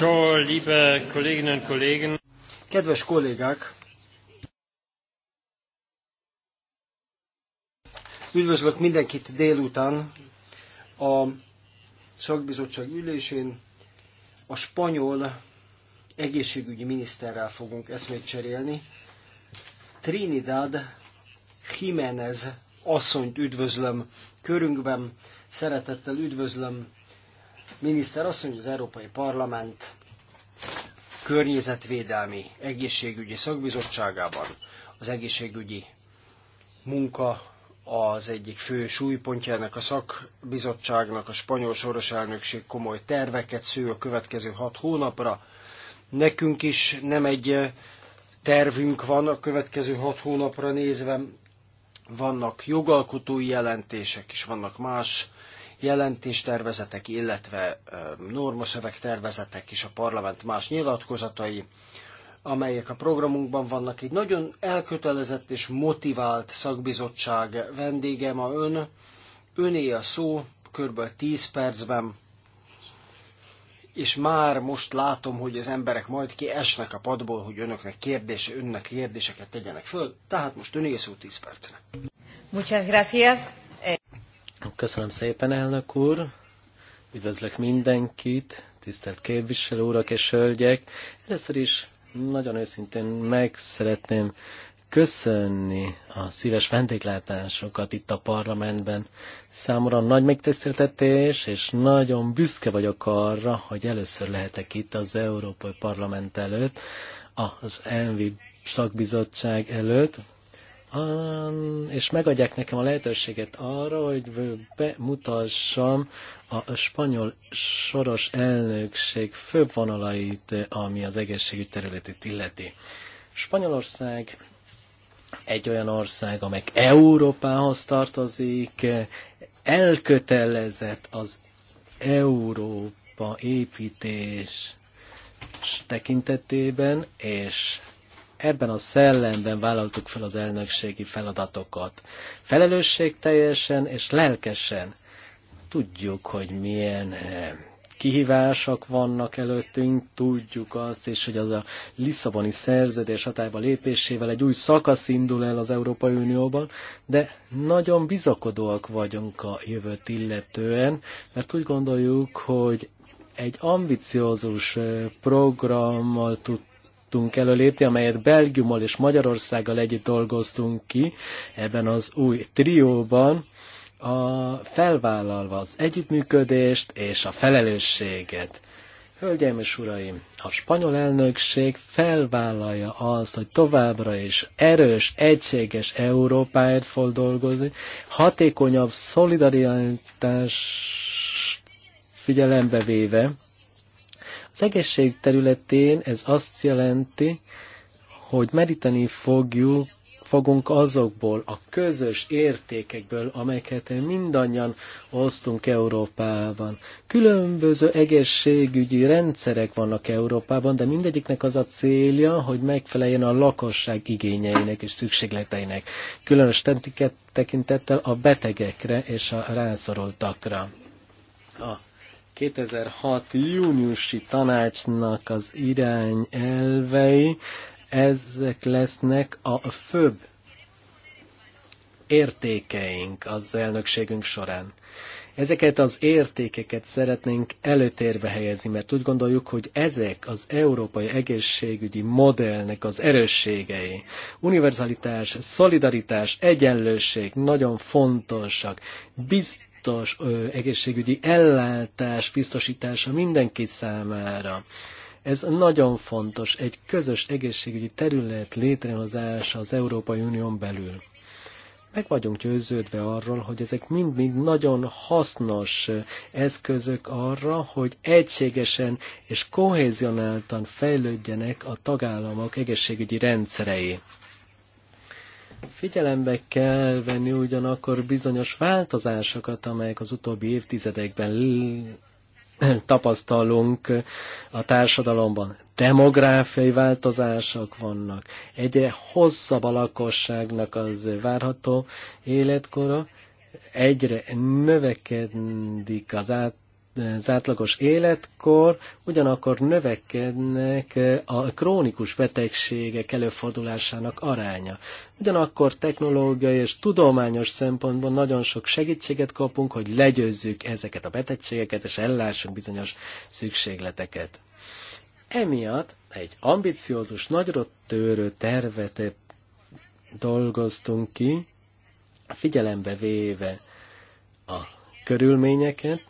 So, liebe Kolleginnen und Kollegen. Kedves kollégák! Üdvözlök mindenkit délután a szakbizottság ülésén. A spanyol egészségügyi miniszterrel fogunk eszmét cserélni. Trinidad Jiménez asszonyt üdvözlöm körünkben, szeretettel üdvözlöm miniszter azt mondja, hogy az Európai Parlament környezetvédelmi egészségügyi szakbizottságában az egészségügyi munka az egyik fő ennek a szakbizottságnak a spanyol soros elnökség komoly terveket szül a következő hat hónapra. Nekünk is nem egy tervünk van a következő hat hónapra nézve, vannak jogalkotói jelentések, és vannak más jelentéstervezetek, illetve normaszövegtervezetek és a parlament más nyilatkozatai, amelyek a programunkban vannak. Egy nagyon elkötelezett és motivált szakbizottság vendége ma ön. Öné a szó, kb. 10 percben, és már most látom, hogy az emberek majd ki esnek a padból, hogy önöknek kérdése, önnek kérdéseket tegyenek föl, tehát most öné szó 10 percre. Muchas gracias. Köszönöm szépen, elnök úr. Üdvözlök mindenkit, tisztelt képviselő urak és hölgyek. Először is nagyon őszintén meg szeretném köszönni a szíves vendéglátásokat itt a parlamentben. Számomra nagy megtiszteltetés, és nagyon büszke vagyok arra, hogy először lehetek itt az Európai Parlament előtt, az ENVI szakbizottság előtt, és megadják nekem a lehetőséget arra, hogy bemutassam a spanyol soros elnökség fővonalait, vonalait, ami az egészségügy területét illeti. Spanyolország egy olyan ország, amely Európához tartozik, elkötelezett az Európa építés tekintetében, és ebben a szellemben vállaltuk fel az elnökségi feladatokat. Felelősség teljesen és lelkesen. Tudjuk, hogy milyen eh, kihívások vannak előttünk, tudjuk azt is, hogy az a Lisszaboni szerződés hatályba lépésével egy új szakasz indul el az Európai Unióban, de nagyon bizakodóak vagyunk a jövőt illetően, mert úgy gondoljuk, hogy egy ambiciózus eh, programmal tud tudtunk előlépni, amelyet Belgiummal és Magyarországgal együtt dolgoztunk ki ebben az új trióban, a felvállalva az együttműködést és a felelősséget. Hölgyeim és uraim, a spanyol elnökség felvállalja azt, hogy továbbra is erős, egységes Európáért fog dolgozni, hatékonyabb szolidaritást figyelembe véve, az területén ez azt jelenti, hogy meríteni fogjuk, fogunk azokból a közös értékekből, amelyeket mindannyian osztunk Európában. Különböző egészségügyi rendszerek vannak Európában, de mindegyiknek az a célja, hogy megfeleljen a lakosság igényeinek és szükségleteinek, különös tekintettel a betegekre és a rászorultakra. A 2006. júniusi tanácsnak az irány elvei, ezek lesznek a főbb értékeink az elnökségünk során. Ezeket az értékeket szeretnénk előtérbe helyezni, mert úgy gondoljuk, hogy ezek az európai egészségügyi modellnek az erősségei. Univerzalitás, szolidaritás, egyenlőség nagyon fontosak. Biztos biztos ö, egészségügyi ellátás biztosítása mindenki számára. Ez nagyon fontos, egy közös egészségügyi terület létrehozása az Európai Unión belül. Meg vagyunk győződve arról, hogy ezek mind-mind nagyon hasznos eszközök arra, hogy egységesen és kohézionáltan fejlődjenek a tagállamok egészségügyi rendszerei. Figyelembe kell venni ugyanakkor bizonyos változásokat, amelyek az utóbbi évtizedekben tapasztalunk a társadalomban. Demográfiai változások vannak. Egyre hosszabb a lakosságnak az várható életkora, egyre növekedik az át az átlagos életkor, ugyanakkor növekednek a krónikus betegségek előfordulásának aránya. Ugyanakkor technológiai és tudományos szempontból nagyon sok segítséget kapunk, hogy legyőzzük ezeket a betegségeket, és ellássunk bizonyos szükségleteket. Emiatt egy ambiciózus, nagyra törő tervet dolgoztunk ki, figyelembe véve a körülményeket,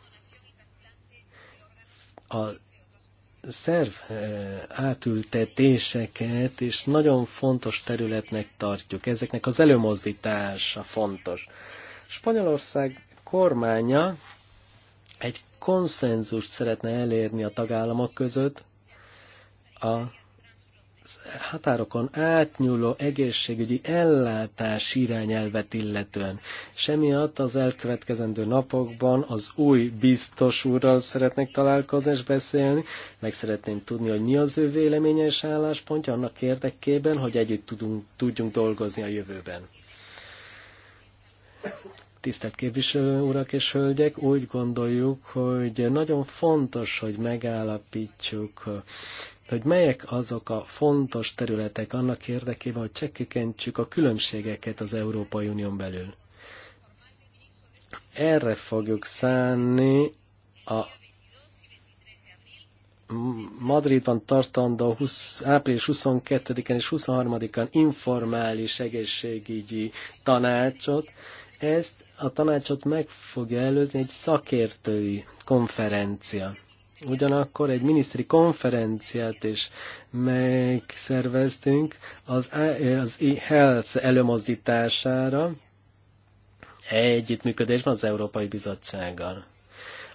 a szerv eh, átültetéseket is nagyon fontos területnek tartjuk. Ezeknek az előmozdítása fontos. Spanyolország kormánya egy konszenzust szeretne elérni a tagállamok között a határokon átnyúló egészségügyi ellátás irányelvet illetően. Semmiatt az elkövetkezendő napokban az új biztos úrral szeretnék találkozni és beszélni. Meg szeretném tudni, hogy mi az ő véleménye és álláspontja annak érdekében, hogy együtt tudunk, tudjunk dolgozni a jövőben. Tisztelt képviselő urak és hölgyek, úgy gondoljuk, hogy nagyon fontos, hogy megállapítsuk hogy melyek azok a fontos területek annak érdekében, hogy csökkentsük a különbségeket az Európai Unión belül. Erre fogjuk szánni a Madridban tartandó 20, április 22-en és 23-án informális egészségügyi tanácsot. Ezt a tanácsot meg fogja előzni egy szakértői konferencia. Ugyanakkor egy miniszteri konferenciát is megszerveztünk az, az e-health előmozdítására együttműködésben az Európai Bizottsággal.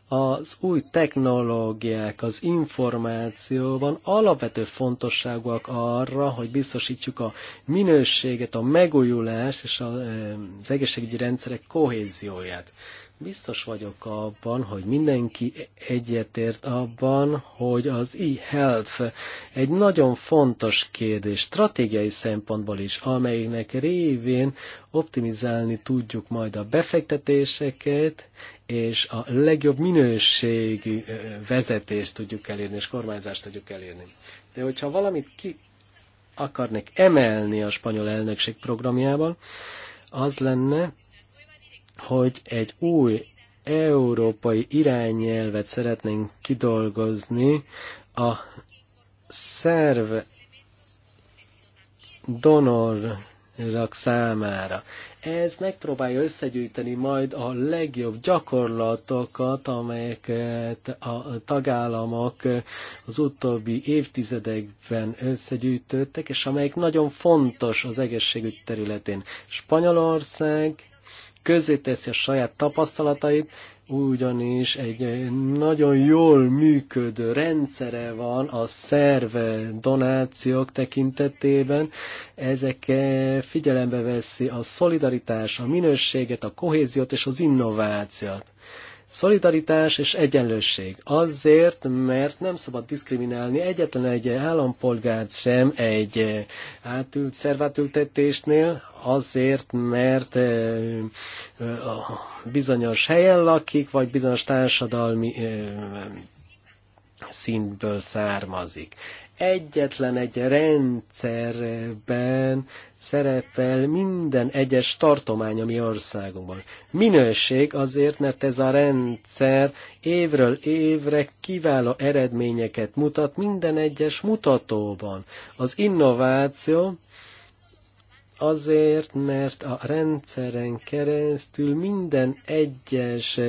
Az új technológiák az információban alapvető fontosságúak arra, hogy biztosítjuk a minőséget, a megújulást és eh, az egészségügyi rendszerek kohézióját. Biztos vagyok abban, hogy mindenki egyetért abban, hogy az e-health egy nagyon fontos kérdés, stratégiai szempontból is, amelynek révén optimizálni tudjuk majd a befektetéseket, és a legjobb minőségű vezetést tudjuk elérni, és kormányzást tudjuk elérni. De hogyha valamit ki akarnék emelni a spanyol elnökség programjában, az lenne, hogy egy új európai irányelvet szeretnénk kidolgozni a szerv donorok számára. Ez megpróbálja összegyűjteni majd a legjobb gyakorlatokat, amelyeket a tagállamok az utóbbi évtizedekben összegyűjtöttek, és amelyek nagyon fontos az egészségügy területén. Spanyolország közé teszi a saját tapasztalatait, ugyanis egy nagyon jól működő rendszere van a szerve donációk tekintetében. Ezek figyelembe veszi a szolidaritás, a minőséget, a kohéziót és az innovációt. Szolidaritás és egyenlőség Azért, mert nem szabad diszkriminálni egyetlen egy állampolgárt sem egy eh, átült szervátültetésnél, azért, mert eh, eh, bizonyos helyen lakik, vagy bizonyos társadalmi szintből származik egyetlen egy rendszerben szerepel minden egyes tartomány a mi országunkban. Minőség azért, mert ez a rendszer évről évre kiváló eredményeket mutat minden egyes mutatóban. Az innováció azért, mert a rendszeren keresztül minden egyes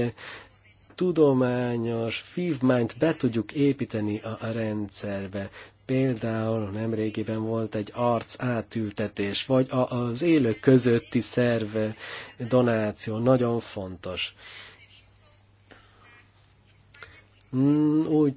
tudományos vívmányt be tudjuk építeni a, a rendszerbe. Például nemrégiben volt egy arc átültetés, vagy a, az élők közötti szerve donáció, nagyon fontos. Úgy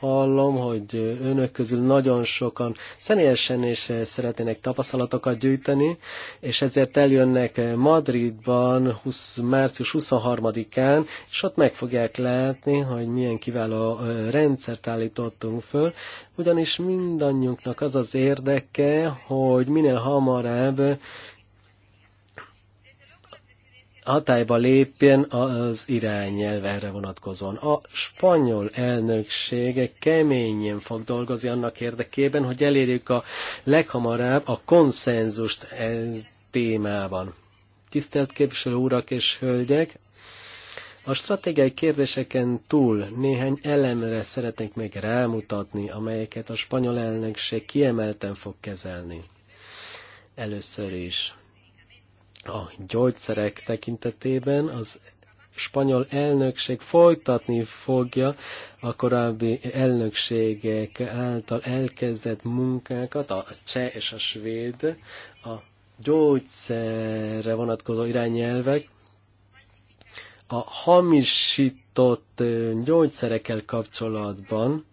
hallom, hogy önök közül nagyon sokan személyesen is szeretnének tapasztalatokat gyűjteni, és ezért eljönnek Madridban 20, március 23-án, és ott meg fogják látni, hogy milyen kiváló rendszert állítottunk föl, ugyanis mindannyiunknak az az érdeke, hogy minél hamarabb hatályba lépjen az irányelv erre vonatkozóan. A spanyol elnöksége keményen fog dolgozni annak érdekében, hogy elérjük a leghamarabb a konszenzust e témában. Tisztelt képviselő urak és hölgyek, a stratégiai kérdéseken túl néhány elemre szeretnék még rámutatni, amelyeket a spanyol elnökség kiemelten fog kezelni. Először is a gyógyszerek tekintetében az spanyol elnökség folytatni fogja a korábbi elnökségek által elkezdett munkákat, a cseh és a svéd, a gyógyszerre vonatkozó irányelvek, a hamisított gyógyszerekkel kapcsolatban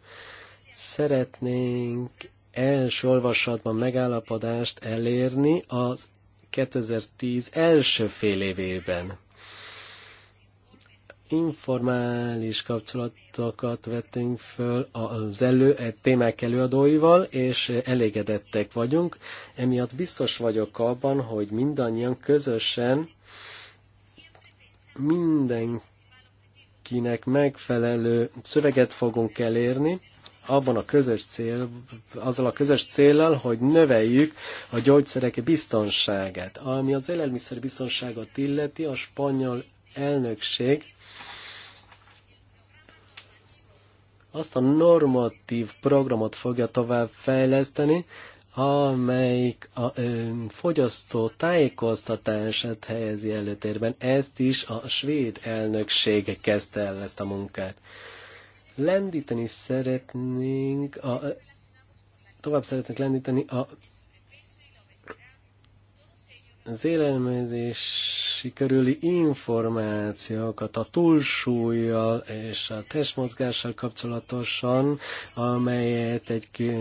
szeretnénk első olvasatban megállapodást elérni az 2010 első fél évében informális kapcsolatokat vettünk föl az elő, e, témák előadóival, és elégedettek vagyunk. Emiatt biztos vagyok abban, hogy mindannyian közösen mindenkinek megfelelő szöveget fogunk elérni, abban a közös cél, azzal a közös célral, hogy növeljük a gyógyszerek biztonságát. Ami az élelmiszer biztonságot illeti, a spanyol elnökség azt a normatív programot fogja tovább fejleszteni, amelyik a ö, fogyasztó tájékoztatását helyezi előtérben. Ezt is a svéd elnökség kezdte el ezt a munkát lendíteni szeretnénk, a, tovább szeretnénk lendíteni a az élelmezési körüli információkat a túlsúlyjal és a testmozgással kapcsolatosan, amelyet egy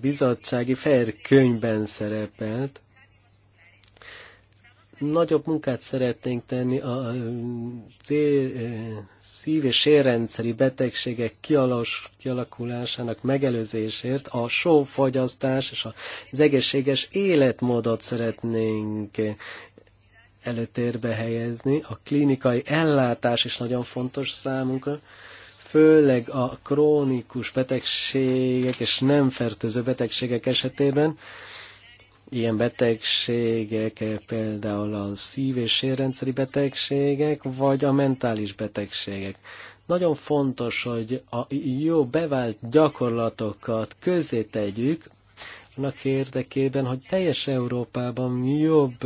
bizottsági fair szerepelt. Nagyobb munkát szeretnénk tenni a szív- és érrendszeri betegségek kialakulásának megelőzésért a sófogyasztás és az egészséges életmódot szeretnénk előtérbe helyezni. A klinikai ellátás is nagyon fontos számunkra, főleg a krónikus betegségek és nem fertőző betegségek esetében ilyen betegségek, például a szív- és sérrendszeri betegségek, vagy a mentális betegségek. Nagyon fontos, hogy a jó bevált gyakorlatokat közé tegyük, annak érdekében, hogy teljes Európában jobb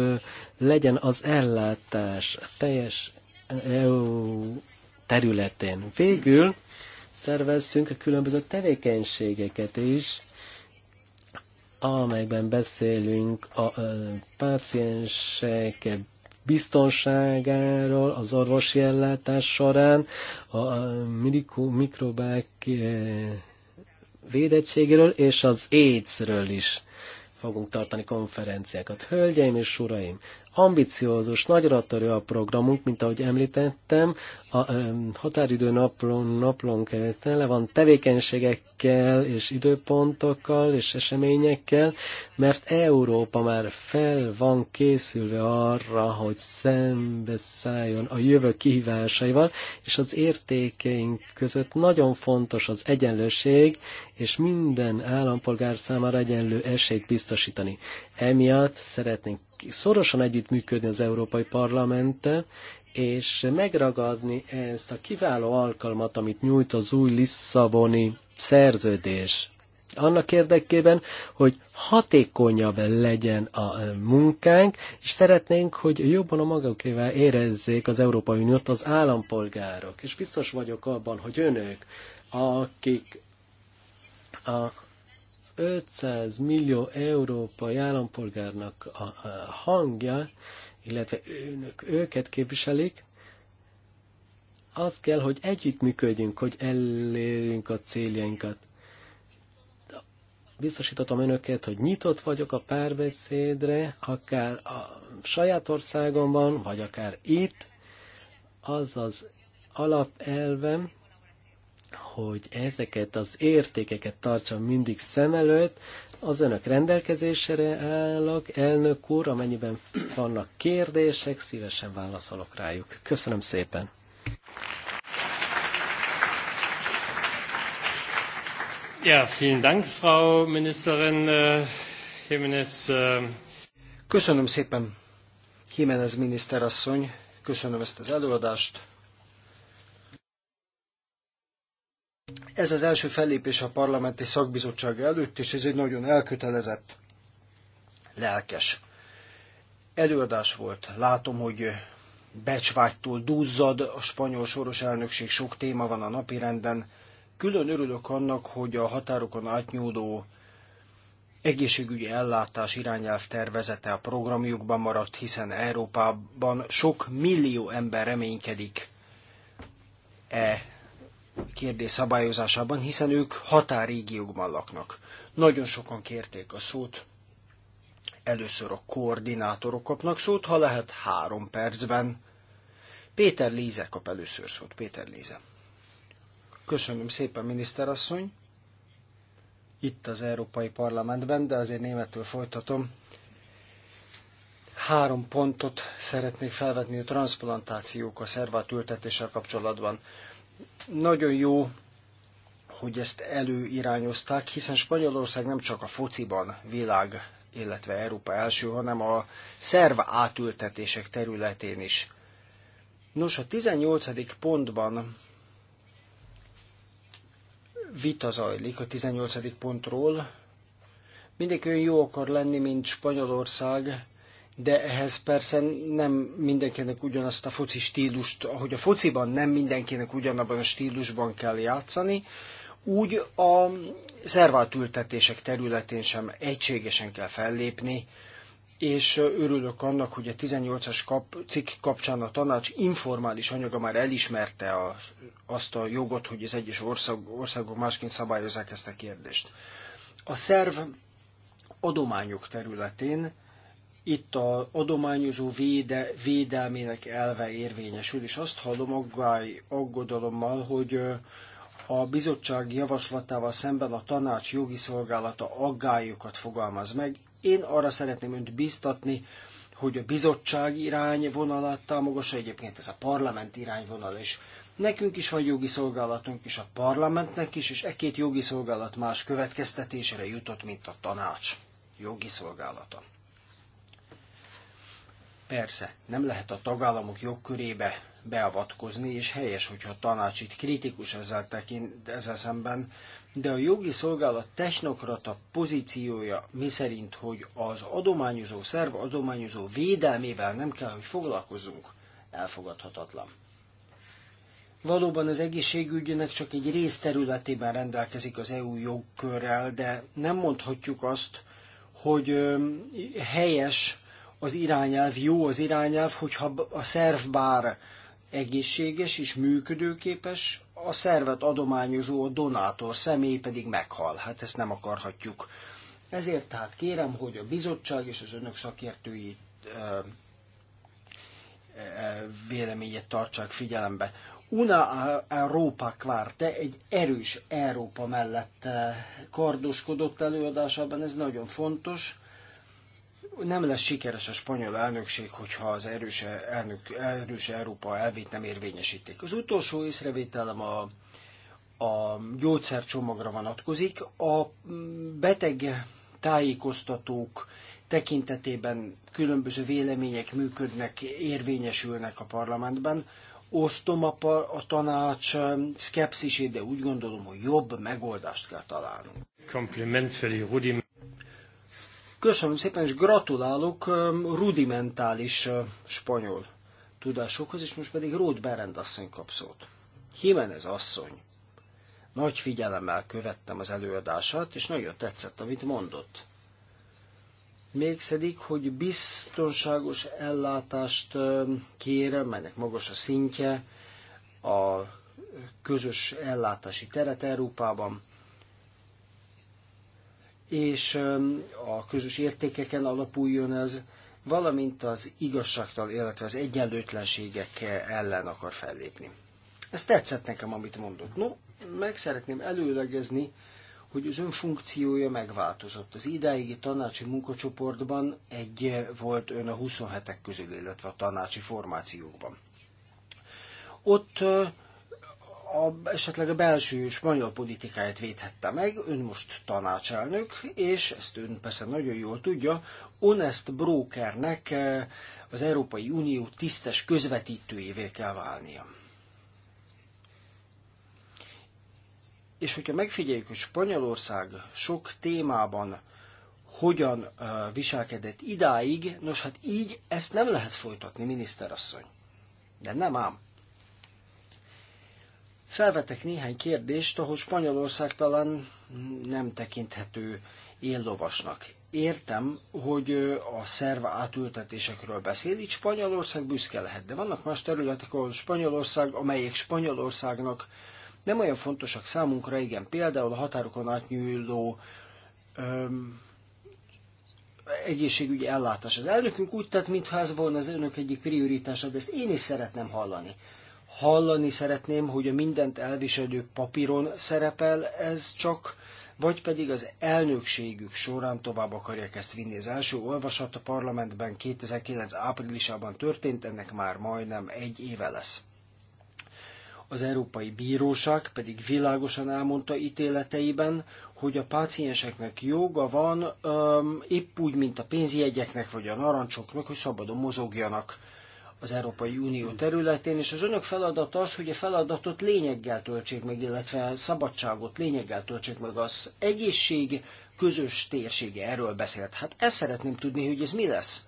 legyen az ellátás teljes EU területén. Végül szerveztünk a különböző tevékenységeket is, amelyben beszélünk a, páciensek biztonságáról az orvosi ellátás során, a mikrobák védettségéről és az AIDS-ről is fogunk tartani konferenciákat. Hölgyeim és uraim, ambiciózus, nagyra törő a programunk, mint ahogy említettem, a ö, határidő naplón, naplónk tele van tevékenységekkel és időpontokkal és eseményekkel, mert Európa már fel van készülve arra, hogy szembeszálljon a jövő kihívásaival, és az értékeink között nagyon fontos az egyenlőség, és minden állampolgár számára egyenlő esélyt biztosítani. Emiatt szeretnénk szorosan együttműködni az Európai Parlamenttel, és megragadni ezt a kiváló alkalmat, amit nyújt az új Lisszaboni szerződés. Annak érdekében, hogy hatékonyabb legyen a e, munkánk, és szeretnénk, hogy jobban a magukével érezzék az Európai Uniót az állampolgárok. És biztos vagyok abban, hogy önök, akik a 500 millió európai állampolgárnak a, a hangja, illetve önök őket képviselik, az kell, hogy együttműködjünk, hogy elérjünk a céljainkat. Biztosítottam önöket, hogy nyitott vagyok a párbeszédre, akár a saját országomban, vagy akár itt. Az az alapelvem, hogy ezeket az értékeket tartsam mindig szem előtt, az önök rendelkezésére állok, elnök úr, amennyiben vannak kérdések, szívesen válaszolok rájuk. Köszönöm szépen! Ja, vielen Dank, Frau Ministerin äh, Jiménez. Äh. Köszönöm szépen, Jiménez miniszterasszony, köszönöm ezt az előadást. Ez az első fellépés a parlamenti szakbizottság előtt, és ez egy nagyon elkötelezett, lelkes előadás volt. Látom, hogy becsvágytól duzzad a spanyol soros elnökség, sok téma van a napirenden. Külön örülök annak, hogy a határokon átnyúló egészségügyi ellátás irányelv tervezete a programjukban maradt, hiszen Európában sok millió ember reménykedik e kérdés szabályozásában, hiszen ők határrégiókban laknak. Nagyon sokan kérték a szót. Először a koordinátorok kapnak szót, ha lehet három percben. Péter Líze kap először szót. Péter Líze. Köszönöm szépen, miniszterasszony. Itt az Európai Parlamentben, de azért németül folytatom. Három pontot szeretnék felvetni a transplantációk a szervát ültetéssel kapcsolatban. Nagyon jó, hogy ezt előirányozták, hiszen Spanyolország nem csak a fociban világ, illetve Európa első, hanem a szerv átültetések területén is. Nos, a 18. pontban vita zajlik a 18. pontról. Mindig olyan jó akar lenni, mint Spanyolország, de ehhez persze nem mindenkinek ugyanazt a foci stílust, ahogy a fociban nem mindenkinek ugyanabban a stílusban kell játszani, úgy a szervátültetések területén sem egységesen kell fellépni, és örülök annak, hogy a 18-as kap, cikk kapcsán a tanács informális anyaga már elismerte a, azt a jogot, hogy az egyes ország, országok másként szabályozzák ezt a kérdést. A szerv adományok területén itt a adományozó véde, védelmének elve érvényesül, és azt hallom aggály, aggodalommal, hogy a bizottság javaslatával szemben a tanács jogi szolgálata aggályokat fogalmaz meg. Én arra szeretném önt biztatni, hogy a bizottság irányvonalát támogassa, egyébként ez a parlament irányvonal is. Nekünk is van jogi szolgálatunk, és a parlamentnek is, és e két jogi szolgálat más következtetésre jutott, mint a tanács jogi szolgálata. Persze, nem lehet a tagállamok jogkörébe beavatkozni, és helyes, hogyha a tanács itt kritikus ezzel, tekint, ezzel szemben, de a jogi szolgálat technokrata pozíciója szerint, hogy az adományozó szerv adományozó védelmével nem kell, hogy foglalkozunk, elfogadhatatlan. Valóban az egészségügynek csak egy részterületében rendelkezik az EU jogkörrel, de nem mondhatjuk azt, hogy helyes az irányelv, jó az irányelv, hogyha a szerv bár egészséges és működőképes, a szervet adományozó a donátor személy pedig meghal. Hát ezt nem akarhatjuk. Ezért tehát kérem, hogy a bizottság és az önök szakértői véleményét tartsák figyelembe. Una Európa Quarte egy erős Európa mellett kardoskodott előadásában, ez nagyon fontos, nem lesz sikeres a spanyol elnökség, hogyha az erős, elnök, erős Európa elvét nem érvényesítik. Az utolsó észrevételem a, a gyógyszercsomagra vonatkozik. A beteg tájékoztatók tekintetében különböző vélemények működnek, érvényesülnek a parlamentben. Osztom a, a tanács szkepszisét, de úgy gondolom, hogy jobb megoldást kell találnunk. Kompliment felé, Köszönöm szépen, és gratulálok rudimentális spanyol tudásokhoz, és most pedig Ród Berend asszony kap szót. Jimenez asszony. Nagy figyelemmel követtem az előadását, és nagyon tetszett, amit mondott. Mégszedik, hogy biztonságos ellátást kér, melynek magas a szintje, a közös ellátási teret Európában, és a közös értékeken alapuljon ez, valamint az igazságtal, illetve az egyenlőtlenségek ellen akar fellépni. Ez tetszett nekem, amit mondott. No, meg szeretném előlegezni, hogy az ön funkciója megváltozott. Az idáigi tanácsi munkacsoportban egy volt ön a 27-ek közül, illetve a tanácsi formációkban. Ott a, esetleg a belső spanyol politikáját védhette meg, ön most tanácselnök, és ezt ön persze nagyon jól tudja, honest brokernek eh, az Európai Unió tisztes közvetítőjévé kell válnia. És hogyha megfigyeljük, hogy Spanyolország sok témában hogyan eh, viselkedett idáig, nos hát így ezt nem lehet folytatni, miniszterasszony. De nem ám. Felvetek néhány kérdést, ahol Spanyolország talán nem tekinthető éllovasnak. Értem, hogy a szerv átültetésekről beszél, itt Spanyolország büszke lehet, de vannak más területek, ahol Spanyolország, amelyek Spanyolországnak nem olyan fontosak számunkra, igen, például a határokon átnyúló öm, egészségügyi ellátás. Az elnökünk úgy tett, mintha ez volna az önök egyik prioritása, de ezt én is szeretném hallani hallani szeretném, hogy a mindent elviselő papíron szerepel ez csak, vagy pedig az elnökségük során tovább akarják ezt vinni. Az első olvasat a parlamentben 2009. áprilisában történt, ennek már majdnem egy éve lesz. Az Európai Bíróság pedig világosan elmondta ítéleteiben, hogy a pácienseknek joga van öm, épp úgy, mint a pénzjegyeknek vagy a narancsoknak, hogy szabadon mozogjanak az Európai Unió területén, és az önök feladat az, hogy a feladatot lényeggel töltsék meg, illetve a szabadságot lényeggel töltsék meg. Az egészség közös térsége, erről beszélt. Hát ezt szeretném tudni, hogy ez mi lesz.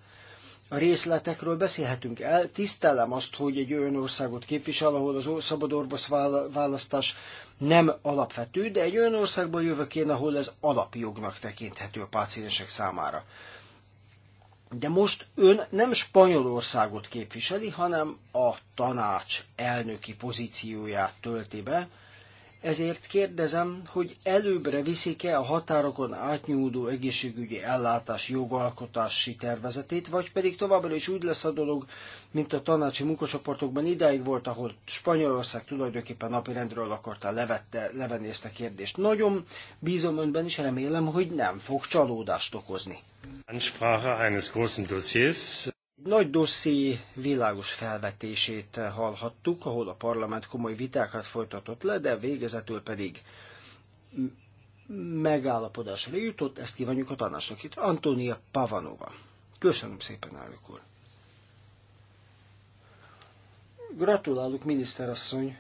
A részletekről beszélhetünk el. Tisztelem azt, hogy egy olyan országot képvisel, ahol az szabad választás nem alapvető, de egy olyan országból jövök én, ahol ez alapjognak tekinthető a páciensek számára. De most ön nem Spanyolországot képviseli, hanem a tanács elnöki pozícióját tölti be, ezért kérdezem, hogy előbbre viszik-e a határokon átnyúló egészségügyi ellátás jogalkotási tervezetét, vagy pedig továbbra is úgy lesz a dolog, mint a tanácsi munkacsoportokban idáig volt, ahol Spanyolország tulajdonképpen napirendről akarta levette, levenni ezt a kérdést. Nagyon bízom önben, is, remélem, hogy nem fog csalódást okozni. Nagy dosszié világos felvetését hallhattuk, ahol a parlament komoly vitákat folytatott le, de végezetül pedig megállapodásra jutott, ezt kívánjuk a tanácsnak itt, Antónia Pavanova. Köszönöm szépen, elnök úr. Gratulálok, miniszterasszony,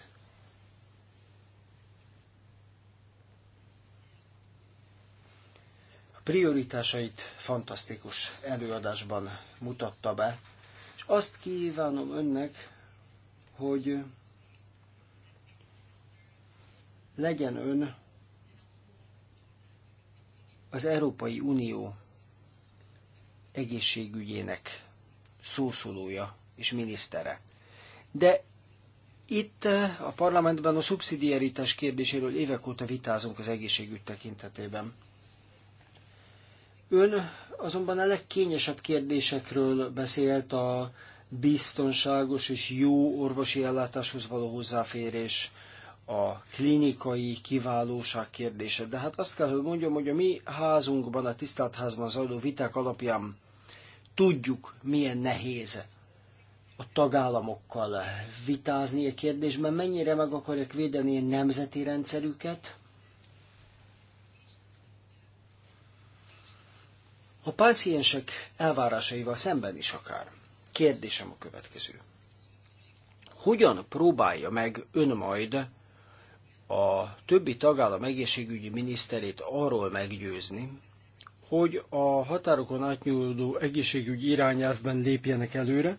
prioritásait fantasztikus előadásban mutatta be, és azt kívánom önnek, hogy legyen ön az Európai Unió egészségügyének szószólója és minisztere. De itt eh, a parlamentben a szubszidiaritás kérdéséről évek óta vitázunk az egészségügy tekintetében. Ön azonban a legkényesebb kérdésekről beszélt a biztonságos és jó orvosi ellátáshoz való hozzáférés, a klinikai kiválóság kérdése. De hát azt kell, hogy mondjam, hogy a mi házunkban, a tisztelt házban zajló viták alapján tudjuk, milyen nehéz a tagállamokkal vitázni a kérdésben, mennyire meg akarják védeni a nemzeti rendszerüket, a páciensek elvárásaival szemben is akár. Kérdésem a következő. Hogyan próbálja meg ön majd a többi tagállam egészségügyi miniszterét arról meggyőzni, hogy a határokon átnyúló egészségügyi irányelvben lépjenek előre,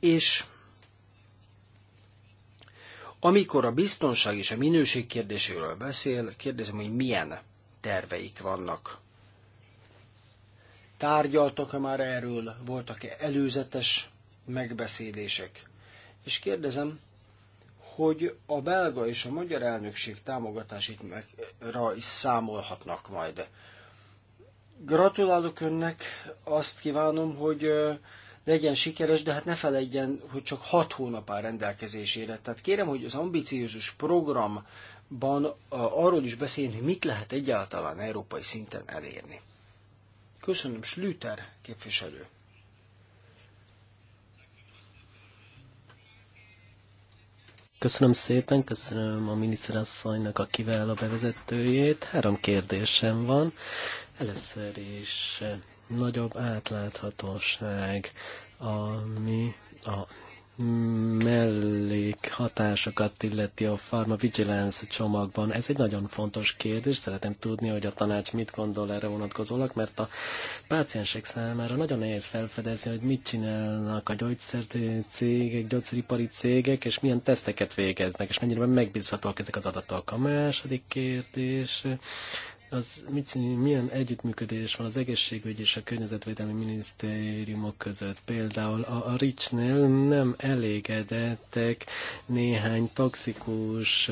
és amikor a biztonság és a minőség kérdéséről beszél, kérdezem, hogy milyen terveik vannak? Tárgyaltak-e már erről? Voltak-e előzetes megbeszélések? És kérdezem, hogy a belga és a magyar elnökség megra is számolhatnak majd. Gratulálok önnek, azt kívánom, hogy legyen sikeres, de hát ne felejtjen, hogy csak hat hónap áll rendelkezésére. Tehát kérem, hogy az ambiciózus program ban arról is beszélni, hogy mit lehet egyáltalán európai szinten elérni. Köszönöm, Slüter képviselő. Köszönöm szépen, köszönöm a miniszterasszonynak a a bevezetőjét. Három kérdésem van. Először is eh, nagyobb átláthatóság, ami a mellékhatásokat illeti a Pharma Vigilance csomagban. Ez egy nagyon fontos kérdés, szeretem tudni, hogy a tanács mit gondol erre vonatkozólag, mert a páciensek számára nagyon nehéz felfedezni, hogy mit csinálnak a cégek, gyógyszeripari cégek, és milyen teszteket végeznek, és mennyire megbízhatóak ezek az adatok. A második kérdés az mit, milyen együttműködés van az egészségügy és a környezetvédelmi minisztériumok között. Például a, a Ricsnél nem elégedettek néhány toxikus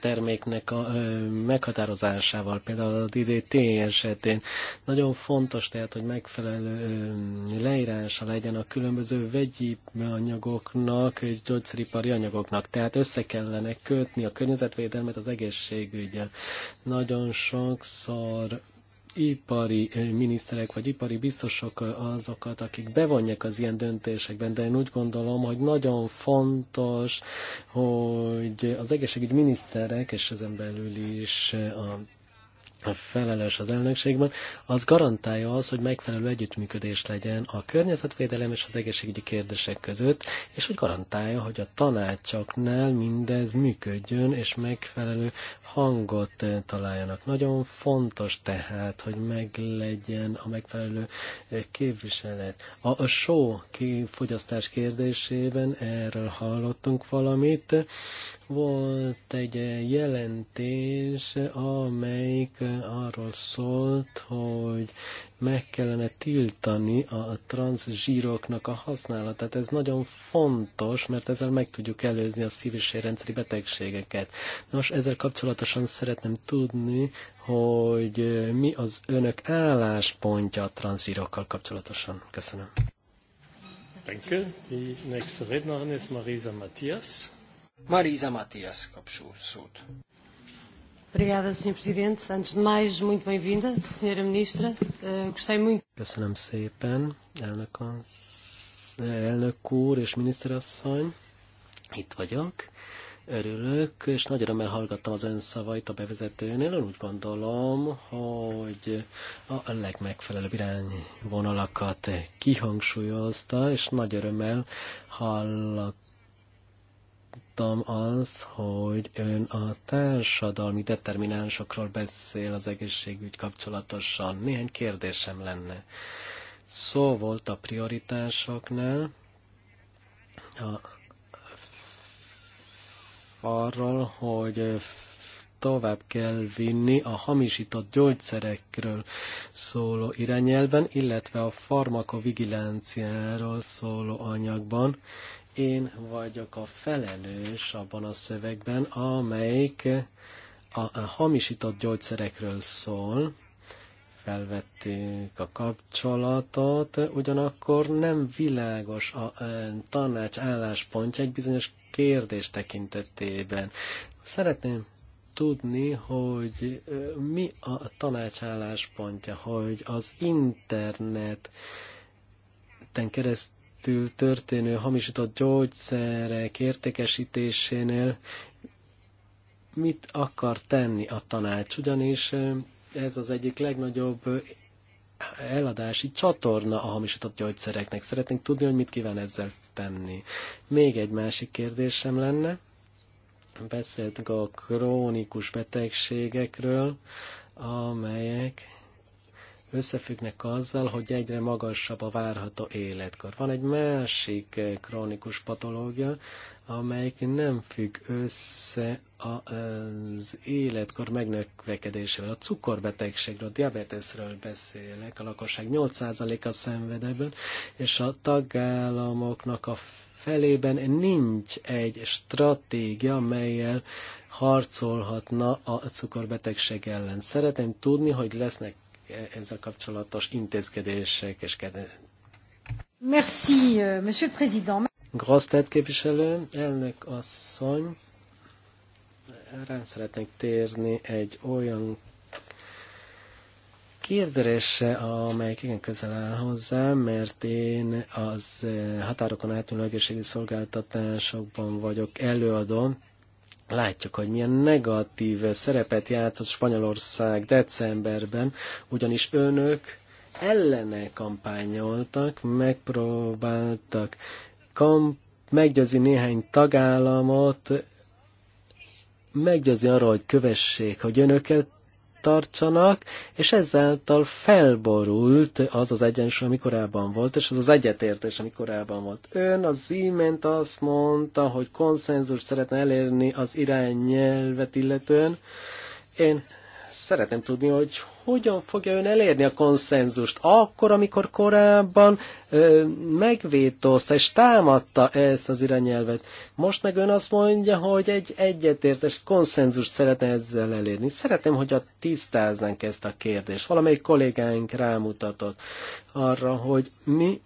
terméknek a meghatározásával, például a DDT esetén. Nagyon fontos tehát, hogy megfelelő leírása legyen a különböző vegyi anyagoknak, és gyógyszeripari anyagoknak. Tehát össze kellene kötni a környezetvédelmet az egészségügyel. Nagyon sokszor ipari eh, miniszterek vagy ipari biztosok eh, azokat, akik bevonják az ilyen döntésekben, de én úgy gondolom, hogy nagyon fontos, hogy az egészségügyi miniszterek, és ezen belül is eh, a felelős az elnökségben, az garantálja az, hogy megfelelő együttműködés legyen a környezetvédelem és az egészségügyi kérdések között, és hogy garantálja, hogy a tanácsoknál mindez működjön, és megfelelő hangot eh, találjanak. Nagyon fontos tehát, hogy meglegyen a megfelelő eh, képviselet. A, a só fogyasztás kérdésében erről hallottunk valamit, volt egy jelentés, amelyik arról szólt, hogy meg kellene tiltani a transzsíroknak a használatát. Ez nagyon fontos, mert ezzel meg tudjuk előzni a szív- és betegségeket. Nos, ezzel kapcsolatosan szeretném tudni, hogy mi az önök álláspontja a transzsírokkal kapcsolatosan. Köszönöm. Danke. Die nächste Rednerin ist Marisa Matthias. Marisa Matias Obrigada, Sr. Presidente. Antes de mais, muito bem-vinda, Sra. Ministra. Eh, gostei muito. Köszönöm szépen, elnök, elnök úr és miniszterasszony. Itt vagyok. Örülök, és nagy örömmel hallgattam az ön szavait a bevezetőnél. Úgy gondolom, hogy a legmegfelelőbb irányvonalakat kihangsúlyozta, és nagy örömmel hallak hallottam az, hogy ön a társadalmi determinánsokról beszél az egészségügy kapcsolatosan. Néhány kérdésem lenne. Szó volt a prioritásoknál, a, arról, hogy tovább kell vinni a hamisított gyógyszerekről szóló irányelven, illetve a farmakovigilanciáról szóló anyagban, én vagyok a felelős abban a szövegben, amelyik a, a hamisított gyógyszerekről szól, felvettük a kapcsolatot, ugyanakkor nem világos a e, tanács álláspontja egy bizonyos kérdés tekintetében. Szeretném tudni, hogy e, mi a tanács álláspontja, hogy az internet keresztül keresztül történő hamisított gyógyszerek értékesítésénél mit akar tenni a tanács, ugyanis ez az egyik legnagyobb eladási csatorna a hamisított gyógyszereknek. Szeretnénk tudni, hogy mit kíván ezzel tenni. Még egy másik kérdésem lenne. Beszéltünk a krónikus betegségekről, amelyek összefüggnek azzal, hogy egyre magasabb a várható életkor. Van egy másik eh, krónikus patológia, amelyik nem függ össze eh, az életkor megnövekedésével. A cukorbetegségről, a diabetesről beszélek, a lakosság 8%-a szenved ebből, és a tagállamoknak a felében nincs egy stratégia, amelyel harcolhatna a cukorbetegség ellen. Szeretném tudni, hogy lesznek ezzel kapcsolatos intézkedések és Merci, euh, Monsieur le Président. Grosztet képviselő, elnök asszony, rá szeretnék térni egy olyan kérdésre, amelyik igen közel áll hozzá, mert én az eh, határokon átnyúló egészségügyi szolgáltatásokban vagyok előadó, Látjuk, hogy milyen negatív szerepet játszott Spanyolország decemberben, ugyanis önök ellene kampányoltak, megpróbáltak kamp meggyőzi néhány tagállamot, meggyőzi arra, hogy kövessék, hogy önöket tartsanak, és ezáltal felborult az az egyensúly, ami korábban volt, és az az egyetértés, ami korábban volt. Ön az imént azt mondta, hogy konszenzus szeretne elérni az irányelvet illetően. Én Szeretném tudni, hogy hogyan fogja ön elérni a konszenzust akkor, amikor korábban ö, megvétózta és támadta ezt az irányelvet. Most meg ön azt mondja, hogy egy egyetértés konszenzust szeretne ezzel elérni. Szeretném, hogy a tisztáznánk ezt a kérdést. Valamelyik kollégánk rámutatott arra, hogy mi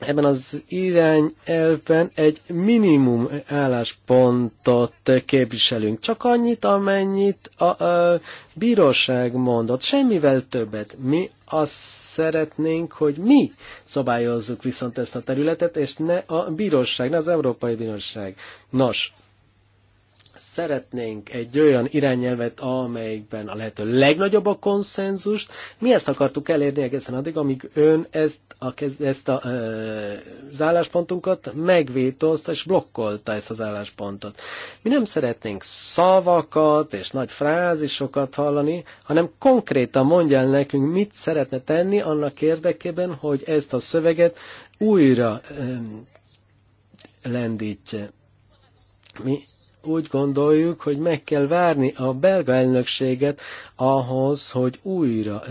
ebben az irányelven egy minimum álláspontot képviselünk. Csak annyit, amennyit a, a bíróság mondott, semmivel többet. Mi azt szeretnénk, hogy mi szabályozzuk viszont ezt a területet, és ne a bíróság, ne az Európai Bíróság. Nos, szeretnénk egy olyan irányelvet, amelyikben a lehető legnagyobb a konszenzust. Mi ezt akartuk elérni egészen addig, amíg ön ezt a, ezt a, az álláspontunkat megvétózta és blokkolta ezt az álláspontot. Mi nem szeretnénk szavakat és nagy frázisokat hallani, hanem konkrétan mondja el nekünk, mit szeretne tenni annak érdekében, hogy ezt a szöveget újra lendítse. Mi úgy gondoljuk, hogy meg kell várni a belga elnökséget ahhoz, hogy újra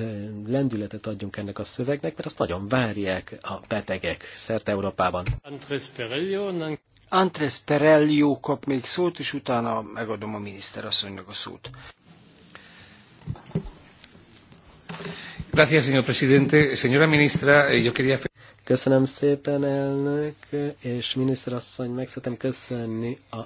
lendületet adjunk ennek a szövegnek, mert azt nagyon várják a betegek szerte Európában. Andres Perelló kap még szót, és utána megadom a miniszterasszonynak a szót. Gracias, señor presidente. Señora ministra, eh, yo quería... Köszönöm szépen, elnök és miniszterasszony, meg szeretem köszönni a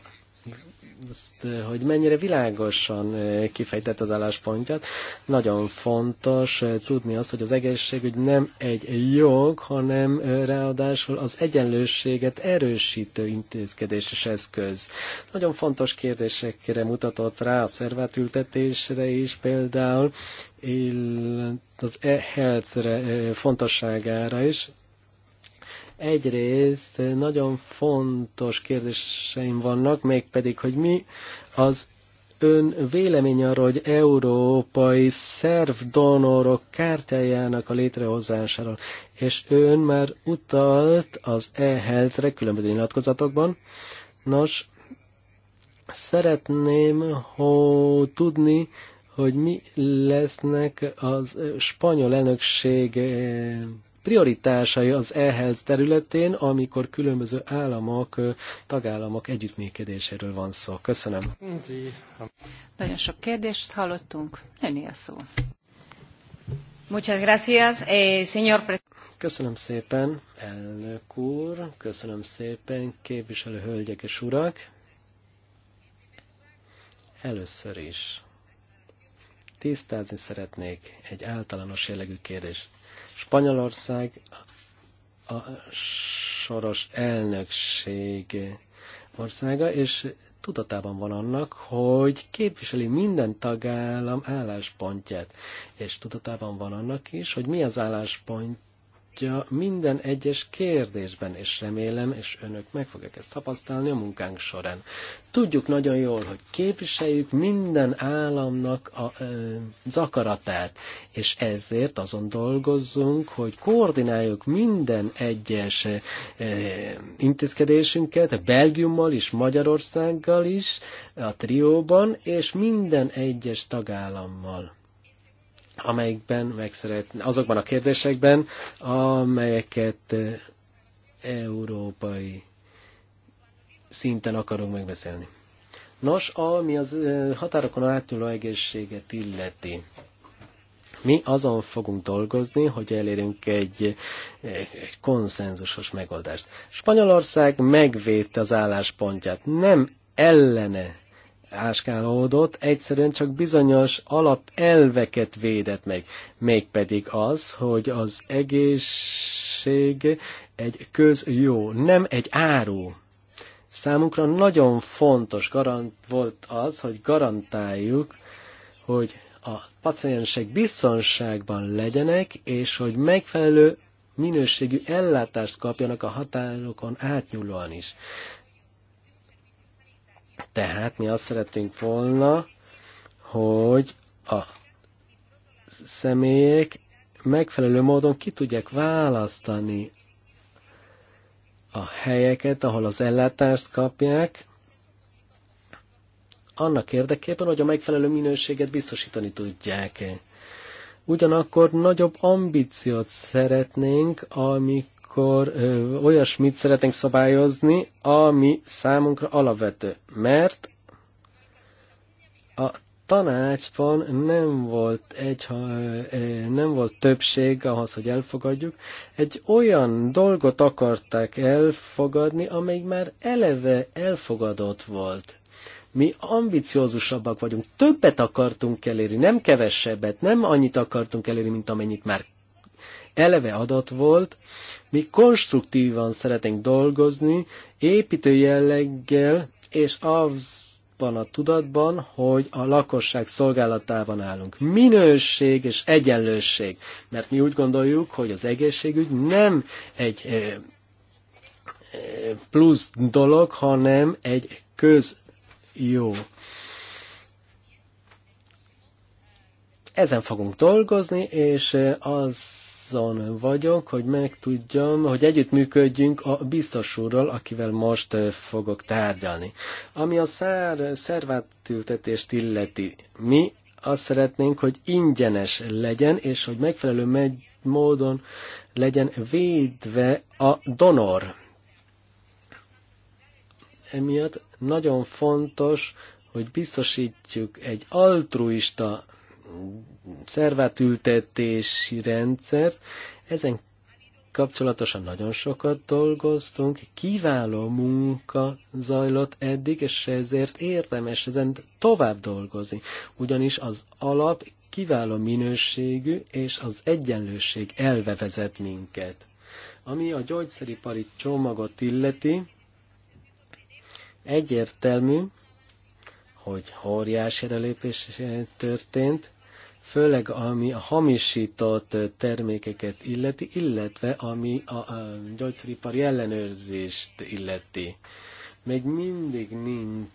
azt, eh, hogy mennyire világosan eh, kifejtett az álláspontját. Nagyon fontos eh, tudni azt, hogy az egészségügy nem egy jog, hanem ráadásul az egyenlőséget erősítő intézkedés és eszköz. Nagyon fontos kérdésekre mutatott rá a szervátültetésre is például, az e-health fontosságára is, Egyrészt nagyon fontos kérdéseim vannak, mégpedig, hogy mi az ön vélemény arról, hogy európai szervdonorok kártyájának a létrehozásáról, és ön már utalt az e heltre különböző nyilatkozatokban. Nos, szeretném ho, tudni, hogy mi lesznek az spanyol elnökség eh, prioritásai az ehhez területén, amikor különböző államok, tagállamok együttműködéséről van szó. Köszönöm. Nagyon sok kérdést hallottunk. Öné a szó. Muchas gracias, eh, señor Köszönöm szépen, elnök úr, köszönöm szépen, képviselő hölgyek és urak. Először is tisztázni szeretnék egy általános jellegű kérdést. Spanyolország a soros elnökség országa, és tudatában van annak, hogy képviseli minden tagállam álláspontját, és tudatában van annak is, hogy mi az álláspont látja minden egyes kérdésben, és remélem, és önök meg fogják ezt tapasztalni a munkánk során. Tudjuk nagyon jól, hogy képviseljük minden államnak a ö, zakaratát, és ezért azon dolgozzunk, hogy koordináljuk minden egyes ö, intézkedésünket, Belgiummal is, Magyarországgal is, a trióban, és minden egyes tagállammal amelyikben meg szeretne, azokban a kérdésekben, amelyeket eh, európai szinten akarunk megbeszélni. Nos, ami az eh, határokon átnyúló egészséget illeti. Mi azon fogunk dolgozni, hogy elérünk egy, eh, egy konszenzusos megoldást. Spanyolország megvédte az álláspontját, nem ellene áskálódott, egyszerűen csak bizonyos alapelveket védett meg. Mégpedig az, hogy az egészség egy közjó, nem egy áru. Számunkra nagyon fontos garant volt az, hogy garantáljuk, hogy a paciensek biztonságban legyenek, és hogy megfelelő minőségű ellátást kapjanak a határokon átnyúlóan is. Tehát mi azt szeretünk volna, hogy a személyek megfelelő módon ki tudják választani a helyeket, ahol az ellátást kapják, annak érdekében, hogy a megfelelő minőséget biztosítani tudják. Ugyanakkor nagyobb ambíciót szeretnénk, amik akkor ö, olyasmit szeretnénk szabályozni, ami számunkra alapvető, mert a tanácsban nem volt, egy, nem volt többség ahhoz, hogy elfogadjuk. Egy olyan dolgot akarták elfogadni, amely már eleve elfogadott volt. Mi ambiciózusabbak vagyunk, többet akartunk elérni, nem kevesebbet, nem annyit akartunk elérni, mint amennyit már eleve adat volt, mi konstruktívan szeretnénk dolgozni, építő jelleggel, és az a tudatban, hogy a lakosság szolgálatában állunk. Minőség és egyenlőség. Mert mi úgy gondoljuk, hogy az egészségügy nem egy plusz dolog, hanem egy közjó. Ezen fogunk dolgozni, és az azon vagyok, hogy megtudjam, hogy együttműködjünk a biztos úrral, akivel most fogok tárgyalni. Ami a szár szervátültetést illeti, mi azt szeretnénk, hogy ingyenes legyen, és hogy megfelelő megy módon legyen védve a donor. Emiatt nagyon fontos, hogy biztosítjuk egy altruista szervátültetési rendszer Ezen kapcsolatosan nagyon sokat dolgoztunk, kiváló munka zajlott eddig, és ezért érdemes ezen tovább dolgozni, ugyanis az alap kiváló minőségű, és az egyenlőség elve vezet minket. Ami a gyógyszeripari csomagot illeti, egyértelmű, hogy óriási előlépés történt, főleg ami a hamisított termékeket illeti, illetve ami a, a gyógyszeripari ellenőrzést illeti. Még mindig nincs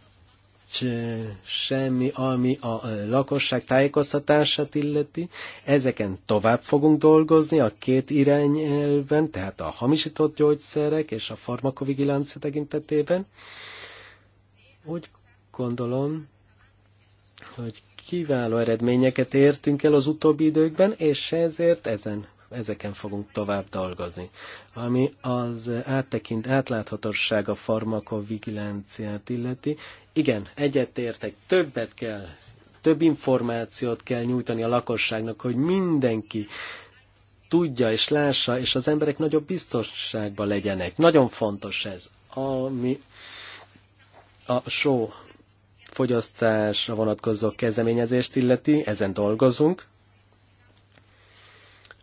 eh, semmi, ami a eh, lakosság tájékoztatását illeti. Ezeken tovább fogunk dolgozni a két irányelven, tehát a hamisított gyógyszerek és a farmakovigilancia tekintetében. Úgy gondolom, hogy kiváló eredményeket értünk el az utóbbi időkben, és ezért ezen ezeken fogunk tovább dolgozni. Ami az áttekint, átláthatóság a farmakovigilanciát illeti, igen, egyetértek, többet kell, több információt kell nyújtani a lakosságnak, hogy mindenki tudja és lássa, és az emberek nagyobb biztonságban legyenek. Nagyon fontos ez, ami a show fogyasztásra vonatkozó kezdeményezést illeti, ezen dolgozunk.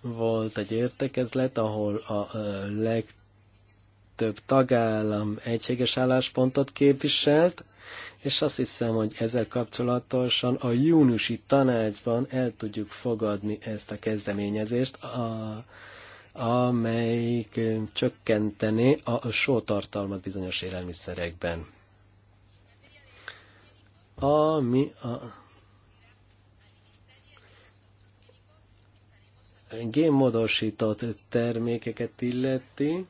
Volt egy értekezlet, ahol a legtöbb tagállam egységes álláspontot képviselt, és azt hiszem, hogy ezzel kapcsolatosan a júniusi tanácsban el tudjuk fogadni ezt a kezdeményezést, a, amelyik csökkenteni a sótartalmat bizonyos élelmiszerekben ami a génmodosított termékeket illeti,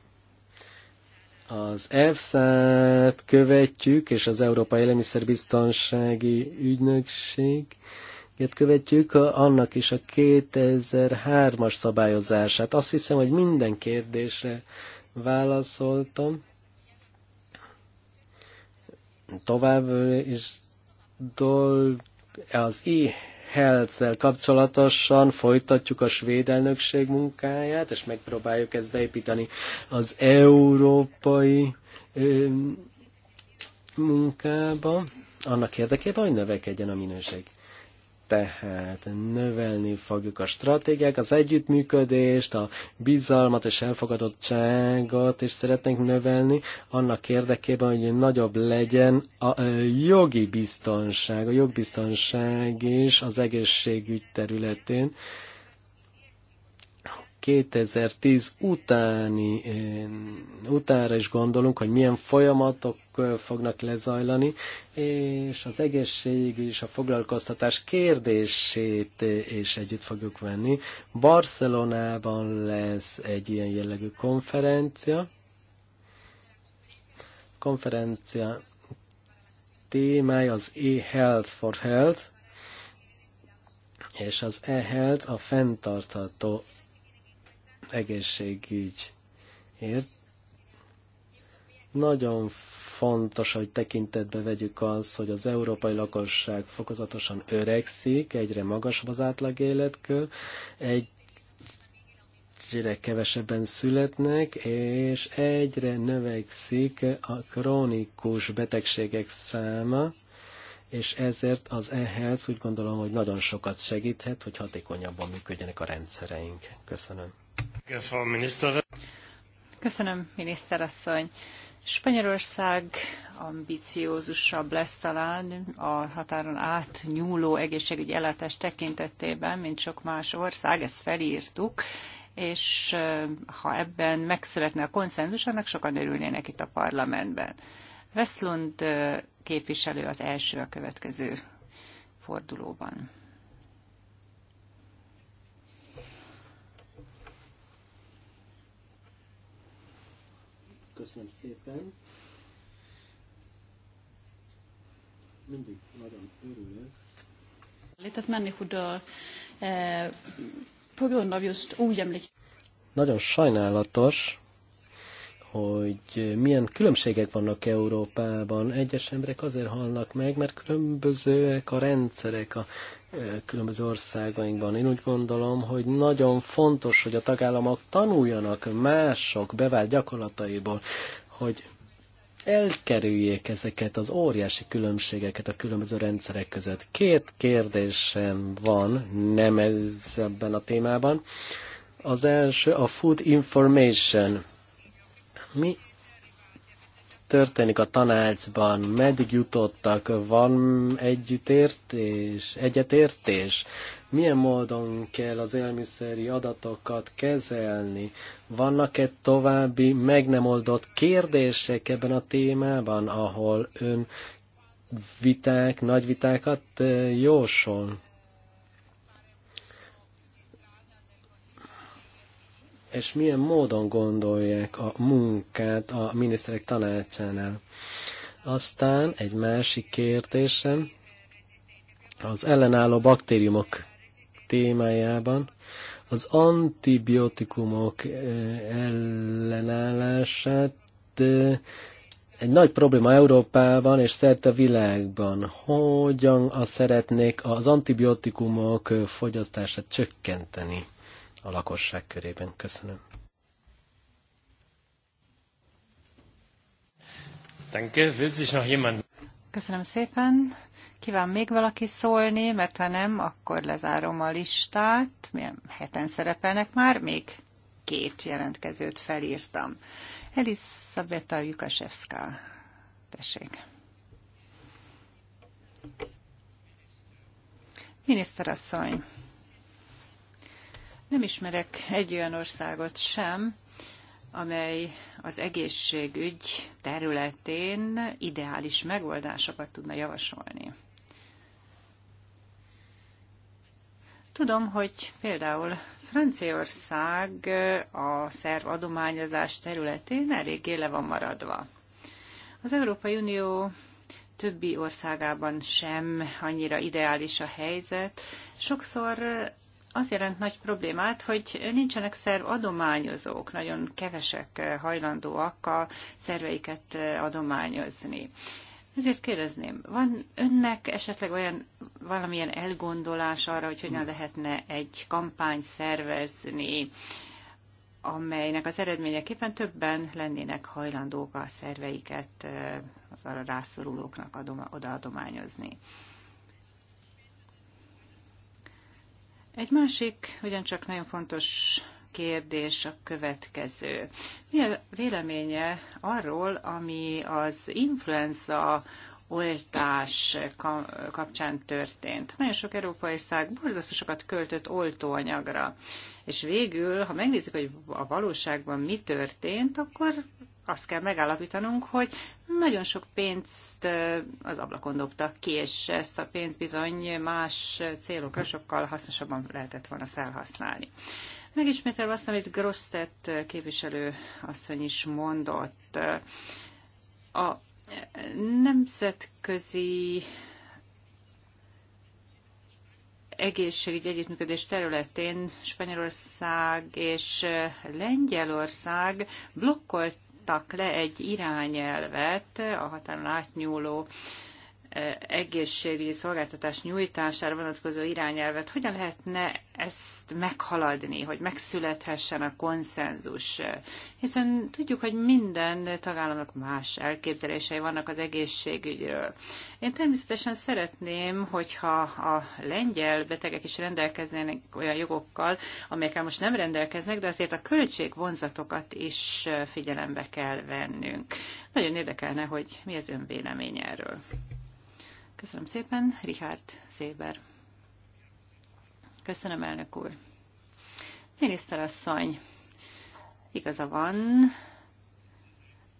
az EFSA-t követjük, és az Európai Élelmiszerbiztonsági Ügynökséget követjük, annak is a 2003-as szabályozását. Azt hiszem, hogy minden kérdésre válaszoltam. Tovább is dolg, az e-health kapcsolatosan folytatjuk a svéd elnökség munkáját, és megpróbáljuk ezt beépíteni az európai ö, munkába, annak érdekében, hogy növekedjen a minőség tehát növelni fogjuk a stratégiák, az együttműködést, a bizalmat és elfogadottságot is szeretnénk növelni, annak érdekében, hogy nagyobb legyen a jogi biztonság, a jogbiztonság is az egészségügy területén 2010 utáni, utára is gondolunk, hogy milyen folyamatok fognak lezajlani, és az egészség és a foglalkoztatás kérdését is együtt fogjuk venni. Barcelonában lesz egy ilyen jellegű konferencia. Konferencia témája az e-health for health, és az e-health a fenntartható egészségügyért. Nagyon fontos, hogy tekintetbe vegyük az, hogy az európai lakosság fokozatosan öregszik, egyre magasabb az átlag életkör, egy egyre kevesebben születnek, és egyre növekszik a krónikus betegségek száma, és ezért az ehhez úgy gondolom, hogy nagyon sokat segíthet, hogy hatékonyabban működjenek a rendszereink. Köszönöm. Köszönöm, miniszterasszony. Spanyolország ambiciózusabb lesz talán a határon átnyúló egészségügyi ellátás tekintetében, mint sok más ország, ezt felírtuk, és eh, ha ebben megszületne a konszenzus, annak sokan örülnének itt a parlamentben. Veszlund eh, képviselő az első a következő fordulóban. Köszönöm szépen. Mindig nagyon örülök. Litet menni, dör eh, på grund av just Nagyon sajnálatos, hogy milyen különbségek vannak Európában. Egyes emberek azért halnak meg, mert különbözőek a rendszerek, a Eh, különböző országainkban. Én úgy gondolom, hogy nagyon fontos, hogy a tagállamok tanuljanak mások bevált gyakorlataiból, hogy elkerüljék ezeket az óriási különbségeket a különböző rendszerek között. Két kérdésem van, nem ez ebben a témában. Az első a food information. Mi történik a tanácsban, meddig jutottak, van együttértés, egyetértés, milyen módon kell az élmiszeri adatokat kezelni, vannak-e további meg nem oldott kérdések ebben a témában, ahol ön viták, nagy vitákat eh, jósol? és milyen módon gondolják a munkát a miniszterek tanácsánál. Aztán egy másik kérdésem, az ellenálló baktériumok témájában az antibiotikumok eh, ellenállását eh, egy nagy probléma Európában és szerte a világban. Hogyan szeretnék az antibiotikumok eh, fogyasztását csökkenteni? a lakosság körében. Köszönöm. Köszönöm szépen. Kíván még valaki szólni, mert ha nem, akkor lezárom a listát. Milyen heten szerepelnek már? Még két jelentkezőt felírtam. Elisabeta Jukasevska. Tessék. Miniszterasszony, nem ismerek egy olyan országot sem, amely az egészségügy területén ideális megoldásokat tudna javasolni. Tudom, hogy például Franciaország a szerv adományozás területén eléggé le van maradva. Az Európai Unió többi országában sem annyira ideális a helyzet. Sokszor az jelent nagy problémát, hogy nincsenek szerv adományozók, nagyon kevesek eh, hajlandóak a szerveiket eh, adományozni. Ezért kérdezném, van önnek esetleg olyan valamilyen elgondolás arra, hogy hogyan lehetne egy kampány szervezni, amelynek az eredményeképpen többen lennének hajlandók a szerveiket eh, az arra rászorulóknak adom, odaadományozni? Egy másik, ugyancsak nagyon fontos kérdés a következő. Mi a véleménye arról, ami az influenza oltás kapcsán történt. Nagyon sok európai szág borzasztó sokat költött oltóanyagra. És végül, ha megnézzük, hogy a valóságban mi történt, akkor azt kell megállapítanunk, hogy nagyon sok pénzt az ablakon dobtak ki, és ezt a pénzt bizony más célokra sokkal hasznosabban lehetett volna felhasználni. Megismételve azt, amit Grosztett képviselő asszony is mondott, a nemzetközi egészségügyi együttműködés területén Spanyolország és Lengyelország blokkolt írtak le egy irányelvet a határon átnyúló egészségügyi szolgáltatás nyújtására vonatkozó irányelvet, hogyan lehetne ezt meghaladni, hogy megszülethessen a konszenzus? Hiszen tudjuk, hogy minden tagállamnak más elképzelései vannak az egészségügyről. Én természetesen szeretném, hogyha a lengyel betegek is rendelkeznének olyan jogokkal, amelyekkel most nem rendelkeznek, de azért a költségvonzatokat is figyelembe kell vennünk. Nagyon érdekelne, hogy mi az ön véleménye erről. Köszönöm szépen, Richard Széber. Köszönöm, elnök úr. Miniszterasszony, igaza van,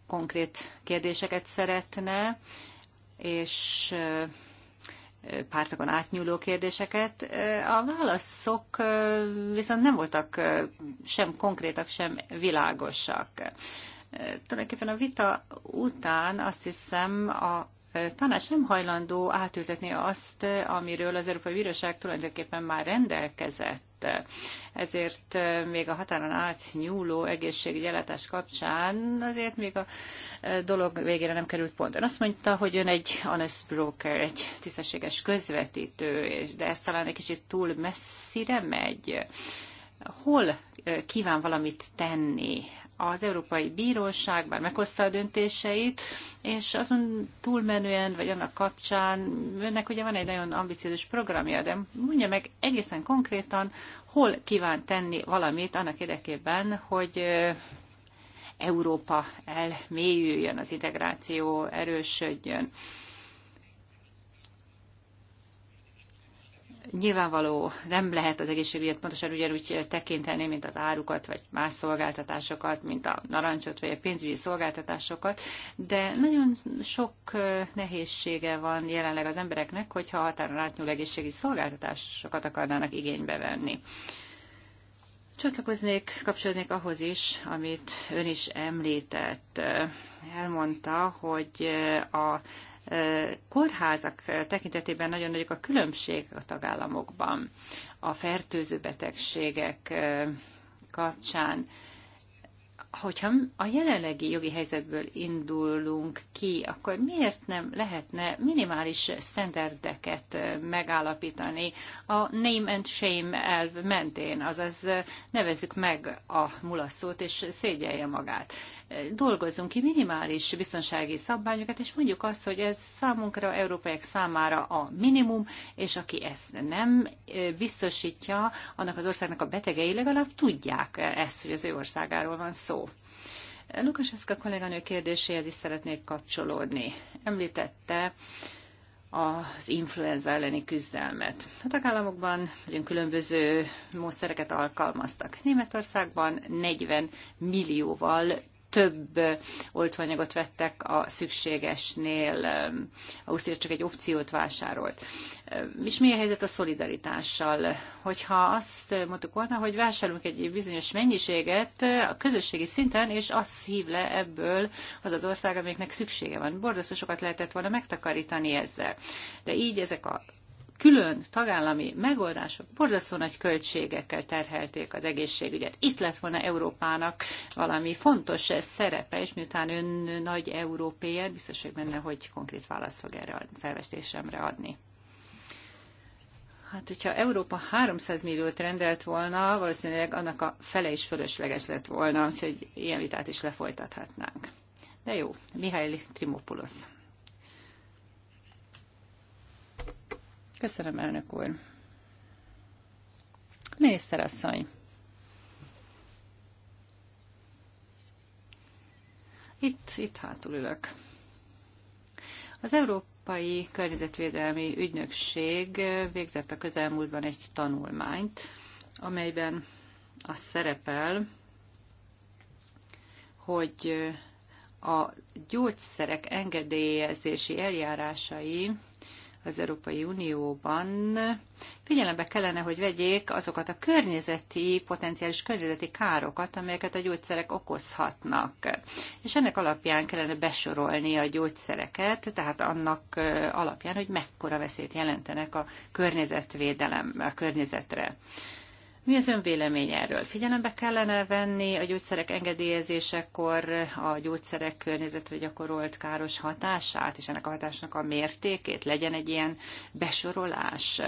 konkrét kérdéseket szeretne, és pártokon átnyúló kérdéseket. A válaszok viszont nem voltak sem konkrétak, sem világosak. Tulajdonképpen a vita után azt hiszem a tanács nem hajlandó átültetni azt, amiről az Európai Bíróság tulajdonképpen már rendelkezett. Ezért eh, még a határon átnyúló egészségügyi ellátás kapcsán azért még a eh, dolog végére nem került pont. Ön azt mondta, hogy ön egy honest broker, egy tisztességes közvetítő, de ez talán egy kicsit túl messzire megy hol eh, kíván valamit tenni az Európai Bíróság már meghozta a döntéseit, és azon túlmenően, vagy annak kapcsán, önnek ugye van egy nagyon ambiciózus programja, de mondja meg egészen konkrétan, hol kíván tenni valamit annak érdekében, hogy Európa elmélyüljön, az integráció erősödjön. nyilvánvaló nem lehet az egészségügyet pontosan ugyanúgy tekinteni, mint az árukat, vagy más szolgáltatásokat, mint a narancsot, vagy a pénzügyi szolgáltatásokat, de nagyon sok nehézsége van jelenleg az embereknek, hogyha határon átnyúló egészségügyi szolgáltatásokat akarnának igénybe venni. Csatlakoznék, kapcsolódnék ahhoz is, amit ön is említett. Elmondta, hogy a kórházak tekintetében nagyon nagyok a különbség a tagállamokban. A fertőző betegségek kapcsán hogyha a jelenlegi jogi helyzetből indulunk ki, akkor miért nem lehetne minimális standardeket megállapítani a name and shame elv mentén, azaz nevezzük meg a mulasztót, és szégyelje magát dolgozzunk ki minimális biztonsági szabványokat, és mondjuk azt, hogy ez számunkra, európaiak számára a minimum, és aki ezt nem biztosítja, annak az országnak a betegei legalább tudják ezt, hogy az ő országáról van szó. Lukas, Lukaseszka kolléganő kérdéséhez is szeretnék kapcsolódni. Említette, az influenza elleni küzdelmet. A tagállamokban nagyon különböző módszereket alkalmaztak. Németországban 40 millióval több oltóanyagot vettek a szükségesnél, Ausztria csak egy opciót vásárolt. És mi a helyzet a szolidaritással? Hogyha azt mondtuk volna, hogy vásárolunk egy bizonyos mennyiséget a közösségi szinten, és azt hív le ebből az az ország, amiknek szüksége van. Borzasztó sokat lehetett volna megtakarítani ezzel. De így ezek a külön tagállami megoldások borzasztó nagy költségekkel terhelték az egészségügyet. Itt lett volna Európának valami fontos szerepe, és miután ön nagy európéer, biztos vagy, benne, hogy konkrét választ fog erre a felvetésemre adni. Hát, hogyha Európa 300 milliót rendelt volna, valószínűleg annak a fele is fölösleges lett volna, úgyhogy ilyen vitát is lefolytathatnánk. De jó, Mihály Trimopulosz. Köszönöm, elnök úr. Miniszterasszony. Itt, itt hátul ülök. Az Európai Környezetvédelmi Ügynökség végzett a közelmúltban egy tanulmányt, amelyben az szerepel, hogy a gyógyszerek engedélyezési eljárásai az Európai Unióban figyelembe kellene, hogy vegyék azokat a környezeti, potenciális környezeti károkat, amelyeket a gyógyszerek okozhatnak. És ennek alapján kellene besorolni a gyógyszereket, tehát annak alapján, hogy mekkora veszélyt jelentenek a környezetvédelem, a környezetre. Mi az ön vélemény erről? Figyelembe kellene venni a gyógyszerek engedélyezésekor a gyógyszerek környezetre gyakorolt káros hatását, és ennek a hatásnak a mértékét? Legyen egy ilyen besorolás?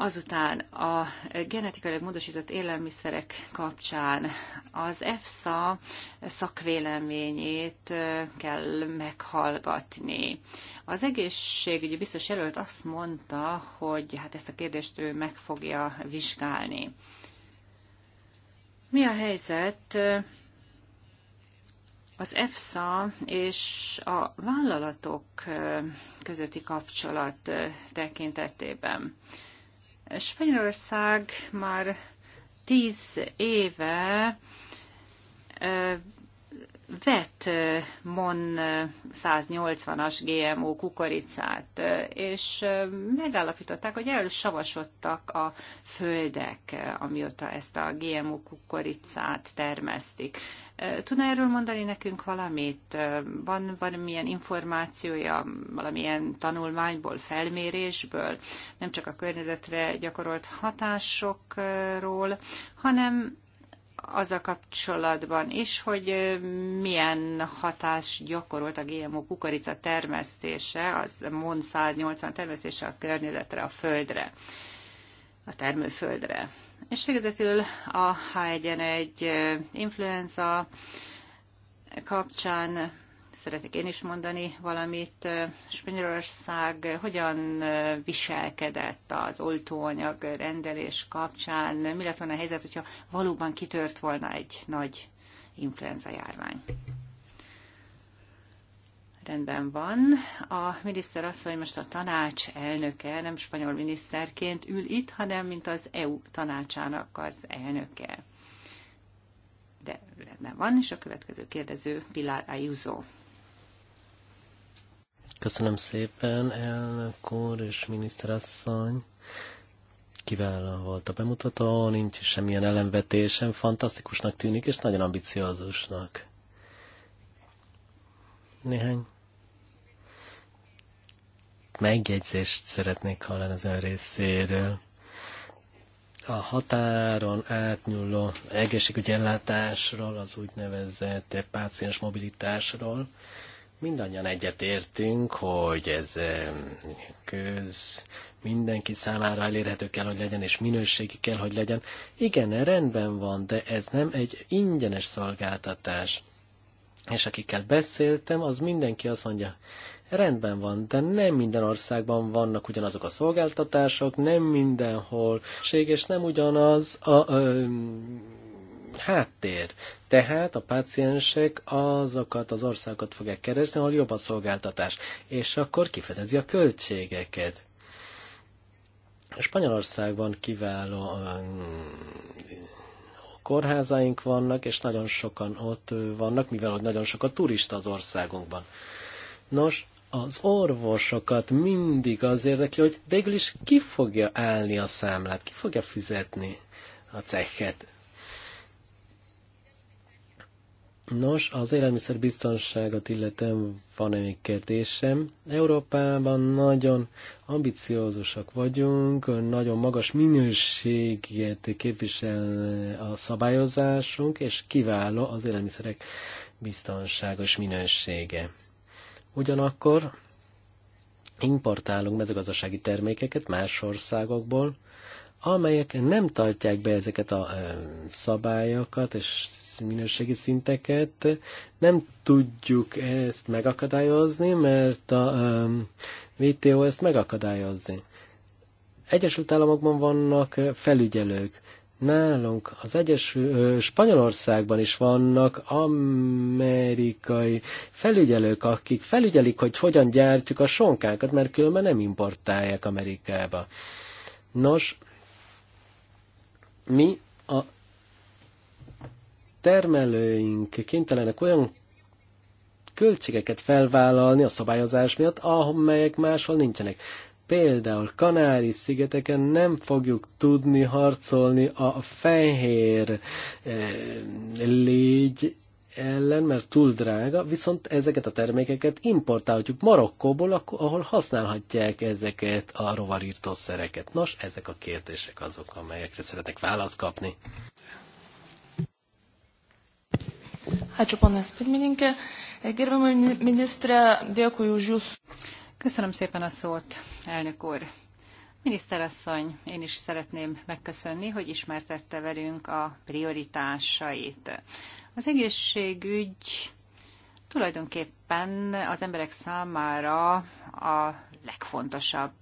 Azután a genetikailag módosított élelmiszerek kapcsán az EFSA szakvéleményét kell meghallgatni. Az egészségügyi biztos jelölt azt mondta, hogy hát ezt a kérdést ő meg fogja vizsgálni. Mi a helyzet az EFSA és a vállalatok közötti kapcsolat tekintetében? Spanyolország már tíz éve vett MON 180-as GMO kukoricát, és megállapították, hogy elsavasodtak a földek, amióta ezt a GMO kukoricát termesztik. Tudna erről mondani nekünk valamit? Van valamilyen információja, valamilyen tanulmányból, felmérésből, nem csak a környezetre gyakorolt hatásokról, hanem az a kapcsolatban is, hogy milyen hatás gyakorolt a GMO kukorica termesztése, az MON 180 termesztése a környezetre, a földre, a termőföldre. És végezetül a H1N1 influenza kapcsán szeretnék én is mondani valamit. Spanyolország hogyan viselkedett az oltóanyag rendelés kapcsán? Mi lett volna a helyzet, hogyha valóban kitört volna egy nagy influenza járvány? Rendben van. A miniszter asszony most a tanács elnöke, nem spanyol miniszterként ül itt, hanem mint az EU tanácsának az elnöke. De rendben van, és a következő kérdező Pilar Ayuso. Köszönöm szépen, elnök úr és miniszterasszony. Kiváló volt a bemutató, nincs semmilyen ellenvetésem, fantasztikusnak tűnik, és nagyon ambiciózusnak. Néhány megjegyzést szeretnék hallani az ön részéről. A határon átnyúló egészségügyi ellátásról, az úgynevezett páciens mobilitásról. Mindannyian egyetértünk, hogy ez köz mindenki számára elérhető kell, hogy legyen, és minőségi kell, hogy legyen. Igen, rendben van, de ez nem egy ingyenes szolgáltatás. És akikkel beszéltem, az mindenki azt mondja, rendben van, de nem minden országban vannak ugyanazok a szolgáltatások, nem mindenhol, és nem ugyanaz a ö, háttér. Tehát a páciensek azokat az országokat fogják keresni, ahol jobb a szolgáltatás, és akkor kifedezi a költségeket. Spanyolországban kiváló kórházaink vannak, és nagyon sokan ott vannak, mivel hogy nagyon sok a turista az országunkban. Nos, az orvosokat mindig az érdekli, hogy végül is ki fogja állni a számlát, ki fogja fizetni a cechet. Nos, az élelmiszerbiztonságot illetően van egy kérdésem. Európában nagyon ambiciózusak vagyunk, nagyon magas minőséget képvisel a szabályozásunk, és kiváló az élelmiszerek biztonságos minősége. Ugyanakkor importálunk mezőgazdasági termékeket más országokból, amelyek nem tartják be ezeket a szabályokat és minőségi szinteket. Nem tudjuk ezt megakadályozni, mert a WTO ezt megakadályozni. Egyesült Államokban vannak felügyelők, nálunk az egyes Spanyolországban is vannak amerikai felügyelők, akik felügyelik, hogy hogyan gyártjuk a sonkánkat, mert különben nem importálják Amerikába. Nos, mi a termelőink kénytelenek olyan költségeket felvállalni a szabályozás miatt, amelyek máshol nincsenek. Például Kanári-szigeteken nem fogjuk tudni harcolni a fehér eh, légy ellen, mert túl drága, viszont ezeket a termékeket importálhatjuk Marokkóból, ahol használhatják ezeket a rovarírtószereket. Nos, ezek a kérdések azok, amelyekre szeretek választ kapni. Ačiū, ponas pirmininkė. Gerbiamai ministrė, dėkui už jūsų. Köszönöm szépen a szót, elnök úr. Miniszterasszony, én is szeretném megköszönni, hogy ismertette velünk a prioritásait. Az egészségügy tulajdonképpen az emberek számára a legfontosabb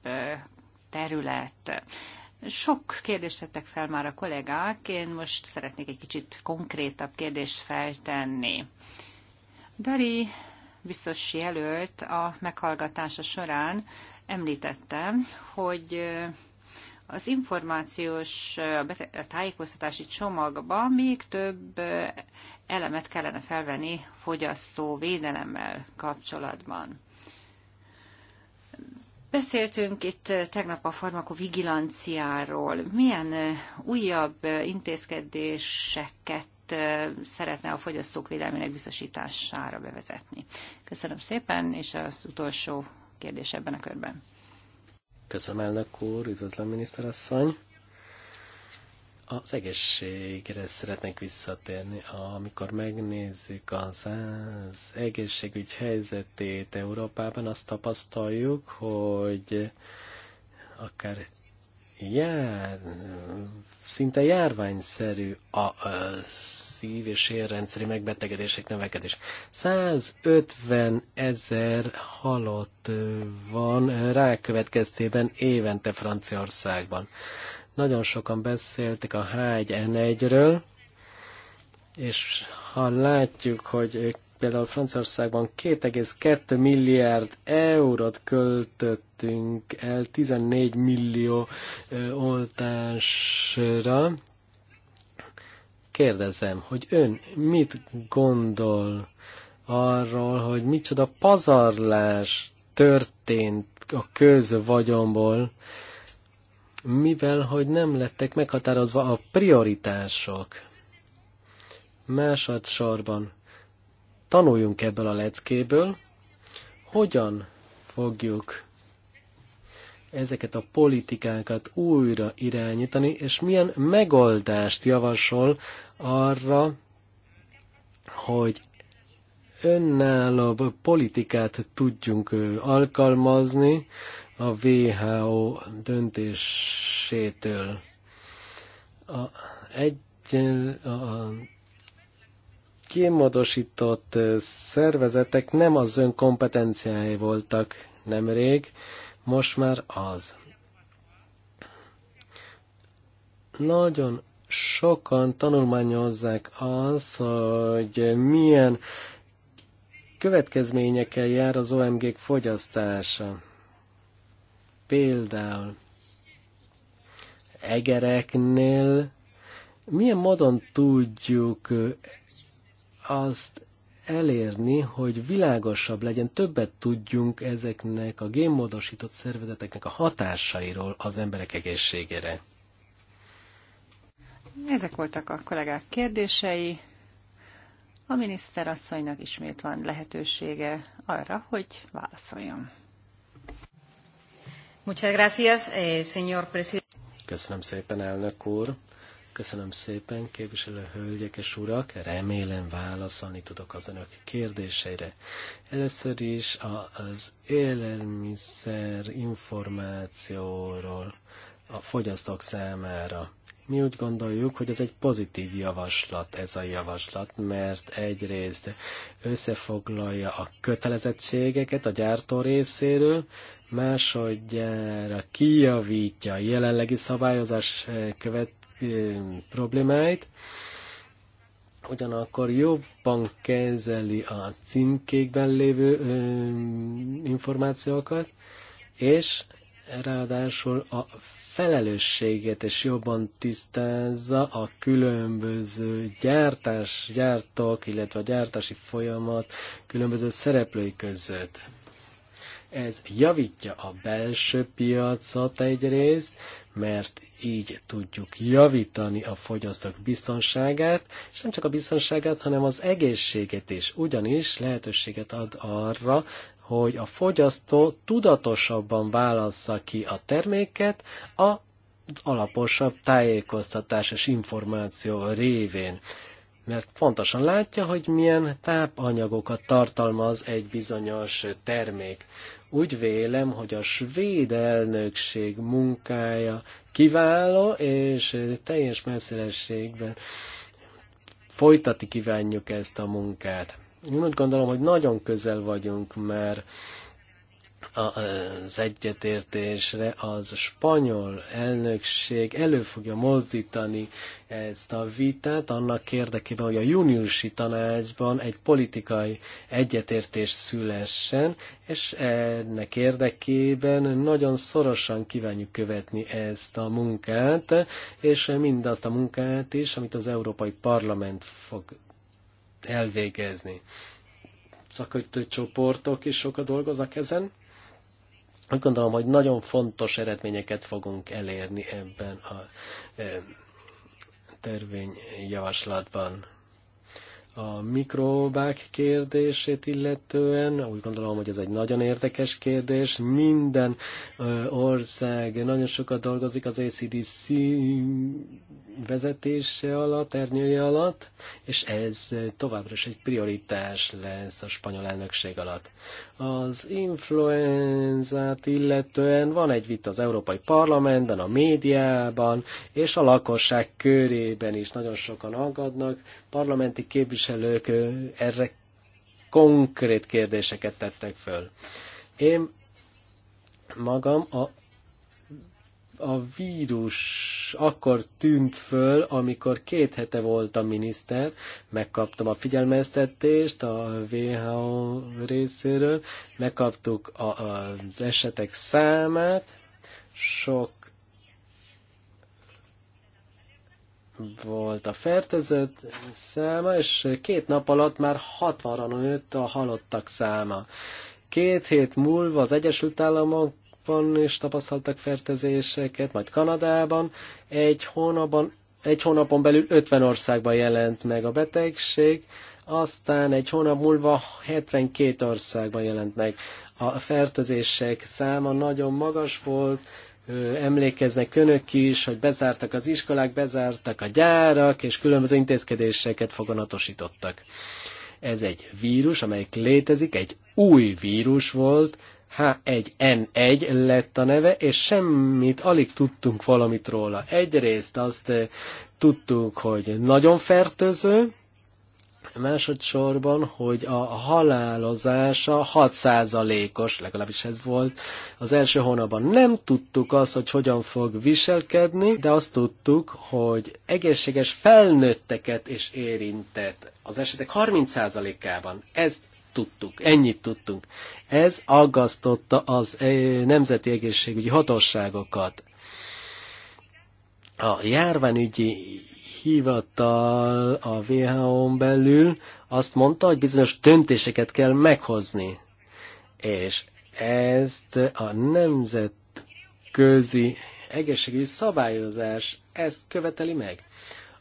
terület. Sok kérdést tettek fel már a kollégák, én most szeretnék egy kicsit konkrétabb kérdést feltenni. Dari biztos jelölt a meghallgatása során említette, hogy az információs a tájékoztatási csomagban még több elemet kellene felvenni fogyasztó védelemmel kapcsolatban. Beszéltünk itt tegnap a farmakovigilanciáról. Milyen újabb intézkedéseket szeretne a fogyasztók védelmének biztosítására bevezetni. Köszönöm szépen, és az utolsó kérdés ebben a körben. Köszönöm, elnök úr, üdvözlöm, miniszterasszony. Az egészségre szeretnék visszatérni. Amikor megnézzük az, az egészségügy helyzetét Európában, azt tapasztaljuk, hogy akár jár, szinte járványszerű a, a szív- és érrendszeri megbetegedések növekedés. 150 ezer halott van rák következtében évente Franciaországban. Nagyon sokan beszéltek a H1N1-ről, és ha látjuk, hogy például Franciaországban 2,2 milliárd eurót költöttünk el 14 millió oltásra. Kérdezem, hogy ön mit gondol arról, hogy micsoda pazarlás történt a közvagyomból, mivel hogy nem lettek meghatározva a prioritások. Másodszorban tanuljunk ebből a leckéből, hogyan fogjuk ezeket a politikákat újra irányítani, és milyen megoldást javasol arra, hogy önállóbb politikát tudjunk alkalmazni a WHO döntésétől. A, egy, a kimodosított szervezetek nem az ön kompetenciái voltak nemrég, most már az. Nagyon sokan tanulmányozzák az, hogy milyen következményekkel jár az omg fogyasztása. Például egereknél milyen módon tudjuk azt elérni, hogy világosabb legyen, többet tudjunk ezeknek a génmódosított szervezeteknek a hatásairól az emberek egészségére. Ezek voltak a kollégák kérdései. A miniszter asszonynak ismét van lehetősége arra, hogy válaszoljon. Muchas gracias, eh, señor presidente. Köszönöm szépen, elnök úr. Köszönöm szépen, képviselő hölgyek és urak. Remélem válaszolni tudok az önök kérdéseire. Először is az élelmiszer információról a fogyasztók számára. Mi úgy gondoljuk, hogy ez egy pozitív javaslat, ez a javaslat, mert egyrészt összefoglalja a kötelezettségeket a gyártó részéről, másodjára kijavítja a jelenlegi szabályozás követ problémáit, ugyanakkor jobban kezeli a címkékben lévő ö, információkat, és ráadásul a felelősséget és jobban tisztázza a különböző gyártás, gyártók, illetve a gyártási folyamat különböző szereplői között. Ez javítja a belső piacot egyrészt, mert így tudjuk javítani a fogyasztók biztonságát, és nem csak a biztonságát, hanem az egészséget is, ugyanis lehetőséget ad arra, hogy a fogyasztó tudatosabban válassza ki a terméket az alaposabb tájékoztatás és információ révén mert pontosan látja, hogy milyen tápanyagokat tartalmaz egy bizonyos termék. Úgy vélem, hogy a svéd elnökség munkája kiváló, és teljes messzélességben folytati kívánjuk ezt a munkát. Én úgy gondolom, hogy nagyon közel vagyunk már az egyetértésre, az spanyol elnökség elő fogja mozdítani ezt a vitát annak érdekében, hogy a júniusi tanácsban egy politikai egyetértés szülessen, és ennek érdekében nagyon szorosan kívánjuk követni ezt a munkát, és mindazt a munkát is, amit az Európai Parlament fog elvégezni szakértő csoportok is sokat dolgoznak ezen. Úgy gondolom, hogy nagyon fontos eredményeket fogunk elérni ebben a e, törvényjavaslatban. A mikrobák kérdését illetően úgy gondolom, hogy ez egy nagyon érdekes kérdés. Minden ország nagyon sokat dolgozik az ACDC vezetése alatt, ernyője alatt, és ez továbbra is egy prioritás lesz a spanyol elnökség alatt. Az influenzát illetően van egy vita az Európai Parlamentben, a médiában, és a lakosság körében is nagyon sokan aggadnak. Parlamenti képviselők erre konkrét kérdéseket tettek föl. Én magam a a vírus akkor tűnt föl, amikor két hete volt a miniszter, megkaptam a figyelmeztetést a WHO részéről, megkaptuk a, a, az esetek számát, sok volt a fertőzött száma, és két nap alatt már 60-ra nőtt a halottak száma. Két hét múlva az Egyesült Államok Európában is tapasztaltak fertőzéseket, majd Kanadában. Egy hónapon egy hónapon belül 50 országban jelent meg a betegség, aztán egy hónap múlva 72 országban jelent meg. A fertőzések száma nagyon magas volt, emlékeznek önök is, hogy bezártak az iskolák, bezártak a gyárak, és különböző intézkedéseket foganatosítottak. Ez egy vírus, amelyik létezik, egy új vírus volt, H1N1 lett a neve, és semmit, alig tudtunk valamit róla. Egyrészt azt eh, tudtuk, hogy nagyon fertőző, másodszorban, hogy a halálozása 6%-os, legalábbis ez volt az első hónapban. Nem tudtuk azt, hogy hogyan fog viselkedni, de azt tudtuk, hogy egészséges felnőtteket is érintett az esetek 30%-ában. Ez tudtuk, ennyit tudtunk. Ez aggasztotta az eh, nemzeti egészségügyi hatóságokat. A járványügyi hivatal a WHO-n belül azt mondta, hogy bizonyos döntéseket kell meghozni. És ezt a nemzetközi egészségügyi szabályozás ezt követeli meg.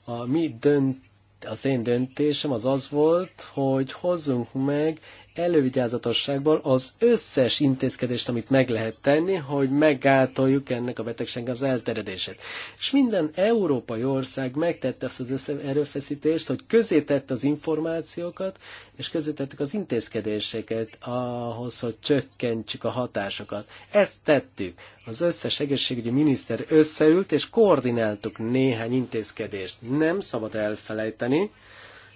A mi dönt az én döntésem az az volt, hogy hozzunk meg elővigyázatosságból az összes intézkedést, amit meg lehet tenni, hogy megáltoljuk ennek a betegségnek az elterjedését. És minden európai ország megtette ezt az erőfeszítést, hogy közé tett az információkat, és közé tettük az intézkedéseket ahhoz, hogy csökkentsük a hatásokat. Ezt tettük. Az összes egészségügyi miniszter összeült, és koordináltuk néhány intézkedést. Nem szabad elfelejteni,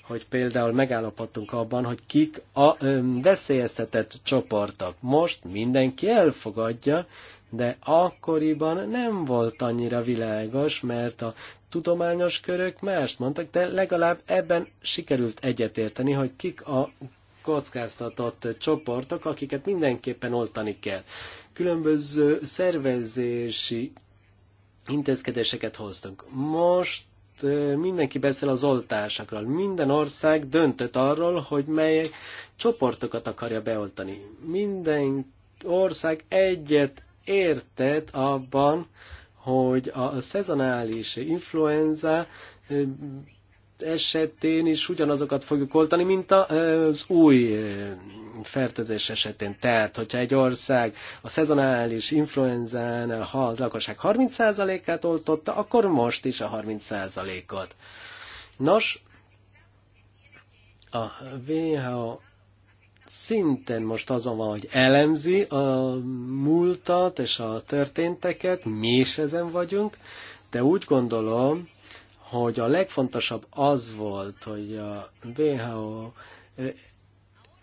hogy például megállapodtunk abban, hogy kik a ö, veszélyeztetett csoportok. Most mindenki elfogadja, de akkoriban nem volt annyira világos, mert a tudományos körök mást mondtak, de legalább ebben sikerült egyetérteni, hogy kik a kockáztatott csoportok, akiket mindenképpen oltani kell. Különböző szervezési intézkedéseket hoztunk. Most mindenki beszél az oltásokról. Minden ország döntött arról, hogy mely csoportokat akarja beoltani. Minden ország egyet értett abban, hogy a szezonális influenza esetén is ugyanazokat fogjuk oltani, mint az új fertőzés esetén. Tehát, hogyha egy ország a szezonális influenzán ha az lakosság 30%-át oltotta, akkor most is a 30%-ot. Nos, a WHO szinten most azon van, hogy elemzi a múltat és a történteket, mi is ezen vagyunk, de úgy gondolom, hogy a legfontosabb az volt, hogy a WHO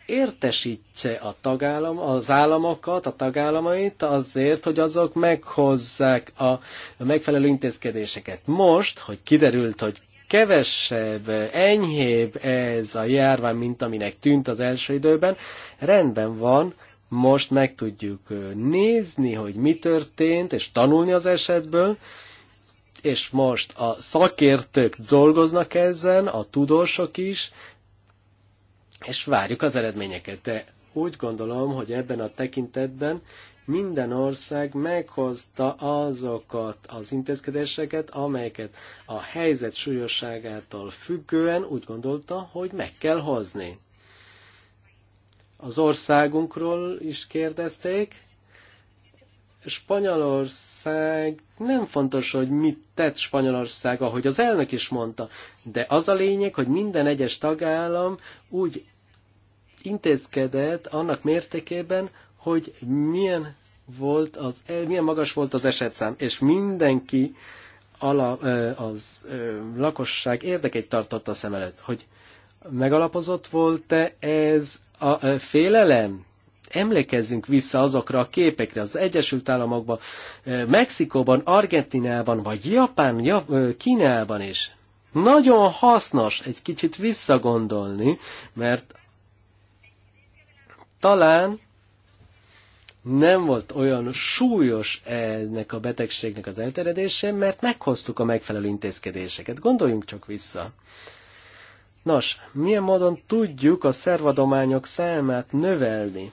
értesítse a tagállam, az államokat, a tagállamait azért, hogy azok meghozzák a megfelelő intézkedéseket. Most, hogy kiderült, hogy kevesebb, enyhébb ez a járvány, mint aminek tűnt az első időben, rendben van, most meg tudjuk nézni, hogy mi történt, és tanulni az esetből, és most a szakértők dolgoznak ezen, a tudósok is, és várjuk az eredményeket. De úgy gondolom, hogy ebben a tekintetben minden ország meghozta azokat az intézkedéseket, amelyeket a helyzet súlyosságától függően úgy gondolta, hogy meg kell hozni. Az országunkról is kérdezték, Spanyolország nem fontos, hogy mit tett Spanyolország, ahogy az elnök is mondta, de az a lényeg, hogy minden egyes tagállam úgy intézkedett annak mértékében, hogy milyen, volt az, e, milyen magas volt az esetszám, és mindenki ala, az lakosság érdekeit tartotta szem előtt, hogy megalapozott volt-e ez a félelem, emlékezzünk vissza azokra a képekre az Egyesült Államokban, eh, Mexikóban, Argentinában, vagy Japán, eh, Kínában is. Nagyon hasznos egy kicsit visszagondolni, mert talán nem volt olyan súlyos ennek a betegségnek az elterjedése, mert meghoztuk a megfelelő intézkedéseket. Gondoljunk csak vissza. Nos, milyen módon tudjuk a szervadományok számát növelni?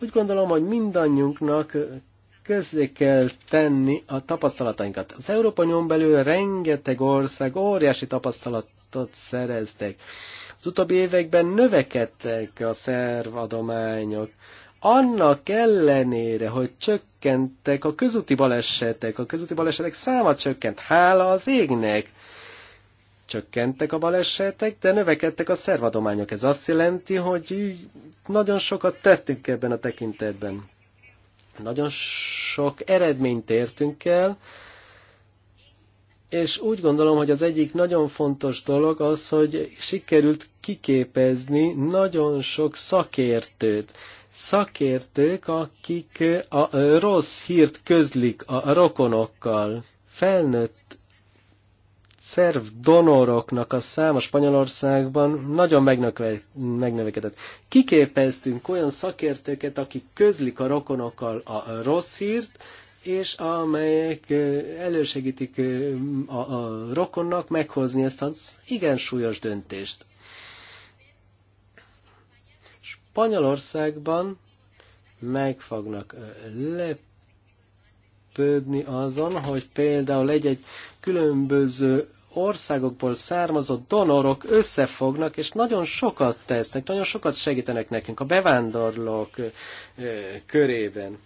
Úgy gondolom, hogy mindannyiunknak közzé kell tenni a tapasztalatainkat. Az Európa nyom belül rengeteg ország óriási tapasztalatot szereztek. Az utóbbi években növekedtek a szervadományok. Annak ellenére, hogy csökkentek a közúti balesetek, a közúti balesetek száma csökkent, hála az égnek csökkentek a balesetek, de növekedtek a szervadományok. Ez azt jelenti, hogy nagyon sokat tettünk ebben a tekintetben. Nagyon sok eredményt értünk el, és úgy gondolom, hogy az egyik nagyon fontos dolog az, hogy sikerült kiképezni nagyon sok szakértőt. Szakértők, akik a rossz hírt közlik a rokonokkal, felnőtt szerv donoroknak a száma Spanyolországban nagyon megnövekedett. Kiképeztünk olyan szakértőket, akik közlik a rokonokkal a rossz hírt, és amelyek elősegítik a, a rokonnak meghozni ezt az igen súlyos döntést. Spanyolországban meg fognak lepődni azon, hogy például egy-egy különböző országokból származó donorok összefognak, és nagyon sokat tesznek, nagyon sokat segítenek nekünk a bevándorlók körében.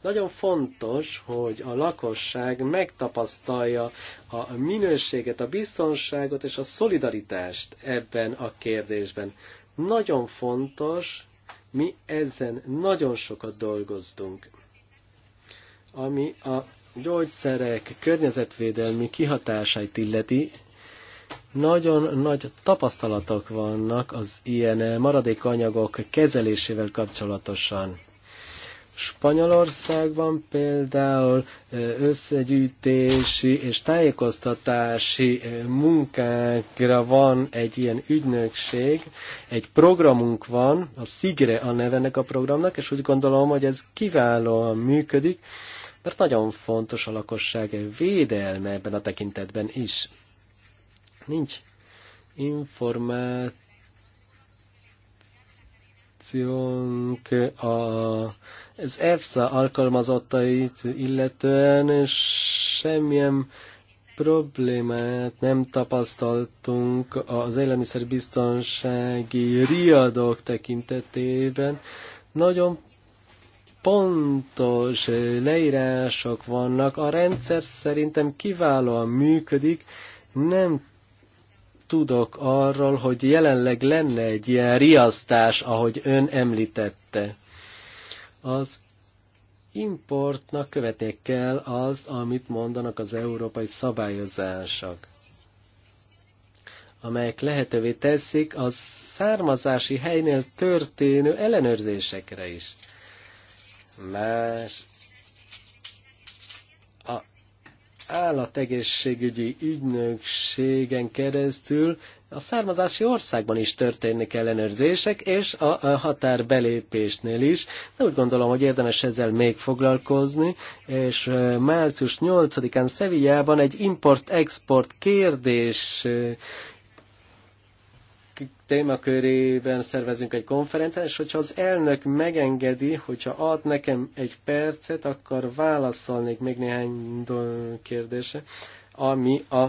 Nagyon fontos, hogy a lakosság megtapasztalja a minőséget, a biztonságot és a szolidaritást ebben a kérdésben. Nagyon fontos, mi ezen nagyon sokat dolgoztunk. Ami a gyógyszerek környezetvédelmi kihatásait illeti, nagyon nagy tapasztalatok vannak az ilyen maradékanyagok kezelésével kapcsolatosan. Spanyolországban például összegyűjtési és tájékoztatási munkákra van egy ilyen ügynökség, egy programunk van, a sigre a nevenek a programnak, és úgy gondolom, hogy ez kiválóan működik, mert nagyon fontos a lakosság védelme ebben a tekintetben is. Nincs információnk a, az EFSA alkalmazottait illetően semmilyen problémát nem tapasztaltunk az élelmiszerbiztonsági riadók tekintetében. Nagyon pontos eh, leírások vannak, a rendszer szerintem kiválóan működik, nem tudok arról, hogy jelenleg lenne egy ilyen riasztás, ahogy ön említette. Az importnak követnie kell azt, amit mondanak az európai szabályozások amelyek lehetővé teszik a származási helynél történő ellenőrzésekre is más a állategészségügyi ügynökségen keresztül a származási országban is történnek ellenőrzések, és a határ belépésnél is. De úgy gondolom, hogy érdemes ezzel még foglalkozni, és március 8-án Szevijában egy import-export kérdés témakörében szervezünk egy konferenciát, és hogyha az elnök megengedi, hogyha ad nekem egy percet, akkor válaszolnék még néhány kérdése, ami a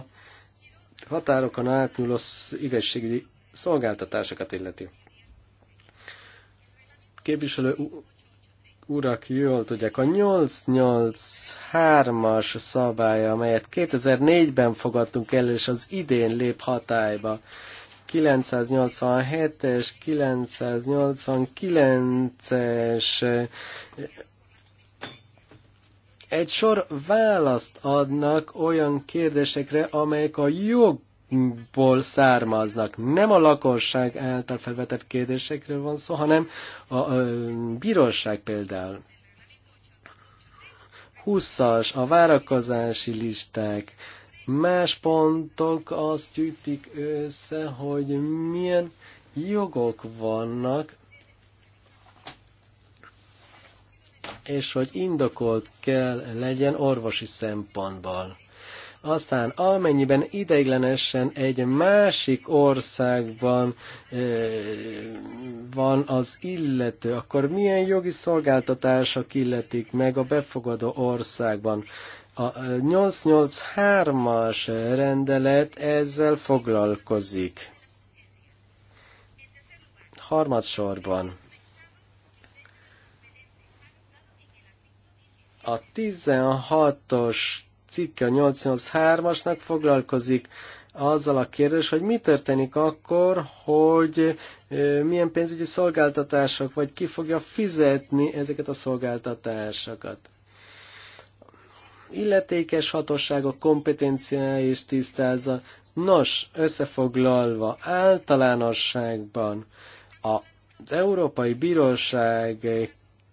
határokon átnyúló igazságügyi szolgáltatásokat illeti. Képviselő urak jól tudják, a 883-as szabály, amelyet 2004-ben fogadtunk el, és az idén lép hatályba. 987-es, 989-es egy sor választ adnak olyan kérdésekre, amelyek a jogból származnak. Nem a lakosság által felvetett kérdésekről van szó, hanem a, a, a bíróság például. 20-as, a várakozási listák, Más pontok azt gyűjtik össze, hogy milyen jogok vannak, és hogy indokolt kell legyen orvosi szempontból. Aztán amennyiben ideiglenesen egy másik országban e, van az illető, akkor milyen jogi szolgáltatások illetik meg a befogadó országban? A 883-as rendelet ezzel foglalkozik. Harmadsorban. A 16-os cikke a 883-asnak foglalkozik azzal a kérdés, hogy mi történik akkor, hogy milyen pénzügyi szolgáltatások, vagy ki fogja fizetni ezeket a szolgáltatásokat illetékes hatóságok kompetenciáját tisztázza. Nos, összefoglalva általánosságban az Európai Bíróság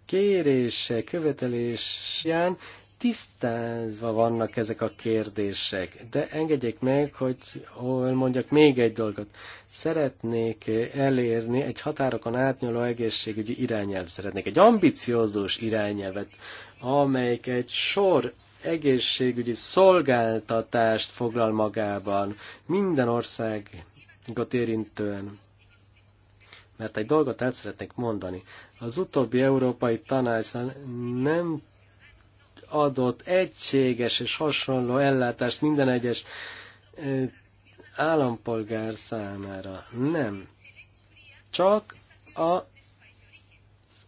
kérése, követelésján tisztázva vannak ezek a kérdések, de engedjék meg, hogy mondjak még egy dolgot. Szeretnék elérni egy határokon átnyúló egészségügyi irányelv, szeretnék egy ambiciózus irányelvet, amelyik egy sor egészségügyi szolgáltatást foglal magában minden országot érintően. Mert egy dolgot el szeretnék mondani. Az utóbbi Európai Tanácsnál nem adott egységes és hasonló ellátást minden egyes állampolgár számára. Nem. Csak a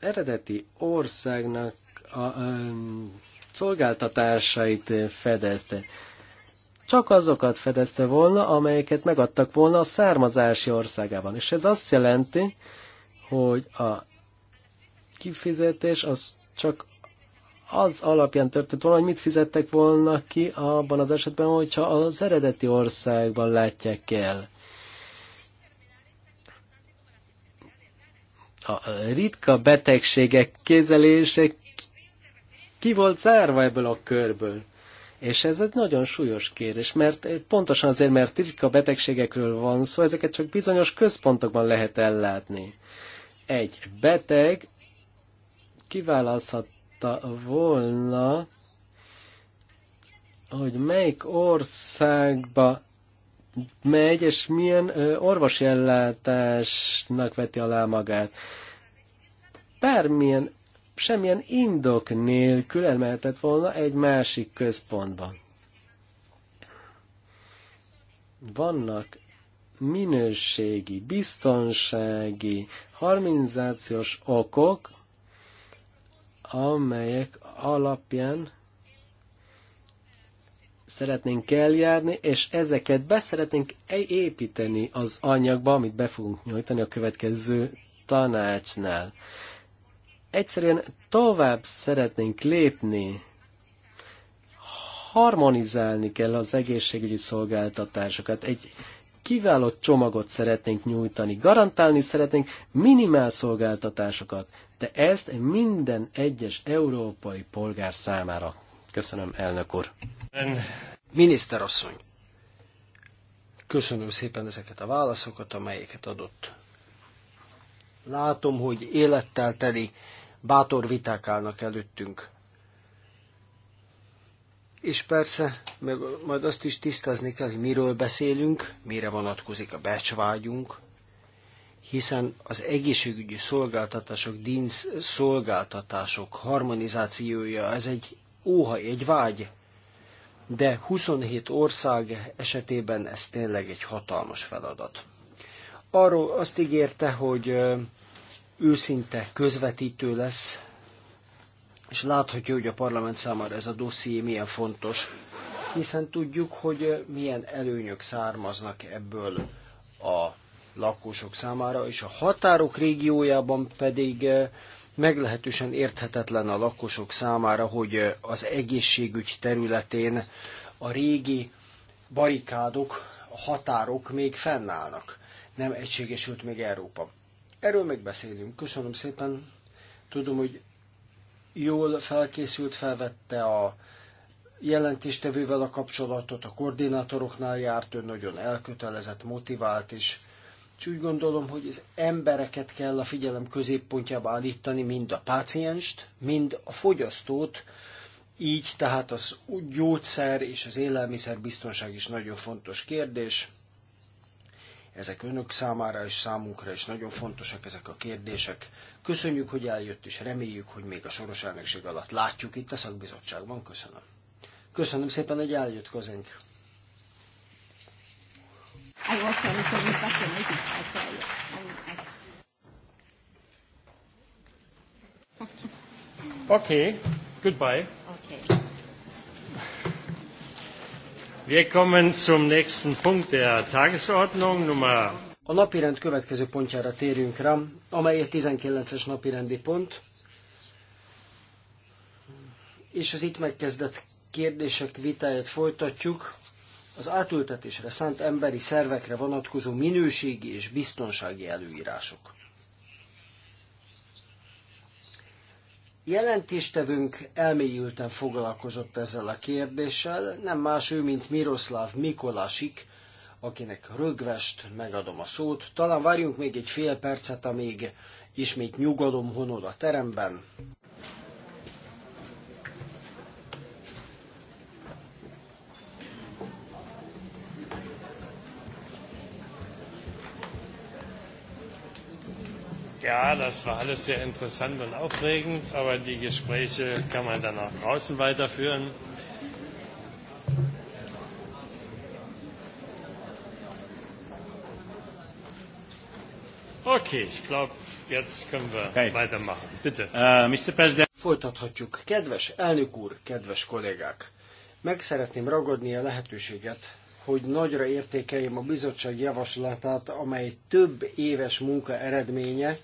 eredeti országnak a, a, szolgáltatásait fedezte. Csak azokat fedezte volna, amelyeket megadtak volna a származási országában. És ez azt jelenti, hogy a kifizetés az csak az alapján történt volna, hogy mit fizettek volna ki abban az esetben, hogyha az eredeti országban látják el. A ritka betegségek kezelése ki volt zárva ebből a körből. És ez egy nagyon súlyos kérdés, mert eh, pontosan azért, mert ritka betegségekről van szó, ezeket csak bizonyos központokban lehet ellátni. Egy beteg kiválaszthatta volna, hogy melyik országba megy, és milyen orvosi ellátásnak veti alá magát. Bármilyen semmilyen indok nélkül elmehetett volna egy másik központba. Vannak minőségi, biztonsági, harmonizációs okok, amelyek alapján szeretnénk eljárni, és ezeket beszeretnénk építeni az anyagba, amit be fogunk nyújtani a következő tanácsnál egyszerűen tovább szeretnénk lépni, harmonizálni kell az egészségügyi szolgáltatásokat. Egy kiváló csomagot szeretnénk nyújtani, garantálni szeretnénk minimál szolgáltatásokat, de ezt minden egyes európai polgár számára. Köszönöm, elnök úr. Miniszterasszony, köszönöm szépen ezeket a válaszokat, amelyeket adott. Látom, hogy élettel teli bátor viták állnak előttünk. És persze, meg majd azt is tisztázni kell, hogy miről beszélünk, mire vonatkozik a becsvágyunk, hiszen az egészségügyi szolgáltatások, dinsz szolgáltatások harmonizációja, ez egy óha egy vágy, de 27 ország esetében ez tényleg egy hatalmas feladat. Arról azt ígérte, hogy őszinte közvetítő lesz, és láthatja, hogy a parlament számára ez a dosszié milyen fontos, hiszen tudjuk, hogy milyen előnyök származnak ebből a lakosok számára, és a határok régiójában pedig eh, meglehetősen érthetetlen a lakosok számára, hogy eh, az egészségügy területén a régi barikádok, a határok még fennállnak. Nem egységesült még Európa. Erről még beszélünk. Köszönöm szépen. Tudom, hogy jól felkészült, felvette a jelentéstevővel a kapcsolatot, a koordinátoroknál járt, ő nagyon elkötelezett, motivált is. És úgy gondolom, hogy az embereket kell a figyelem középpontjába állítani, mind a pácienst, mind a fogyasztót, így tehát az gyógyszer és az élelmiszer biztonság is nagyon fontos kérdés. Ezek önök számára és számunkra is nagyon fontosak ezek a kérdések. Köszönjük, hogy eljött, és reméljük, hogy még a soros elnökség alatt látjuk itt a szakbizottságban. Köszönöm. Köszönöm szépen, hogy eljött közénk. Hát, okay, goodbye. Wir kommen zum nächsten Punkt der Tagesordnung, Nummer a napirend következő pontjára térjünk rá, amely a 19-es napirendi pont, és az itt megkezdett kérdések vitáját folytatjuk. Az átültetésre szánt emberi szervekre vonatkozó minőségi és biztonsági előírások. Jelentéstevünk elmélyülten foglalkozott ezzel a kérdéssel, nem más ő, mint Miroslav Mikolásik, akinek rögvest megadom a szót. Talán várjunk még egy fél percet, amíg ismét nyugalom honol a teremben. Ja, das war alles sehr interessant und aufregend, aber die Gespräche kann man dann auch draußen weiterführen. Okay, ich glaube, jetzt können wir okay. weitermachen. Bitte. Uh, äh, Mr. President. Folytathatjuk. Kedves elnök úr, kedves kollégák! Meg szeretném ragadni a lehetőséget, hogy nagyra értékeljem a bizottság javaslatát, amely több éves munka eredménye,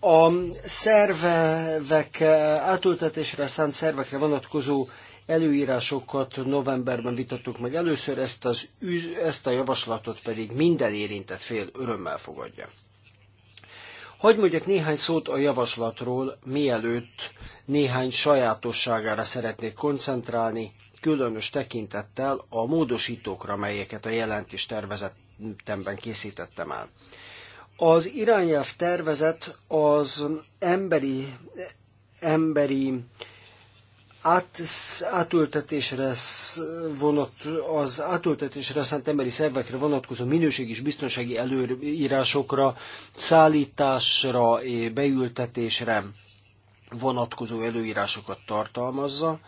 a szervek átültetésre szánt szervekre vonatkozó előírásokat novemberben vitattuk meg először, ezt, az, ezt a javaslatot pedig minden érintett fél örömmel fogadja. Hogy mondjak néhány szót a javaslatról, mielőtt néhány sajátosságára szeretnék koncentrálni, különös tekintettel a módosítókra, melyeket a jelentés tervezetemben készítettem el. Az irányelv tervezet az emberi, emberi át, átültetésre vonat, az átültetésre szánt emberi szervekre vonatkozó minőség és biztonsági előírásokra, szállításra, beültetésre vonatkozó előírásokat tartalmazza,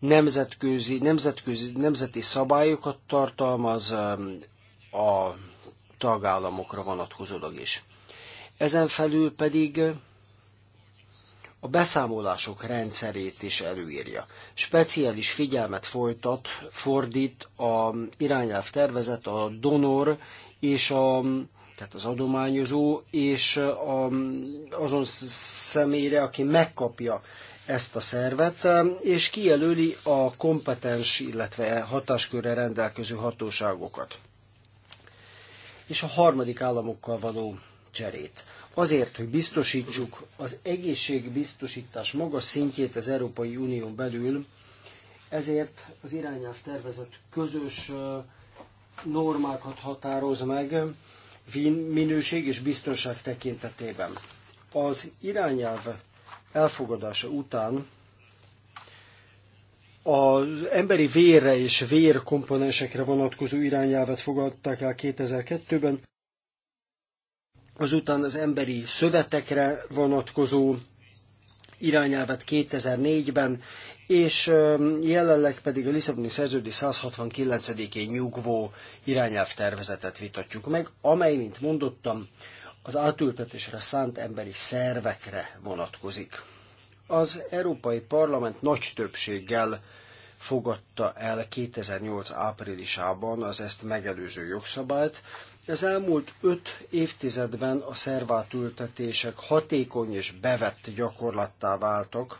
nemzetközi, nemzetközi, nemzeti szabályokat tartalmaz um, a tagállamokra vonatkozólag is. Ezen felül pedig a beszámolások rendszerét is előírja. Speciális figyelmet folytat, fordít a irányelv tervezet a donor és a tehát az adományozó, és a, azon személyre, aki megkapja ezt a szervet, és kijelöli a kompetens, illetve hatáskörre rendelkező hatóságokat. És a harmadik államokkal való cserét. Azért, hogy biztosítsuk az egészségbiztosítás magas szintjét az Európai Unión belül, ezért az irányelv tervezett közös normákat határoz meg minőség és biztonság tekintetében. Az irányelv elfogadása után az emberi vérre és vérkomponensekre vonatkozó irányelvet fogadták el 2002-ben, azután az emberi szövetekre vonatkozó irányelvet 2004-ben, és jelenleg pedig a Lisszaboni szerződés 169-én nyugvó irányelv tervezetet vitatjuk meg, amely, mint mondottam, az átültetésre szánt emberi szervekre vonatkozik. Az Európai Parlament nagy többséggel fogadta el 2008 áprilisában az ezt megelőző jogszabályt. Ez elmúlt öt évtizedben a szervátültetések hatékony és bevett gyakorlattá váltak,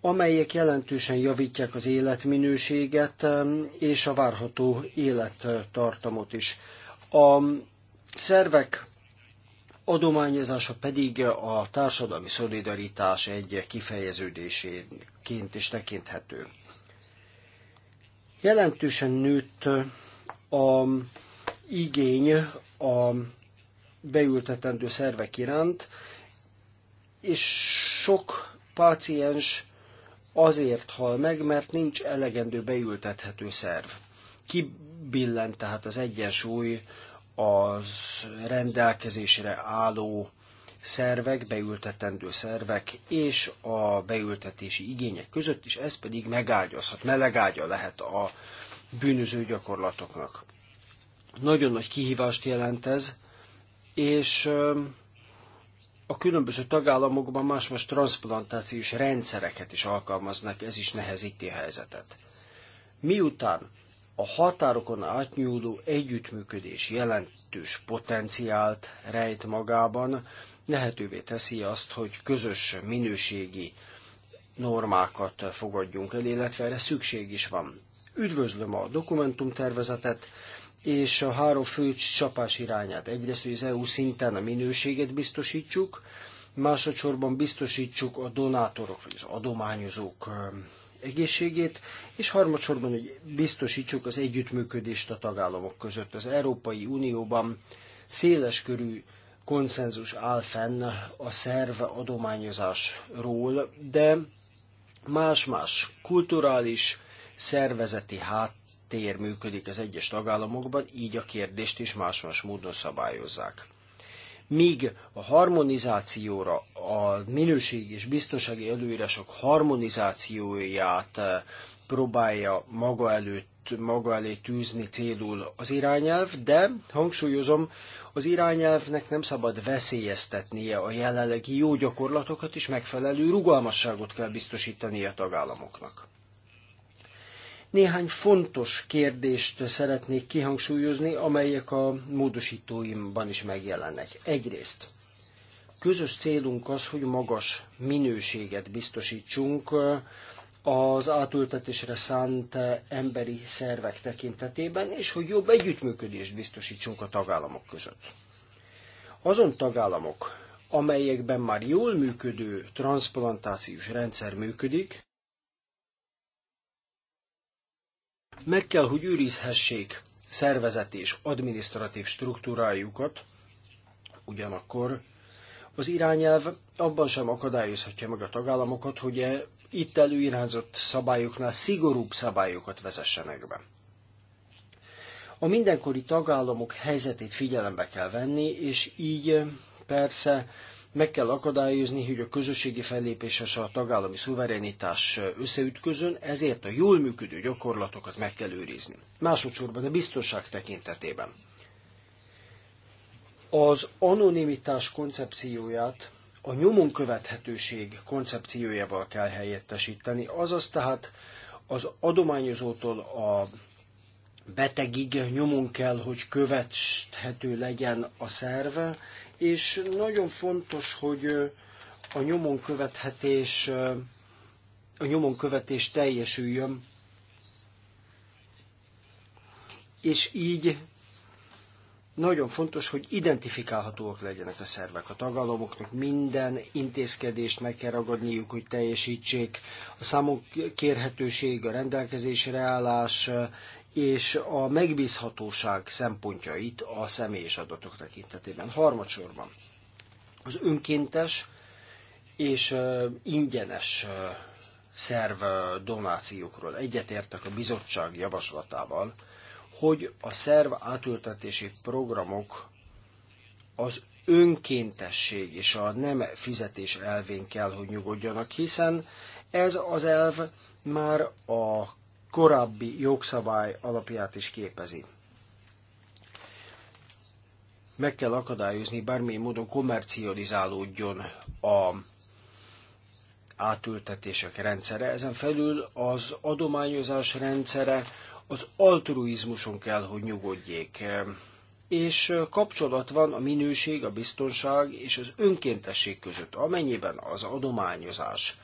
amelyek jelentősen javítják az életminőséget és a várható élettartamot is. A szervek adományozása pedig a társadalmi szolidaritás egy kifejeződésénként is tekinthető. Jelentősen nőtt a igény a beültetendő szervek iránt, és sok páciens azért hal meg, mert nincs elegendő beültethető szerv. Kibillent tehát az egyensúly az rendelkezésre álló szervek, beültetendő szervek és a beültetési igények között, és ez pedig megágyazhat, melegágya lehet a bűnöző gyakorlatoknak. Nagyon nagy kihívást jelent ez, és a különböző tagállamokban más-más transplantációs rendszereket is alkalmaznak, ez is nehezíti a helyzetet. Miután a határokon átnyúló együttműködés jelentős potenciált rejt magában, lehetővé teszi azt, hogy közös minőségi normákat fogadjunk el, illetve erre szükség is van. Üdvözlöm a dokumentumtervezetet, és a három fő csapás irányát. Egyrészt, hogy az EU szinten a minőséget biztosítsuk, másodszorban biztosítsuk a donátorok vagy az adományozók egészségét, és harmadsorban, hogy biztosítsuk az együttműködést a tagállamok között. Az Európai Unióban széles körű konszenzus áll fenn a szerv adományozásról, de más-más kulturális, szervezeti háttér működik az egyes tagállamokban, így a kérdést is más-más módon szabályozzák míg a harmonizációra, a minőség és biztonsági előírások harmonizációját eh, próbálja maga előtt maga elé tűzni célul az irányelv, de hangsúlyozom, az irányelvnek nem szabad veszélyeztetnie a jelenlegi jó gyakorlatokat, és megfelelő rugalmasságot kell biztosítani a tagállamoknak. Néhány fontos kérdést szeretnék kihangsúlyozni, amelyek a módosítóimban is megjelennek. Egyrészt közös célunk az, hogy magas minőséget biztosítsunk az átültetésre szánt emberi szervek tekintetében, és hogy jobb együttműködést biztosítsunk a tagállamok között. Azon tagállamok, amelyekben már jól működő transplantációs rendszer működik, meg kell, hogy őrizhessék szervezeti és adminisztratív struktúrájukat, ugyanakkor az irányelv abban sem akadályozhatja meg a tagállamokat, hogy e itt előirányzott szabályoknál szigorúbb szabályokat vezessenek be. A mindenkori tagállamok helyzetét figyelembe kell venni, és így persze meg kell akadályozni, hogy a közösségi fellépés és a tagállami szuverenitás összeütközön, ezért a jól működő gyakorlatokat meg kell őrizni. Másodszorban a biztonság tekintetében. Az anonimitás koncepcióját a nyomon követhetőség koncepciójával kell helyettesíteni, azaz tehát az adományozótól a betegig nyomon kell, hogy követhető legyen a szerve, és nagyon fontos, hogy a nyomon követhetés, a nyomon követés teljesüljön, és így nagyon fontos, hogy identifikálhatóak legyenek a szervek. A tagalomoknak minden intézkedést meg kell ragadniuk, hogy teljesítsék. A számok kérhetőség, a rendelkezésre állás és a megbízhatóság szempontjait a személyes adatok tekintetében. Harmadsorban az önkéntes és ingyenes szerv donációkról egyetértek a bizottság javaslatával, hogy a szerv átültetési programok az önkéntesség és a nem fizetés elvén kell, hogy nyugodjanak, hiszen ez az elv már a korábbi jogszabály alapját is képezi. Meg kell akadályozni, bármilyen módon komercializálódjon a átültetések rendszere. Ezen felül az adományozás rendszere az altruizmuson kell, hogy nyugodjék. És kapcsolat van a minőség, a biztonság és az önkéntesség között, amennyiben az adományozás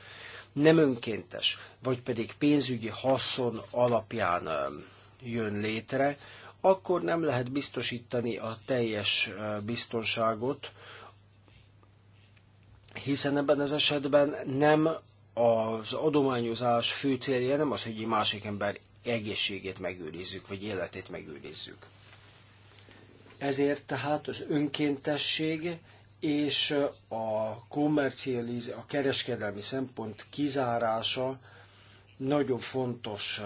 nem önkéntes, vagy pedig pénzügyi haszon alapján um, jön létre, akkor nem lehet biztosítani a teljes uh, biztonságot, hiszen ebben az esetben nem az adományozás fő célja nem az, hogy egy másik ember egészségét megőrizzük, vagy életét megőrizzük. Ezért tehát az önkéntesség és a komercializ, a kereskedelmi szempont kizárása nagyon fontos,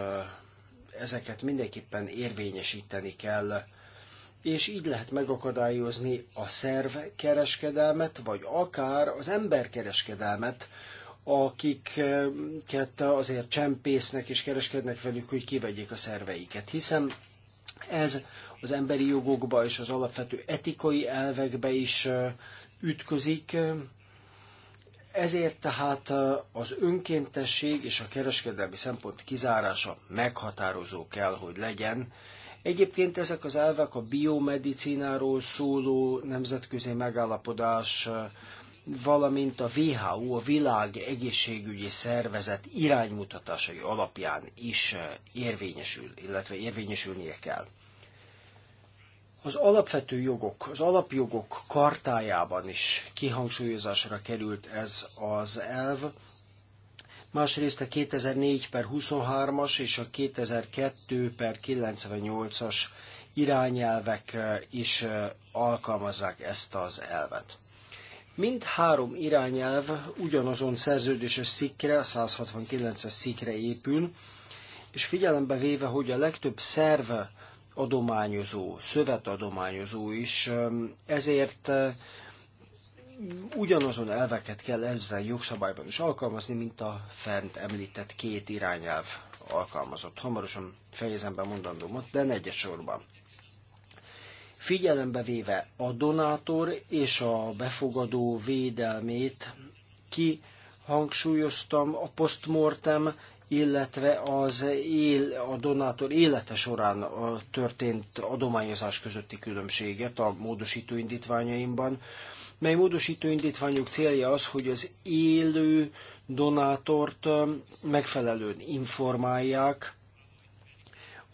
ezeket mindenképpen érvényesíteni kell, és így lehet megakadályozni a szerv kereskedelmet, vagy akár az ember kereskedelmet, akiket azért csempésznek és kereskednek velük, hogy kivegyék a szerveiket. Hiszen ez az emberi jogokba és az alapvető etikai elvekbe is ütközik, ezért tehát az önkéntesség és a kereskedelmi szempont kizárása meghatározó kell, hogy legyen. Egyébként ezek az elvek a biomedicináról szóló nemzetközi megállapodás valamint a WHO, a Világ Egészségügyi Szervezet iránymutatásai alapján is eh, érvényesül, illetve érvényesülnie kell. Az alapvető jogok, az alapjogok kartájában is kihangsúlyozásra került ez az elv, másrészt a 2004 per 23-as és a 2002 per 98-as irányelvek eh, is eh, alkalmazzák ezt az elvet. Mind három irányelv ugyanazon szerződéses szikre, 169-es szikre épül, és figyelembe véve, hogy a legtöbb szerve adományozó, szövetadományozó is, ezért ugyanazon elveket kell ezzel jogszabályban is alkalmazni, mint a fent említett két irányelv alkalmazott. Hamarosan fejezem be mondandómat, de negyes sorban figyelembe véve a donátor és a befogadó védelmét ki hangsúlyoztam a postmortem, illetve az él, a donátor élete során történt adományozás közötti különbséget a módosító indítványaimban, mely módosító indítványok célja az, hogy az élő donátort megfelelően informálják,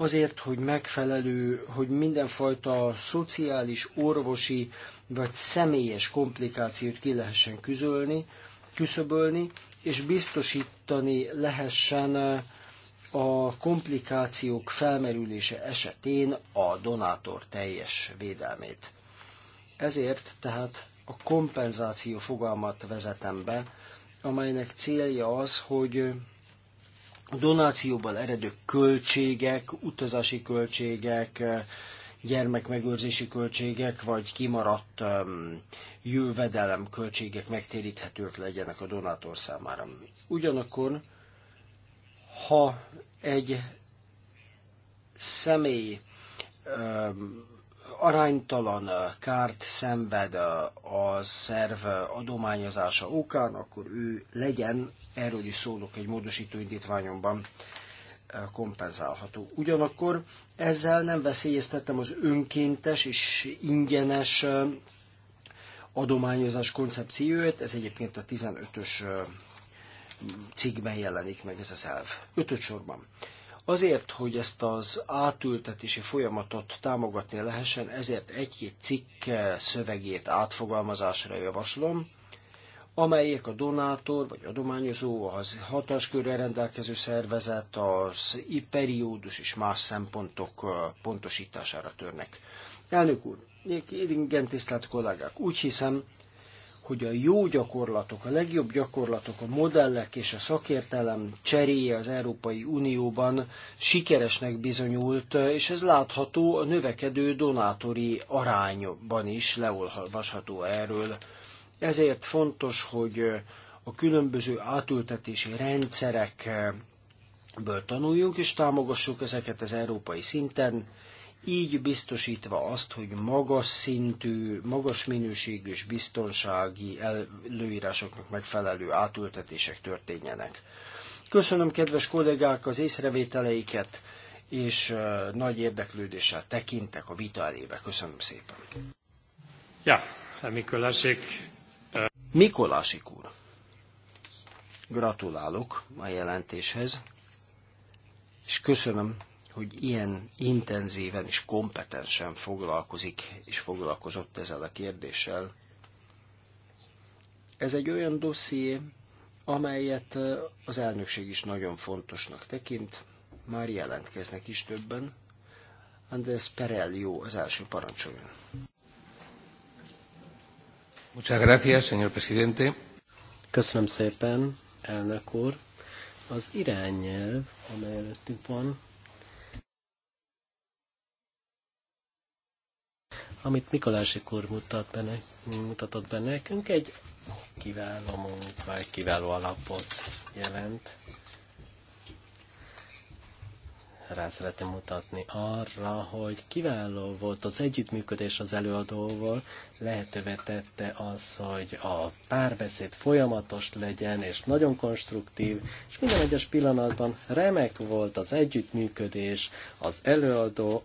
azért, hogy megfelelő, hogy mindenfajta szociális, orvosi vagy személyes komplikációt ki lehessen küzölni, küszöbölni, és biztosítani lehessen eh, a komplikációk felmerülése esetén a donátor teljes védelmét. Ezért tehát a kompenzáció fogalmat vezetem be, amelynek célja az, hogy donációból eredő költségek, utazási költségek, gyermekmegőrzési költségek, vagy kimaradt um, jövedelem költségek megtéríthetők legyenek a donátor számára. Ugyanakkor, ha egy személy um, aránytalan uh, kárt szenved uh, a szerv uh, adományozása okán, akkor ő legyen erről is szólok egy módosító indítványomban eh, kompenzálható. Ugyanakkor ezzel nem veszélyeztettem az önkéntes és ingyenes eh, adományozás koncepcióját, ez egyébként a 15-ös eh, cikkben jelenik meg ez az elv. Ötöt sorban. Azért, hogy ezt az átültetési folyamatot támogatni lehessen, ezért egy-két cikk szövegét átfogalmazásra javaslom, amelyek a donátor vagy adományozó, az hatáskörrel rendelkező szervezet, az periódus és más szempontok pontosítására törnek. Elnök úr, igen, tisztelt kollégák, úgy hiszem, hogy a jó gyakorlatok, a legjobb gyakorlatok, a modellek és a szakértelem cseréje az Európai Unióban sikeresnek bizonyult, és ez látható a növekedő donátori arányban is, leolvasható erről ezért fontos, hogy a különböző átültetési rendszerekből tanuljunk és támogassuk ezeket az európai szinten, így biztosítva azt, hogy magas szintű, magas minőségű és biztonsági előírásoknak megfelelő átültetések történjenek. Köszönöm, kedves kollégák, az észrevételeiket, és nagy érdeklődéssel tekintek a vita elébe. Köszönöm szépen. Ja, Herr Mikolasik, Mikolásik úr, gratulálok a jelentéshez, és köszönöm, hogy ilyen intenzíven és kompetensen foglalkozik és foglalkozott ezzel a kérdéssel. Ez egy olyan dosszié, amelyet az elnökség is nagyon fontosnak tekint, már jelentkeznek is többen. Andrés Perel jó az első parancsoljon. Muchas gracias, señor presidente. Köszönöm szépen, elnök úr. Az irányelv, amely előttünk van, amit Mikolásik úr mutat be ne, mutatott be nekünk, egy kiváló munka, egy kiváló alapot jelent rá szeretném mutatni arra, hogy kiváló volt az együttműködés az előadóval, lehetővé tette az, hogy a párbeszéd folyamatos legyen, és nagyon konstruktív, és minden egyes pillanatban remek volt az együttműködés, az előadó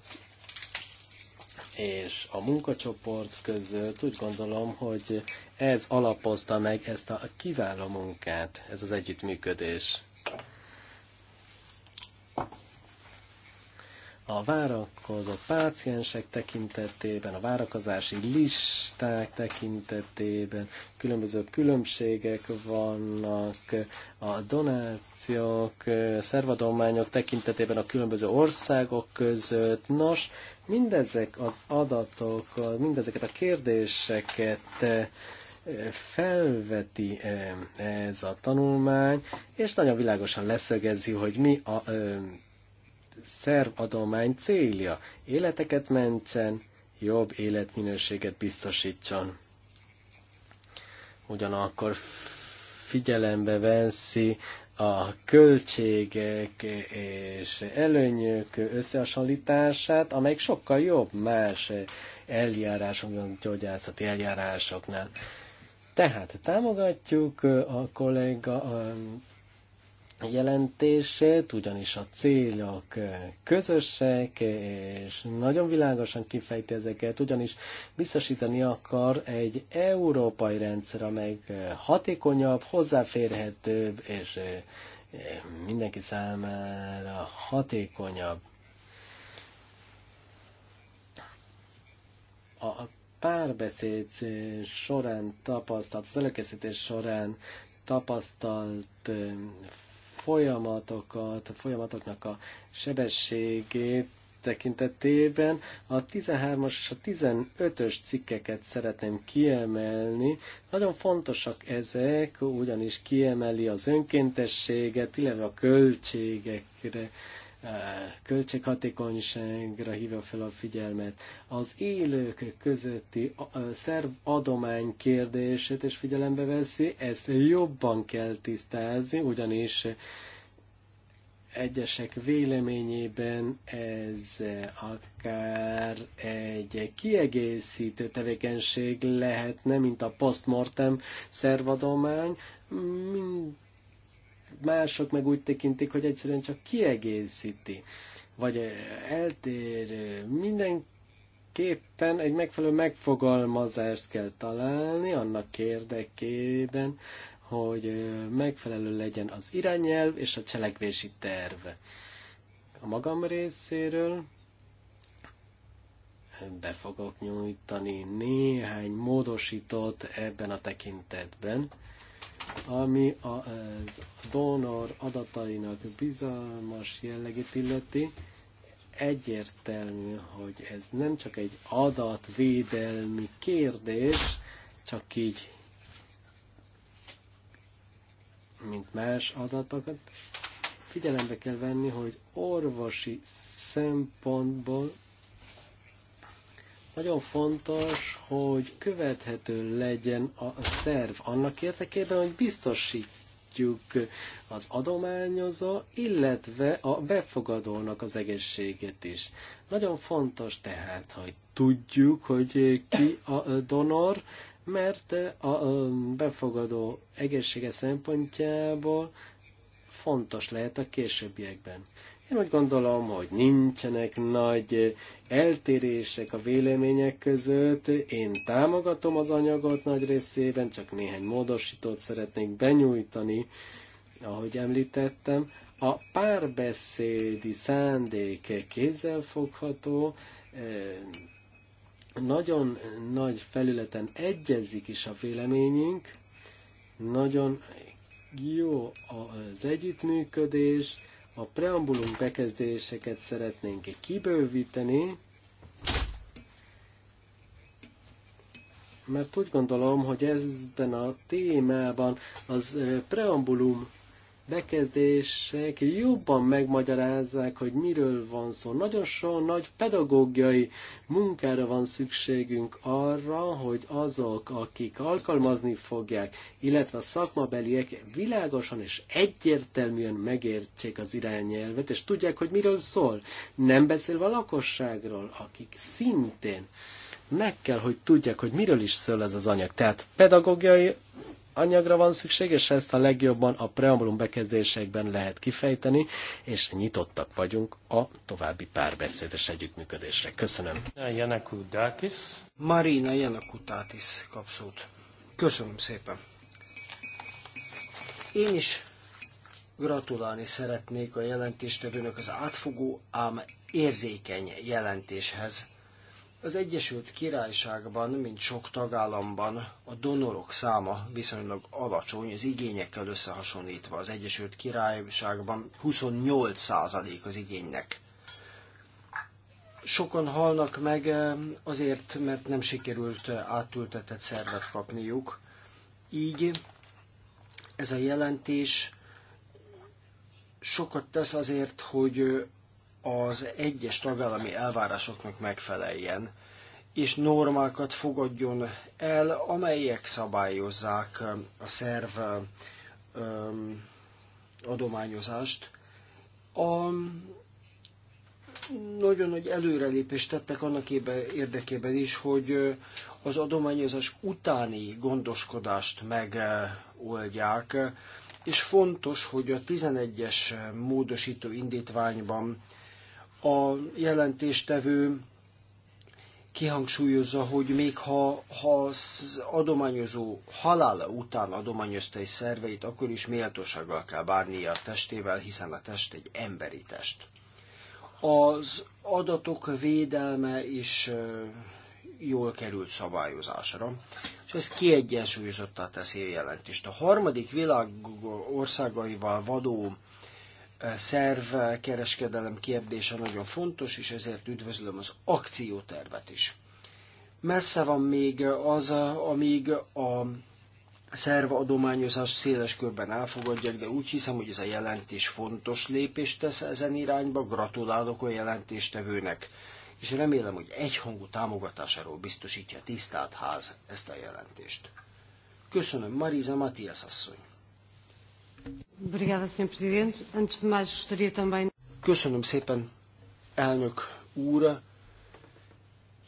és a munkacsoport között úgy gondolom, hogy ez alapozta meg ezt a kiváló munkát, ez az együttműködés. a várakozott páciensek tekintetében, a várakozási listák tekintetében különböző különbségek vannak, a donációk, szervadományok tekintetében a különböző országok között. Nos, mindezek az adatok, mindezeket a kérdéseket eh, felveti eh, ez a tanulmány, és nagyon világosan leszögezi, hogy mi a eh, szervadomány célja. Életeket mentsen, jobb életminőséget biztosítson. Ugyanakkor figyelembe venszi a költségek és előnyök összehasonlítását, amelyik sokkal jobb más eljárásokon, gyógyászati eljárásoknál. Tehát támogatjuk a kollega, jelentését, ugyanis a célok eh, közösek, és nagyon világosan kifejti ezeket, ugyanis biztosítani akar egy európai rendszer, amely eh, hatékonyabb, hozzáférhetőbb, és eh, mindenki számára hatékonyabb. A párbeszéd során tapasztalt, az előkészítés során tapasztalt folyamatokat, a folyamatoknak a sebességét tekintetében a 13-as és a 15-ös cikkeket szeretném kiemelni. Nagyon fontosak ezek, ugyanis kiemeli az önkéntességet, illetve a költségekre költséghatékonyságra hívja fel a figyelmet, az élők közötti szervadomány kérdését is figyelembe veszi, ezt jobban kell tisztázni, ugyanis egyesek véleményében ez akár egy kiegészítő tevékenység lehetne, mint a postmortem szervadomány, mint mások meg úgy tekintik, hogy egyszerűen csak kiegészíti, vagy eltérő. Mindenképpen egy megfelelő megfogalmazást kell találni annak érdekében, hogy megfelelő legyen az irányelv és a cselekvési terv. A magam részéről be fogok nyújtani néhány módosítót ebben a tekintetben ami az donor adatainak bizalmas jellegét illeti, egyértelmű, hogy ez nem csak egy adatvédelmi kérdés, csak így, mint más adatokat, figyelembe kell venni, hogy orvosi szempontból nagyon fontos, hogy követhető legyen a szerv annak érdekében, hogy biztosítjuk az adományozó, illetve a befogadónak az egészségét is. Nagyon fontos tehát, hogy tudjuk, hogy ki a donor, mert a befogadó egészsége szempontjából fontos lehet a későbbiekben. Én úgy gondolom, hogy nincsenek nagy eltérések a vélemények között. Én támogatom az anyagot nagy részében, csak néhány módosítót szeretnék benyújtani, ahogy említettem. A párbeszédi szándék kézzelfogható, eh, nagyon nagy felületen egyezik is a véleményünk, nagyon jó az együttműködés, a preambulum bekezdéseket szeretnénk kibővíteni, mert úgy gondolom, hogy ezben a témában az preambulum bekezdések jobban megmagyarázzák, hogy miről van szó. Nagyon sok nagy pedagógiai munkára van szükségünk arra, hogy azok, akik alkalmazni fogják, illetve a szakmabeliek világosan és egyértelműen megértsék az irányelvet, és tudják, hogy miről szól. Nem beszélve a lakosságról, akik szintén meg kell, hogy tudják, hogy miről is szól ez az anyag. Tehát pedagógiai anyagra van szükség, és ezt a legjobban a preambulum bekezdésekben lehet kifejteni, és nyitottak vagyunk a további párbeszédes együttműködésre. Köszönöm. Janakudákis. Marina Janakutátis kapszót. Köszönöm szépen. Én is gratulálni szeretnék a jelentéstevőnök az átfogó, ám érzékeny jelentéshez, az Egyesült Királyságban, mint sok tagállamban, a donorok száma viszonylag alacsony, az igényekkel összehasonlítva. Az Egyesült Királyságban 28% az igénynek. Sokan halnak meg eh, azért, mert nem sikerült eh, átültetett szervet kapniuk. Így ez a jelentés sokat tesz azért, hogy eh, az egyes tagállami elvárásoknak megfeleljen, és normákat fogadjon el, amelyek szabályozzák a szerv öm, adományozást. A, nagyon nagy előrelépést tettek annak érdekében is, hogy az adományozás utáni gondoskodást megoldják, és fontos, hogy a 11-es módosító indítványban a jelentéstevő kihangsúlyozza, hogy még ha, ha az adományozó halála után adományozta egy szerveit, akkor is méltósággal kell bárnia a testével, hiszen a test egy emberi test. Az adatok védelme is jól került szabályozásra, és ez kiegyensúlyozottá teszi a jelentést. A harmadik világ országaival vadó szerv kereskedelem kérdése nagyon fontos, és ezért üdvözlöm az akciótervet is. Messze van még az, amíg a szerv adományozás széles körben elfogadják, de úgy hiszem, hogy ez a jelentés fontos lépést tesz ezen irányba. Gratulálok a jelentéstevőnek, és remélem, hogy egyhangú támogatásáról biztosítja a tisztelt ház ezt a jelentést. Köszönöm, Mariza Matias asszony! Köszönöm szépen, elnök úr!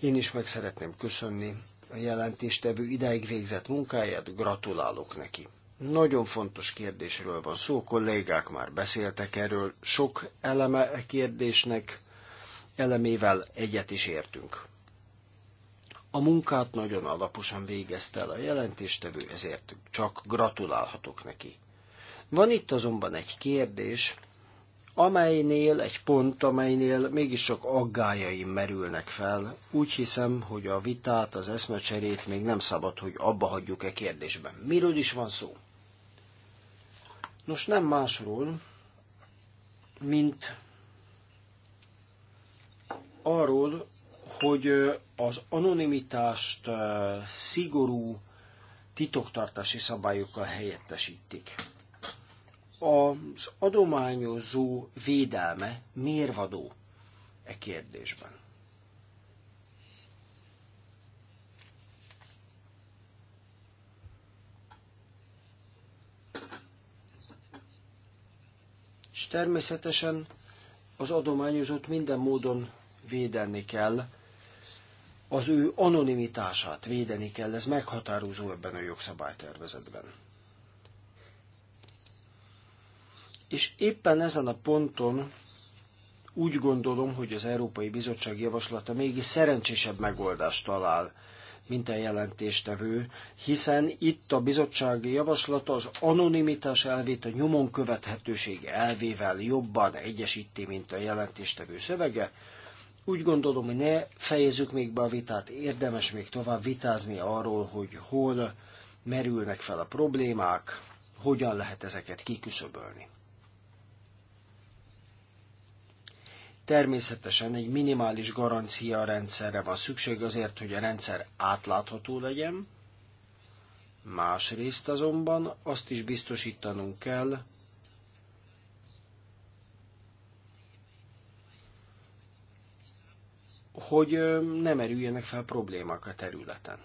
Én is meg szeretném köszönni a jelentéstevő idáig végzett munkáját, gratulálok neki. Nagyon fontos kérdésről van szó, kollégák már beszéltek erről, sok eleme e kérdésnek, elemével egyet is értünk. A munkát nagyon alaposan végezte el a jelentéstevő, ezért csak gratulálhatok neki. Van itt azonban egy kérdés, amelynél, egy pont, amelynél mégis sok aggájaim merülnek fel. Úgy hiszem, hogy a vitát, az eszmecserét még nem szabad, hogy abba hagyjuk-e kérdésben. Miről is van szó? Nos, nem másról, mint arról, hogy az anonimitást szigorú titoktartási szabályokkal helyettesítik az adományozó védelme mérvadó e kérdésben. És természetesen az adományozót minden módon védeni kell, az ő anonimitását védeni kell, ez meghatározó ebben a jogszabálytervezetben. És éppen ezen a ponton úgy gondolom, hogy az Európai Bizottság javaslata mégis szerencsésebb megoldást talál, mint a jelentéstevő, hiszen itt a bizottsági javaslata az anonimitás elvét a nyomon követhetőség elvével jobban egyesíti, mint a jelentéstevő szövege. Úgy gondolom, hogy ne fejezzük még be a vitát, érdemes még tovább vitázni arról, hogy hol merülnek fel a problémák, hogyan lehet ezeket kiküszöbölni. Természetesen egy minimális garancia rendszerre van szükség azért, hogy a rendszer átlátható legyen. Másrészt azonban azt is biztosítanunk kell, hogy nem erüljenek fel problémák a területen.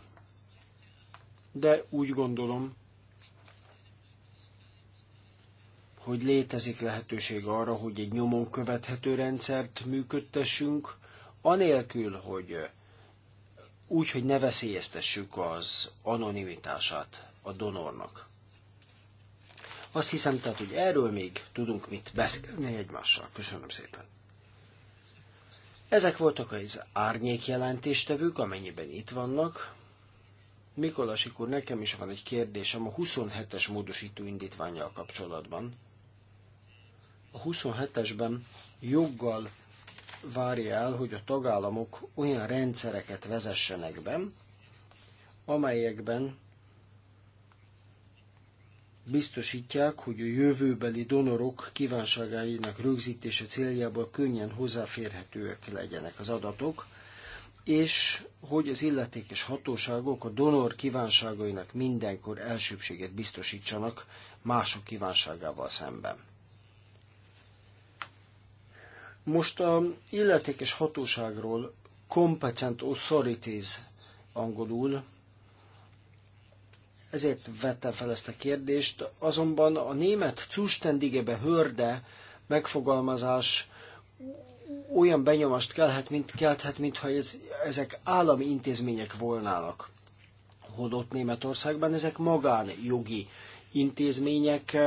De úgy gondolom, hogy létezik lehetőség arra, hogy egy nyomon követhető rendszert működtessünk, anélkül, hogy úgy, hogy ne veszélyeztessük az anonimitását a donornak. Azt hiszem tehát, hogy erről még tudunk mit beszélni egymással. Köszönöm szépen. Ezek voltak az árnyék jelentéstevők, amennyiben itt vannak. Mikolásik úr, nekem is van egy kérdésem a 27-es módosító indítványjal kapcsolatban a 27-esben joggal várja el, hogy a tagállamok olyan rendszereket vezessenek be, amelyekben biztosítják, hogy a jövőbeli donorok kívánságainak rögzítése céljából könnyen hozzáférhetőek legyenek az adatok, és hogy az illetékes hatóságok a donor kívánságainak mindenkor elsőbséget biztosítsanak mások kívánságával szemben. Most a illetékes hatóságról competent authorities angolul, ezért vettem fel ezt a kérdést, azonban a német zuständigebe hörde megfogalmazás olyan benyomást kelhet, mint, kelthet, mintha ez, ezek állami intézmények volnának. Holott Németországban ezek magánjogi intézmények,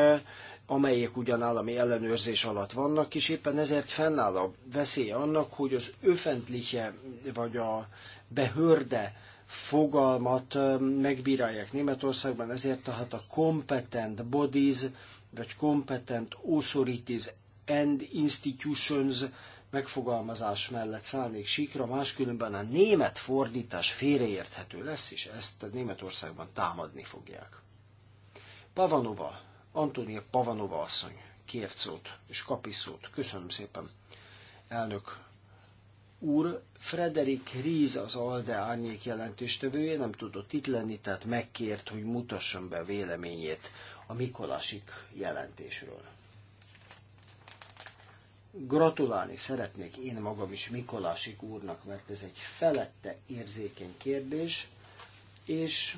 amelyek ugyan állami ellenőrzés alatt vannak, és éppen ezért fennáll a veszély annak, hogy az öfentliche vagy a behörde fogalmat megbírálják Németországban, ezért tehát a competent bodies, vagy competent authorities and institutions megfogalmazás mellett szállnék sikra máskülönben a német fordítás félreérthető lesz, és ezt a Németországban támadni fogják. Pavanova Antónia Pavanova asszony kért szót, és kapi szót. Köszönöm szépen. Elnök úr, Frederik Ríz az ALDE árnyék jelentéstevője nem tudott itt lenni, tehát megkért, hogy mutassam be véleményét a Mikolásik jelentésről. Gratulálni szeretnék én magam is Mikolásik úrnak, mert ez egy felette érzékeny kérdés, és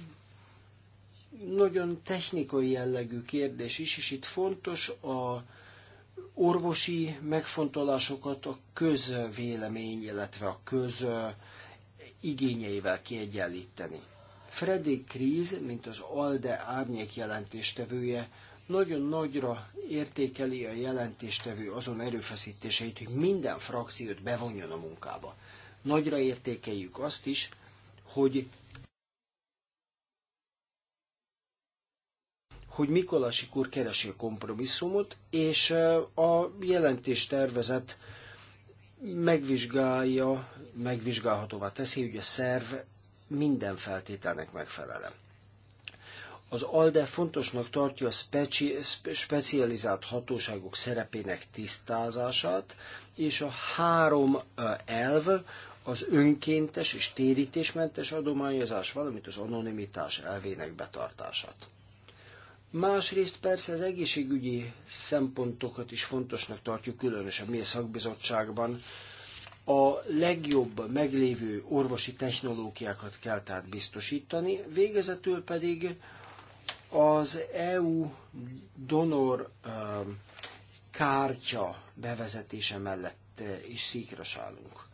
nagyon technikai jellegű kérdés is, és itt fontos a orvosi megfontolásokat a közvélemény, illetve a köz igényeivel kiegyenlíteni. Fredrik Kríz, mint az ALDE árnyék jelentéstevője, nagyon nagyra értékeli a jelentéstevő azon erőfeszítéseit, hogy minden frakciót bevonjon a munkába. Nagyra értékeljük azt is, hogy hogy Mikolási úr keresi a kompromisszumot, és a jelentés tervezet megvizsgálja, megvizsgálhatóvá teszi, hogy a szerv minden feltételnek megfelele. Az ALDE fontosnak tartja a speci- specializált hatóságok szerepének tisztázását, és a három elv, az önkéntes és térítésmentes adományozás, valamint az anonimitás elvének betartását. Másrészt persze az egészségügyi szempontokat is fontosnak tartjuk, különösen mi a szakbizottságban. A legjobb meglévő orvosi technológiákat kell tehát biztosítani, végezetül pedig az EU donor um, kártya bevezetése mellett uh, is szíkras állunk.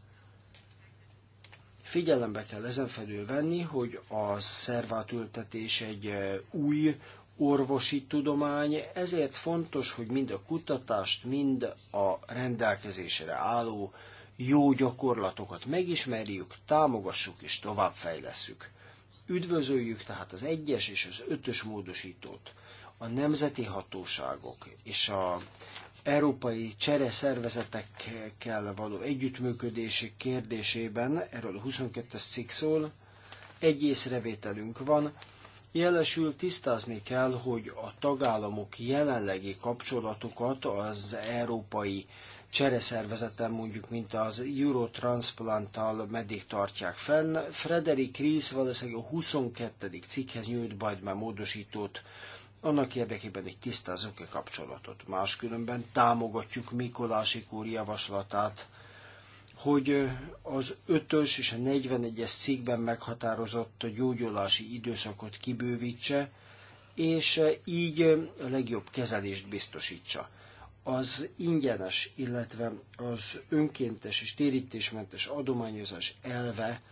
Figyelembe kell ezen felül venni, hogy a szervátültetés egy uh, új orvosi tudomány, ezért fontos, hogy mind a kutatást, mind a rendelkezésre álló jó gyakorlatokat megismerjük, támogassuk és továbbfejlesszük. Üdvözöljük tehát az egyes és az ötös módosítót. A nemzeti hatóságok és a európai szervezetekkel való együttműködési kérdésében, erről a 22-es cikk szól, egy észrevételünk van, Jelesül tisztázni kell, hogy a tagállamok jelenlegi kapcsolatukat az európai csereszervezeten, mondjuk, mint az Eurotransplanttal meddig tartják fenn. Frederik Ries valószínűleg a 22. cikkhez nyújt majd már módosítót, annak érdekében, egy tisztázunk a kapcsolatot. Máskülönben támogatjuk Mikolási úr javaslatát, hogy az 5-ös és a 41-es cikkben meghatározott gyógyulási időszakot kibővítse, és így a legjobb kezelést biztosítsa. Az ingyenes, illetve az önkéntes és térítésmentes adományozás elve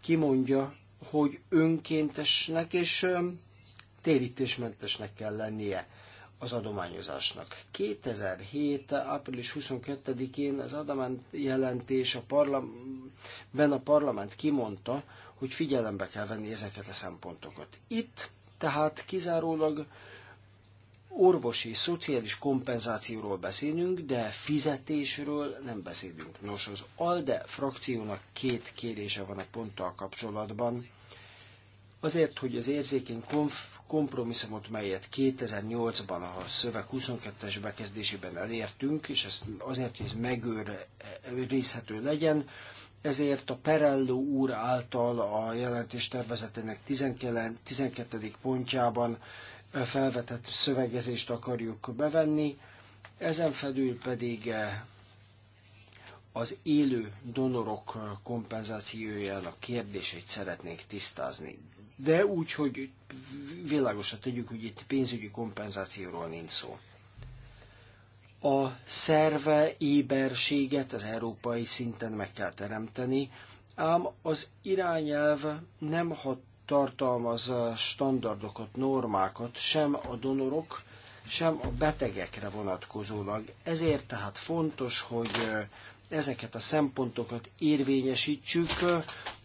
kimondja, hogy önkéntesnek és térítésmentesnek kell lennie az adományozásnak. 2007. április 22-én az adament jelentés a parlamentben a parlament kimondta, hogy figyelembe kell venni ezeket a szempontokat. Itt tehát kizárólag orvosi, szociális kompenzációról beszélünk, de fizetésről nem beszélünk. Nos, az ALDE frakciónak két kérése van a ponttal kapcsolatban azért, hogy az érzékeny kompromisszumot, melyet 2008-ban a szöveg 22-es bekezdésében elértünk, és ezt azért, hogy ez megőrizhető legyen, ezért a Perello úr által a jelentés tervezetének 12. pontjában e, felvetett szövegezést akarjuk bevenni, ezen felül pedig e, az élő donorok kompenzációjának kérdését szeretnénk tisztázni de úgy, hogy világosan tegyük, hogy itt pénzügyi kompenzációról nincs szó. A szerve éberséget az európai szinten meg kell teremteni, ám az irányelv nem hat tartalmaz standardokat, normákat sem a donorok, sem a betegekre vonatkozólag. Ezért tehát fontos, hogy ezeket a szempontokat érvényesítsük.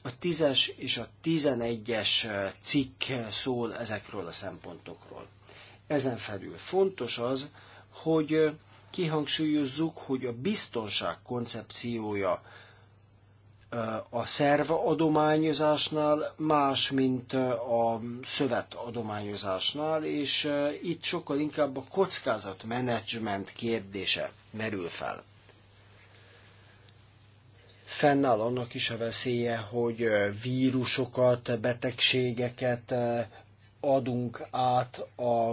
A 10-es és a 11-es cikk szól ezekről a szempontokról. Ezen felül fontos az, hogy kihangsúlyozzuk, hogy a biztonság koncepciója a szerva adományozásnál más, mint a szövet adományozásnál, és itt sokkal inkább a kockázatmenedzsment kérdése merül fel fennáll annak is a veszélye, hogy vírusokat, betegségeket adunk át a,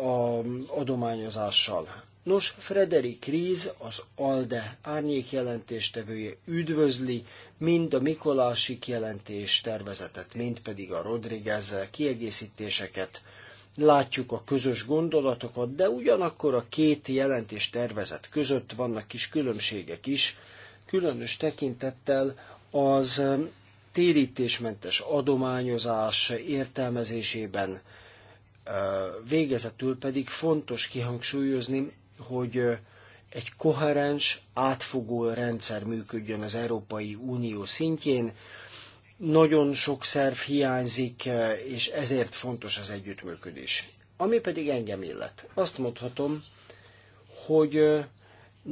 a adományozással. Nos, Frederik Ríz, az ALDE árnyék jelentéstevője üdvözli mind a Mikolásik jelentés tervezetet, mind pedig a Rodriguez kiegészítéseket. Látjuk a közös gondolatokat, de ugyanakkor a két jelentés tervezet között vannak kis különbségek is, különös tekintettel az um, térítésmentes adományozás értelmezésében uh, végezetül pedig fontos kihangsúlyozni, hogy uh, egy koherens, átfogó rendszer működjön az Európai Unió szintjén. Nagyon sok szerv hiányzik, uh, és ezért fontos az együttműködés. Ami pedig engem illet. Azt mondhatom, hogy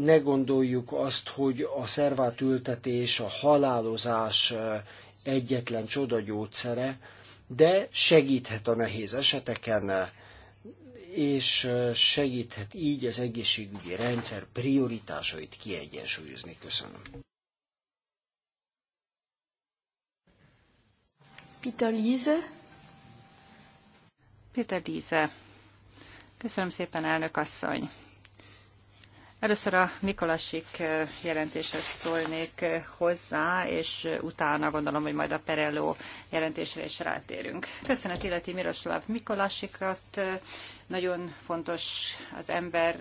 ne gondoljuk azt, hogy a szervátültetés, a halálozás egyetlen gyógyszere, de segíthet a nehéz eseteken, és segíthet így az egészségügyi rendszer prioritásait kiegyensúlyozni. Köszönöm. Peter Lise, Peter Lise, Köszönöm szépen, elnök asszony. Először a Mikolasik eh, jelentéshez szólnék eh, hozzá, és eh, utána gondolom, hogy majd a Perello jelentésre is rátérünk. Köszönet illeti Miroslav Mikolasikat, nagyon fontos az ember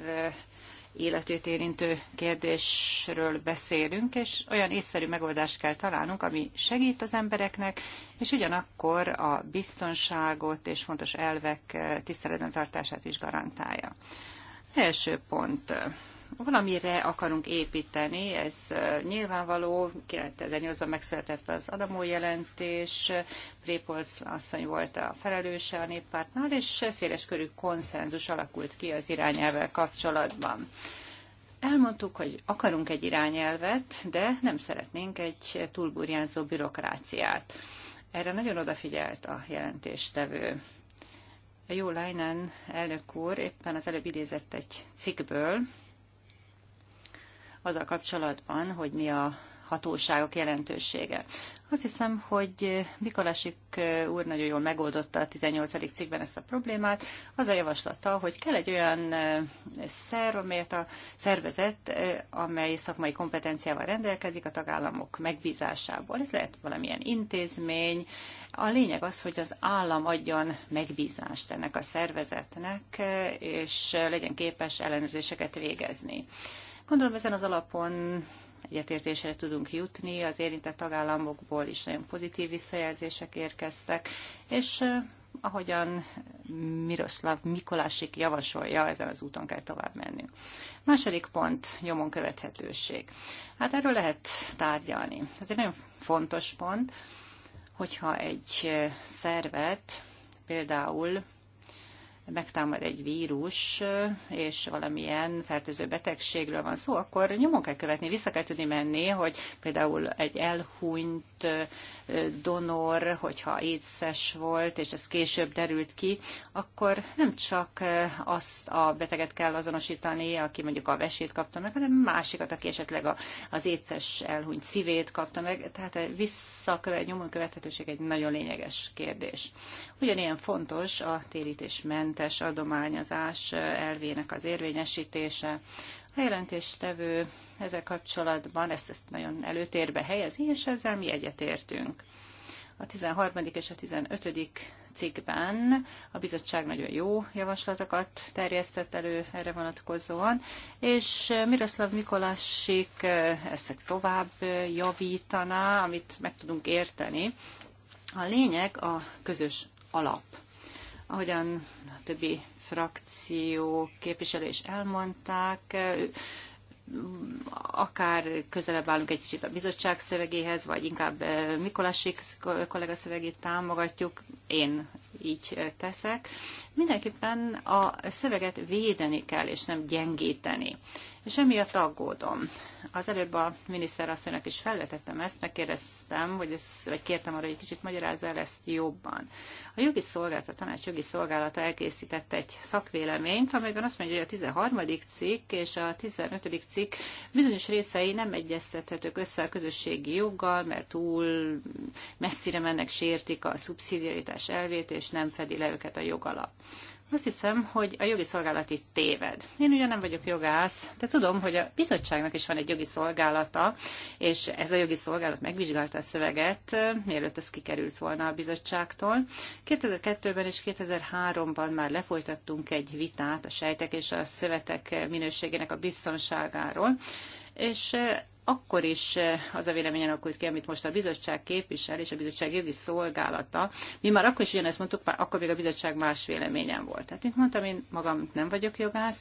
életét érintő kérdésről beszélünk, és olyan észszerű megoldást kell találnunk, ami segít az embereknek, és ugyanakkor a biztonságot és fontos elvek tiszteletben tartását is garantálja. Első pont valamire akarunk építeni, ez nyilvánvaló, 2008-ban megszületett az Adamó jelentés, Prépolc asszony volt a felelőse a néppártnál, és széles körű konszenzus alakult ki az irányelvel kapcsolatban. Elmondtuk, hogy akarunk egy irányelvet, de nem szeretnénk egy túlburjánzó bürokráciát. Erre nagyon odafigyelt a jelentéstevő. Jó Leinen elnök úr éppen az előbb idézett egy cikkből, az a kapcsolatban, hogy mi a hatóságok jelentősége. Azt hiszem, hogy Mikolásik úr nagyon jól megoldotta a 18. cikkben ezt a problémát. Az a javaslata, hogy kell egy olyan szerv, amelyet a szervezet, amely szakmai kompetenciával rendelkezik a tagállamok megbízásából. Ez lehet valamilyen intézmény. A lényeg az, hogy az állam adjon megbízást ennek a szervezetnek, és legyen képes ellenőrzéseket végezni. Gondolom ezen az alapon egyetértésre tudunk jutni, az érintett tagállamokból is nagyon pozitív visszajelzések érkeztek, és ahogyan Miroslav Mikolásik javasolja, ezen az úton kell tovább menni. Második pont, nyomon követhetőség. Hát erről lehet tárgyalni. Ez egy nagyon fontos pont, hogyha egy szervet például megtámad egy vírus, és valamilyen fertőző betegségről van szó, akkor nyomon kell követni, vissza kell tudni menni, hogy például egy elhunyt donor, hogyha étszes volt, és ez később derült ki, akkor nem csak azt a beteget kell azonosítani, aki mondjuk a vesét kapta meg, hanem másikat, aki esetleg az étszes elhunyt szívét kapta meg. Tehát visszakövet, nyomon követhetőség egy nagyon lényeges kérdés. Ugyanilyen fontos a térítés ment önkéntes adományozás elvének az érvényesítése. A jelentéstevő ezzel kapcsolatban ezt, ezt nagyon előtérbe helyezi, és ezzel mi egyetértünk. A 13. és a 15. cikkben a bizottság nagyon jó javaslatokat terjesztett elő erre vonatkozóan, és Miroslav Mikolássik ezt tovább javítaná, amit meg tudunk érteni. A lényeg a közös alap Ahogyan a többi frakció képviselés elmondták, akár közelebb állunk egy kicsit a bizottság szövegéhez, vagy inkább Mikolásik kollega szövegét támogatjuk. Én így teszek, mindenképpen a szöveget védeni kell, és nem gyengíteni. És emiatt aggódom. Az előbb a miniszter asszonynak is felvetettem ezt, megkérdeztem, vagy, vagy kértem arra, hogy egy kicsit magyarázza el ezt jobban. A jogi szolgálat, a tanács jogi szolgálata elkészített egy szakvéleményt, amelyben azt mondja, hogy a 13. cikk és a 15. cikk bizonyos részei nem egyeztethetők össze a közösségi joggal, mert túl messzire mennek, sértik a szubszidiaritás elvét, és nem fedi le őket a jogalap. Azt hiszem, hogy a jogi szolgálat itt téved. Én ugyan nem vagyok jogász, de tudom, hogy a bizottságnak is van egy jogi szolgálata, és ez a jogi szolgálat megvizsgálta a szöveget, mielőtt ez kikerült volna a bizottságtól. 2002-ben és 2003-ban már lefolytattunk egy vitát a sejtek és a szövetek minőségének a biztonságáról, és akkor is eh, az a véleményen alakult ki, amit most a bizottság képvisel, és a bizottság jogi szolgálata. Mi már akkor is ugyanezt mondtuk, már akkor még a bizottság más véleményen volt. Tehát, mint mondtam, én magam nem vagyok jogász,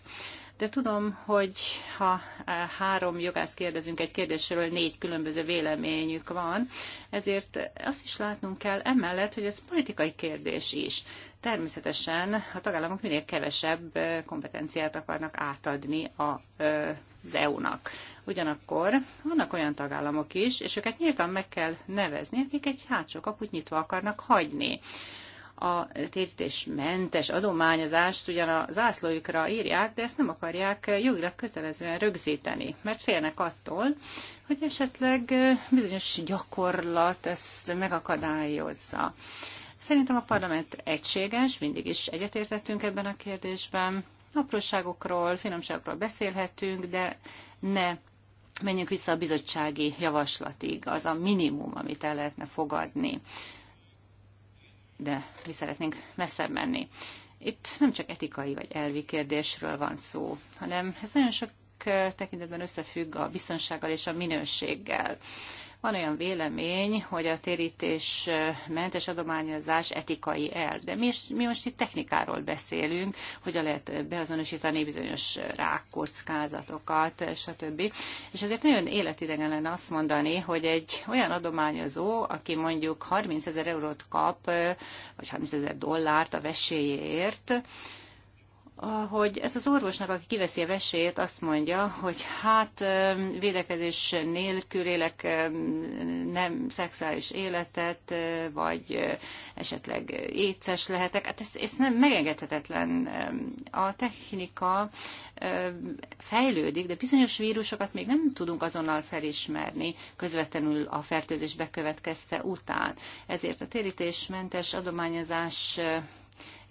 de tudom, hogy ha eh, három jogász kérdezünk egy kérdésről, négy különböző véleményük van, ezért azt is látnunk kell emellett, hogy ez politikai kérdés is. Természetesen a tagállamok minél kevesebb eh, kompetenciát akarnak átadni az EU-nak. Ugyanakkor vannak olyan tagállamok is, és őket nyíltan meg kell nevezni, akik egy hátsó kaput nyitva akarnak hagyni. A térítésmentes adományozást ugyan a zászlójukra írják, de ezt nem akarják jogilag kötelezően rögzíteni, mert félnek attól, hogy esetleg bizonyos gyakorlat ezt megakadályozza. Szerintem a parlament egységes, mindig is egyetértettünk ebben a kérdésben. Apróságokról, finomságokról beszélhetünk, de ne menjünk vissza a bizottsági javaslatig, az a minimum, amit el lehetne fogadni. De mi szeretnénk messzebb menni. Itt nem csak etikai vagy elvi kérdésről van szó, hanem ez nagyon sok tekintetben összefügg a biztonsággal és a minőséggel. Van olyan vélemény, hogy a térítés mentes adományozás etikai el. de mi, mi most itt technikáról beszélünk, a lehet beazonosítani bizonyos rákkockázatokat, stb. És ezért nagyon életidegen lenne azt mondani, hogy egy olyan adományozó, aki mondjuk 30 ezer eurót kap, vagy 30 ezer dollárt a vesélyéért, hogy ez az orvosnak, aki kiveszi a vesét, azt mondja, hogy hát védekezés nélkül élek nem szexuális életet, vagy esetleg éces lehetek. Hát ez, ez nem megengedhetetlen. A technika fejlődik, de bizonyos vírusokat még nem tudunk azonnal felismerni közvetlenül a fertőzés bekövetkezte után. Ezért a térítésmentes adományozás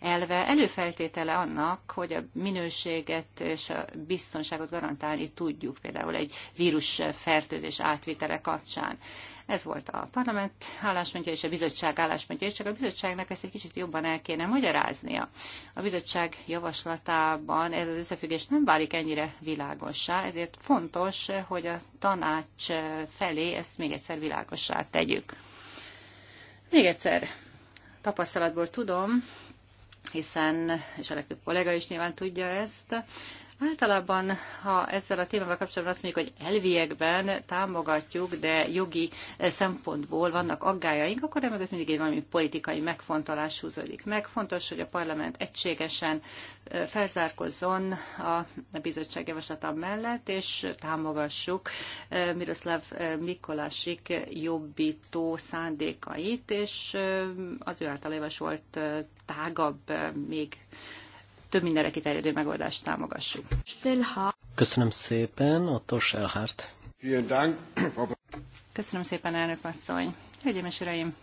elve előfeltétele annak, hogy a minőséget és a biztonságot garantálni tudjuk, például egy vírus fertőzés átvitele kapcsán. Ez volt a parlament álláspontja és a bizottság álláspontja, és csak a bizottságnak ezt egy kicsit jobban el kéne magyaráznia. A bizottság javaslatában ez az összefüggés nem válik ennyire világossá, ezért fontos, hogy a tanács felé ezt még egyszer világossá tegyük. Még egyszer, tapasztalatból tudom, hiszen, és a legtöbb kollega is nyilván tudja ezt, Általában, ha ezzel a témával kapcsolatban azt mondjuk, hogy elviekben támogatjuk, de jogi szempontból vannak aggájaink, akkor mögött mindig egy valami politikai megfontolás húzódik meg. Fontos, hogy a parlament egységesen felzárkozzon a bizottság javaslata mellett, és támogassuk Miroslav Mikolásik jobbító szándékait, és az ő által javasolt tágabb, még több mindenre kiterjedő megoldást támogassuk. Köszönöm szépen, Otto Schellhardt. Köszönöm szépen, elnök asszony. Hölgyeim és uraim,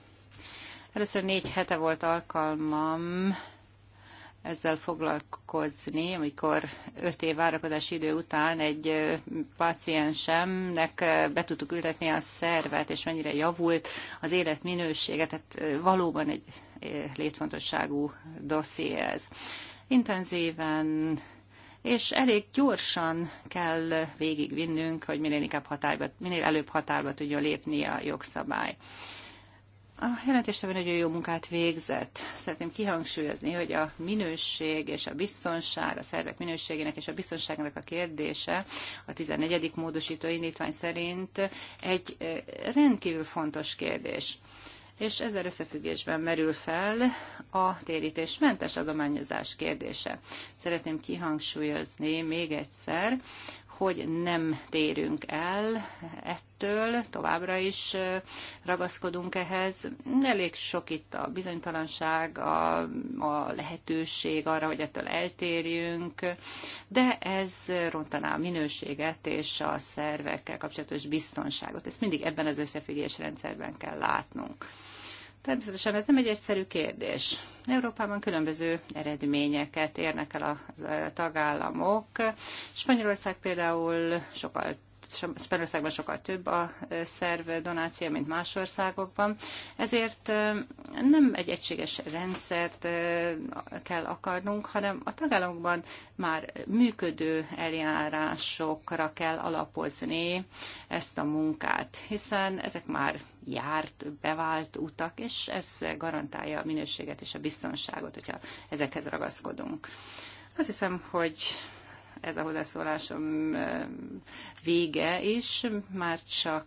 először négy hete volt alkalmam ezzel foglalkozni, amikor öt év várakozási idő után egy paciensemnek be tudtuk ültetni a szervet, és mennyire javult az életminősége, tehát valóban egy létfontosságú dosszié ez. Intenzíven és elég gyorsan kell végigvinnünk, hogy minél, inkább hatályba, minél előbb hatályba tudjon lépni a jogszabály. A jelentéstevő nagyon jó munkát végzett. Szeretném kihangsúlyozni, hogy a minőség és a biztonság, a szervek minőségének és a biztonságnak a kérdése a 14. módosító indítvány szerint egy rendkívül fontos kérdés és ezzel összefüggésben merül fel a térítésmentes adományozás kérdése. Szeretném kihangsúlyozni még egyszer, hogy nem térünk el ettől, továbbra is ragaszkodunk ehhez. Elég sok itt a bizonytalanság, a, a lehetőség arra, hogy ettől eltérjünk, de ez rontaná a minőséget és a szervekkel kapcsolatos biztonságot. Ezt mindig ebben az összefüggésrendszerben kell látnunk. Természetesen ez nem egy egyszerű kérdés. Európában különböző eredményeket érnek el a tagállamok. Spanyolország például sokkal Spanyolországban sokkal több a szerv donáció, mint más országokban. Ezért nem egy egységes rendszert kell akarnunk, hanem a tagállamokban már működő eljárásokra kell alapozni ezt a munkát, hiszen ezek már járt, bevált utak, és ez garantálja a minőséget és a biztonságot, hogyha ezekhez ragaszkodunk. Azt hiszem, hogy ez a hozzászólásom vége is, már csak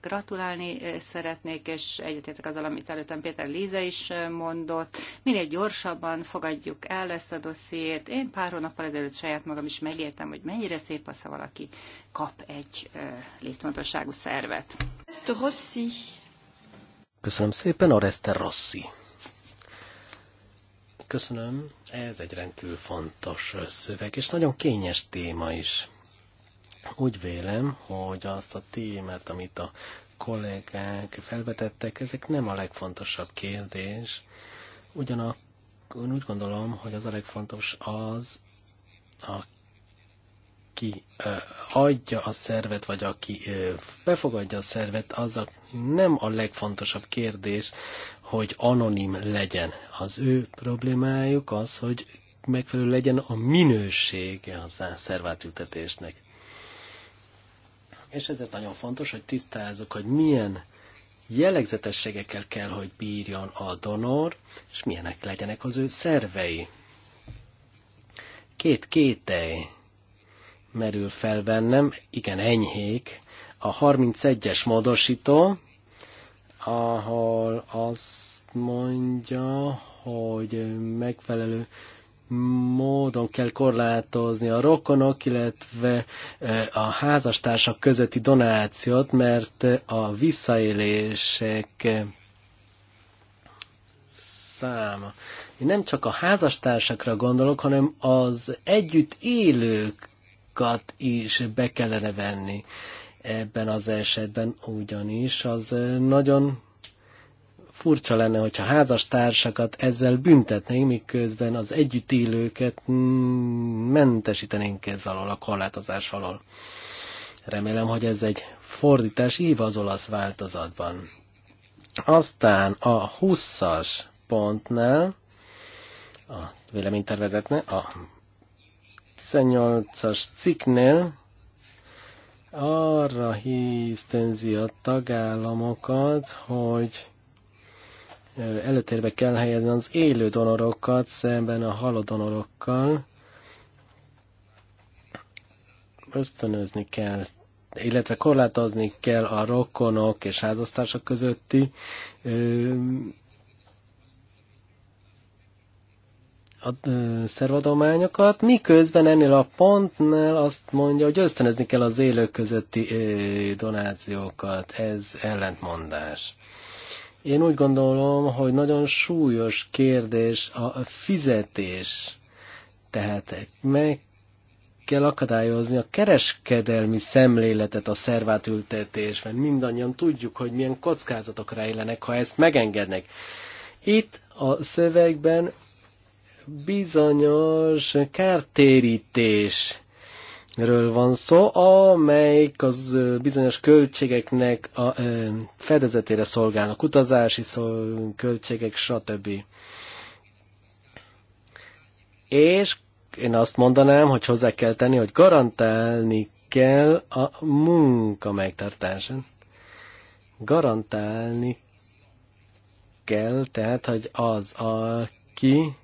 gratulálni szeretnék, és egyetértek azzal, amit előttem Péter Líze is mondott. Minél gyorsabban fogadjuk el ezt a dossziét. Én pár hónappal ezelőtt saját magam is megértem, hogy mennyire szép az, ha valaki kap egy létfontosságú szervet. Köszönöm szépen, Oreste Rossi. Köszönöm, ez egy rendkívül fontos szöveg, és nagyon kényes téma is. Úgy vélem, hogy azt a témát, amit a kollégák felvetettek, ezek nem a legfontosabb kérdés. Ugyanakkor úgy gondolom, hogy az a legfontos az, a aki adja a szervet, vagy aki befogadja a szervet, az a, nem a legfontosabb kérdés, hogy anonim legyen. Az ő problémájuk az, hogy megfelelő legyen a minősége a szervátültetésnek. És ezért nagyon fontos, hogy tisztázzuk, hogy milyen jellegzetességekkel kell, hogy bírjon a donor, és milyenek legyenek az ő szervei. Két kételj merül fel bennem, igen, enyhék, a 31-es módosító, ahol azt mondja, hogy megfelelő módon kell korlátozni a rokonok, illetve a házastársak közötti donációt, mert a visszaélések száma. Én nem csak a házastársakra gondolok, hanem az együtt élők bankokat is be kellene venni ebben az esetben, ugyanis az nagyon furcsa lenne, hogyha házastársakat ezzel büntetnénk, miközben az együtt élőket mentesítenénk ez alól, a korlátozás alól. Remélem, hogy ez egy fordítás ív az olasz változatban. Aztán a 20-as pontnál, a véleménytervezetnél, a 18-as cikknél arra hisztenzi a tagállamokat, hogy előtérbe kell helyezni az élő donorokat szemben a haló donorokkal. Ösztönözni kell, illetve korlátozni kell a rokonok és házastársak közötti a szervadományokat, miközben ennél a pontnál azt mondja, hogy ösztönözni kell az élők közötti donációkat. Ez ellentmondás. Én úgy gondolom, hogy nagyon súlyos kérdés a fizetés. Tehát meg kell akadályozni a kereskedelmi szemléletet a szervátültetésben. Mindannyian tudjuk, hogy milyen kockázatok rejlenek, ha ezt megengednek. Itt a szövegben bizonyos kártérítés van szó, amelyik az bizonyos költségeknek a fedezetére szolgálnak, utazási költségek, stb. És én azt mondanám, hogy hozzá kell tenni, hogy garantálni kell a munka megtartásán. Garantálni kell, tehát, hogy az, aki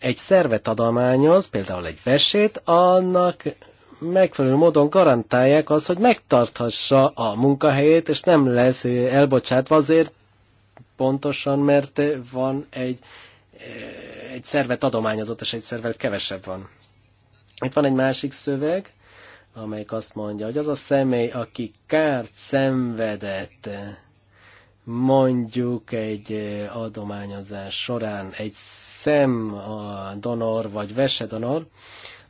egy szervet adományoz, például egy versét, annak megfelelő módon garantálják azt, hogy megtarthassa a munkahelyét, és nem lesz elbocsátva azért pontosan, mert van egy, eh, egy szervet adományozott, és egy szervel kevesebb van. Itt van egy másik szöveg, amelyik azt mondja, hogy az a személy, aki kárt szenvedett mondjuk egy adományozás során egy szem a donor vagy vesedonor,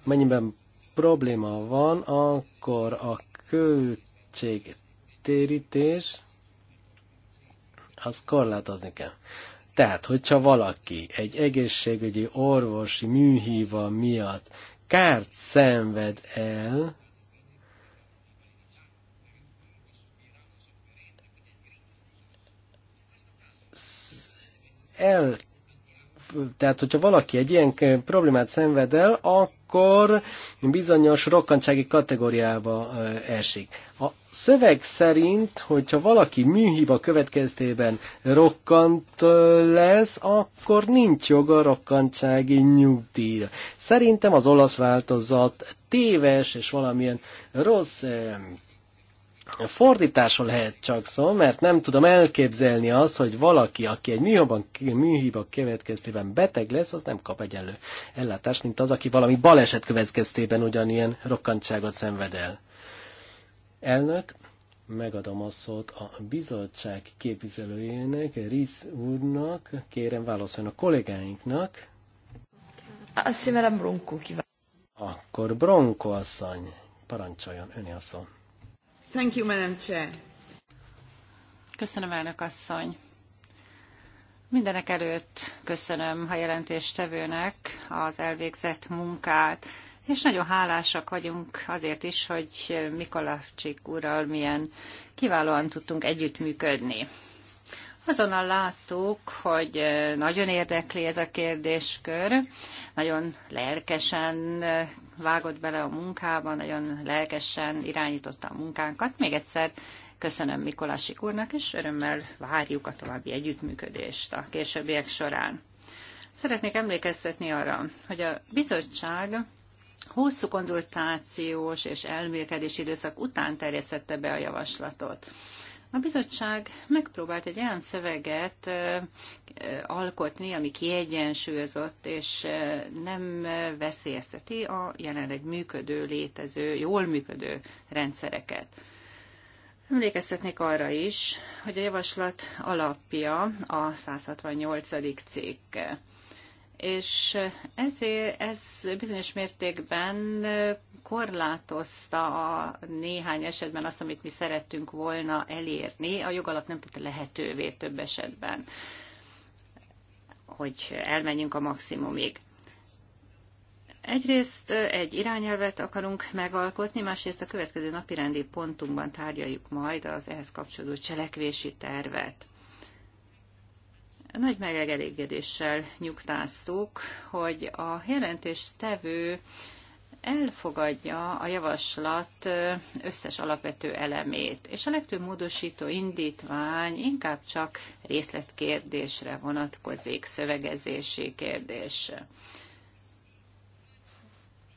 mennyiben probléma van, akkor a költségtérítés az korlátozni kell. Tehát, hogyha valaki egy egészségügyi orvosi műhíva miatt kárt szenved el, el tehát, hogyha valaki egy ilyen problémát szenved el, akkor bizonyos rokkantsági kategóriába esik. A szöveg szerint, hogyha valaki műhiba következtében rokkant lesz, akkor nincs joga rokkantsági nyugdíjra. Szerintem az olasz változat téves és valamilyen rossz a fordításon lehet csak szó, mert nem tudom elképzelni azt, hogy valaki, aki egy műhiban, műhiba következtében beteg lesz, az nem kap egyenlő ellátást, mint az, aki valami baleset következtében ugyanilyen rokkantságot szenved el. Elnök, megadom a szót a bizottság képviselőjének, Riz úrnak, kérem válaszoljon a kollégáinknak. Azt hiszem, bronkó kíván. Akkor bronkó asszony, parancsoljon, öni a szó. Köszönöm, elnök asszony. Mindenek előtt köszönöm a jelentéstevőnek az elvégzett munkát, és nagyon hálásak vagyunk azért is, hogy Mikolacsik úrral milyen kiválóan tudtunk együttműködni. Azonnal láttuk, hogy nagyon érdekli ez a kérdéskör, nagyon lelkesen vágott bele a munkában, nagyon lelkesen irányította a munkánkat. Még egyszer köszönöm Mikolásik úrnak, és örömmel várjuk a további együttműködést a későbbiek során. Szeretnék emlékeztetni arra, hogy a bizottság hosszú konzultációs és elmélkedés időszak után terjesztette be a javaslatot. A bizottság megpróbált egy olyan szöveget alkotni, ami kiegyensúlyozott, és nem veszélyezteti a jelenleg működő, létező, jól működő rendszereket. Emlékeztetnék arra is, hogy a javaslat alapja a 168. cikk és ezért ez bizonyos mértékben korlátozta a néhány esetben azt, amit mi szerettünk volna elérni. A jogalap nem tette lehetővé több esetben, hogy elmenjünk a maximumig. Egyrészt egy irányelvet akarunk megalkotni, másrészt a következő napi rendi pontunkban tárgyaljuk majd az ehhez kapcsolódó cselekvési tervet. Nagy megelégedéssel nyugtáztuk, hogy a jelentéstevő tevő elfogadja a javaslat összes alapvető elemét, és a legtöbb módosító indítvány inkább csak részletkérdésre vonatkozik, szövegezési kérdés.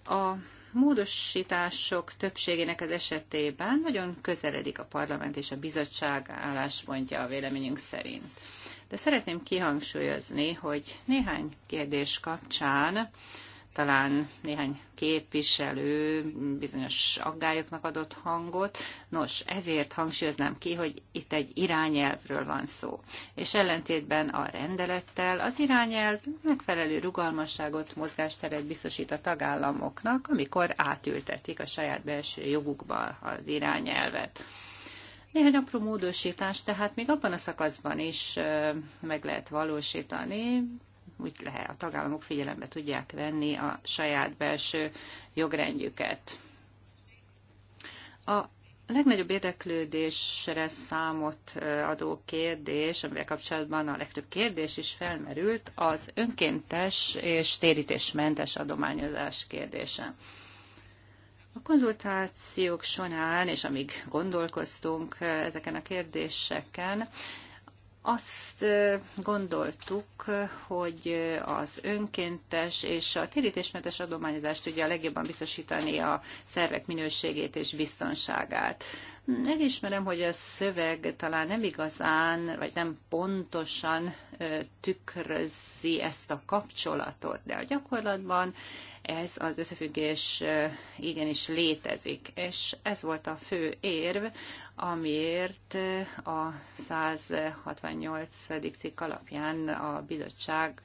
A módosítások többségének az esetében nagyon közeledik a parlament és a bizottság álláspontja a véleményünk szerint. De szeretném kihangsúlyozni, hogy néhány kérdés kapcsán talán néhány képviselő bizonyos aggályoknak adott hangot. Nos, ezért hangsúlyoznám ki, hogy itt egy irányelvről van szó. És ellentétben a rendelettel az irányelv megfelelő rugalmasságot, mozgásteret biztosít a tagállamoknak, amikor átültetik a saját belső jogukba az irányelvet. Néhány apró módosítás, tehát még abban a szakaszban is meg lehet valósítani, úgy lehet, a tagállamok figyelembe tudják venni a saját belső jogrendjüket. A legnagyobb érdeklődésre számot adó kérdés, amivel kapcsolatban a legtöbb kérdés is felmerült, az önkéntes és térítésmentes adományozás kérdése. A konzultációk során, és amíg gondolkoztunk ezeken a kérdéseken, azt gondoltuk, hogy az önkéntes és a térítésmentes adományozást tudja legjobban biztosítani a szervek minőségét és biztonságát. Elismerem, hogy a szöveg talán nem igazán, vagy nem pontosan tükrözi ezt a kapcsolatot, de a gyakorlatban ez az összefüggés igenis létezik. És ez volt a fő érv, amiért a 168. cikk alapján a bizottság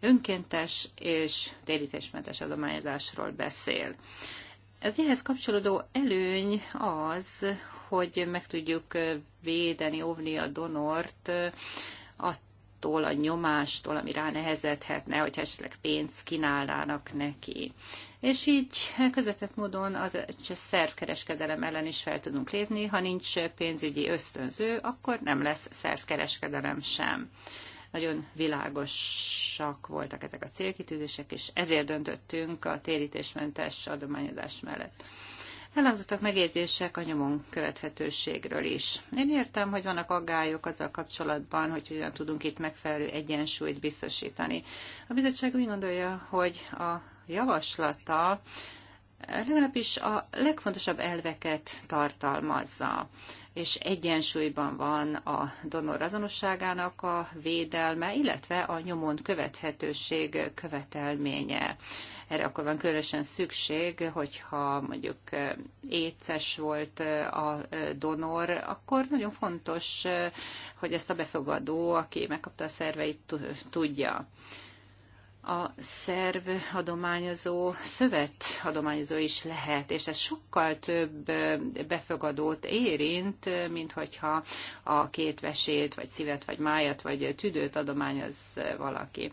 önkéntes és térítésmentes adományozásról beszél. Az ehhez kapcsolódó előny az, hogy meg tudjuk védeni, óvni a donort, a attól a nyomástól, ami rá nehezedhetne, hogy esetleg pénzt kínálnának neki. És így közvetett módon az szervkereskedelem ellen is fel tudunk lépni, ha nincs pénzügyi ösztönző, akkor nem lesz szervkereskedelem sem nagyon világosak voltak ezek a célkitűzések, és ezért döntöttünk a térítésmentes adományozás mellett. Elhangzottak megjegyzések a nyomon követhetőségről is. Én értem, hogy vannak aggályok azzal kapcsolatban, hogy hogyan tudunk itt megfelelő egyensúlyt biztosítani. A bizottság úgy gondolja, hogy a javaslata legalábbis a legfontosabb elveket tartalmazza és egyensúlyban van a donor azonosságának a védelme, illetve a nyomon követhetőség követelménye. Erre akkor van különösen szükség, hogyha mondjuk éces volt a donor, akkor nagyon fontos, hogy ezt a befogadó, aki megkapta a szerveit, tudja a szerv adományozó szövet adományozó is lehet, és ez sokkal több befogadót érint, mint hogyha a két vesét, vagy szívet, vagy májat, vagy tüdőt adományoz valaki.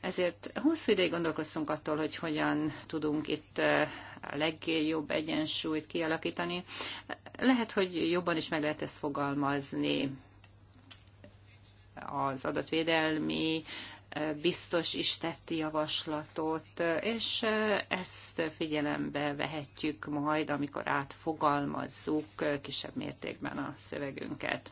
Ezért hosszú ideig gondolkoztunk attól, hogy hogyan tudunk itt a legjobb egyensúlyt kialakítani. Lehet, hogy jobban is meg lehet ezt fogalmazni az adatvédelmi biztos is tetti javaslatot, és ezt figyelembe vehetjük majd, amikor átfogalmazzuk kisebb mértékben a szövegünket.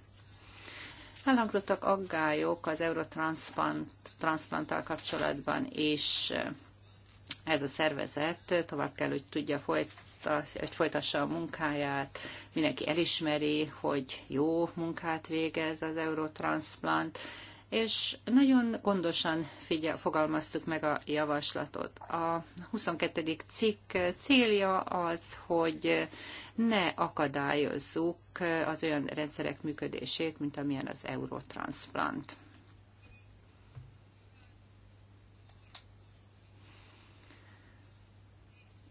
Elhangzottak aggályok az eurotranszplanttal kapcsolatban, és ez a szervezet tovább kell, hogy tudja folytatni hogy folytassa a munkáját, mindenki elismeri, hogy jó munkát végez az eurotransplant, és nagyon gondosan figyel, fogalmaztuk meg a javaslatot. A 22. cikk célja az, hogy ne akadályozzuk az olyan rendszerek működését, mint amilyen az eurotransplant.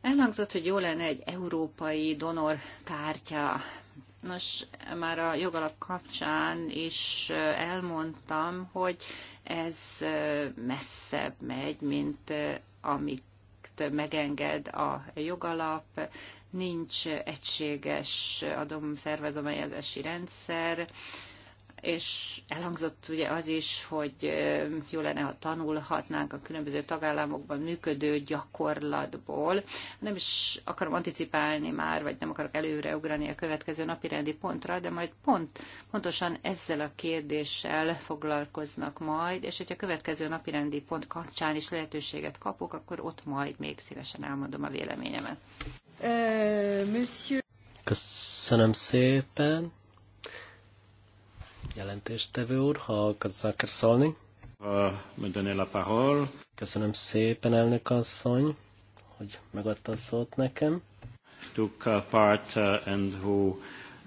Elhangzott, hogy jó lenne egy európai donorkártya. Nos, már a jogalap kapcsán is elmondtam, hogy ez messzebb megy, mint amit megenged a jogalap, nincs egységes adom szervedományozási rendszer, és elhangzott ugye az is, hogy jó lenne, ha tanulhatnánk a különböző tagállamokban működő gyakorlatból. Nem is akarom anticipálni már, vagy nem akarok előre ugrani a következő napi rendi pontra, de majd pont, pontosan ezzel a kérdéssel foglalkoznak majd, és hogyha a következő napi rendi pont kapcsán is lehetőséget kapok, akkor ott majd még szívesen elmondom a véleményemet. Köszönöm szépen. Jelentéstevő úr, ha akar szólni. Köszönöm szépen, elnök asszony, hogy megadta a szót nekem. Took uh, part uh, and who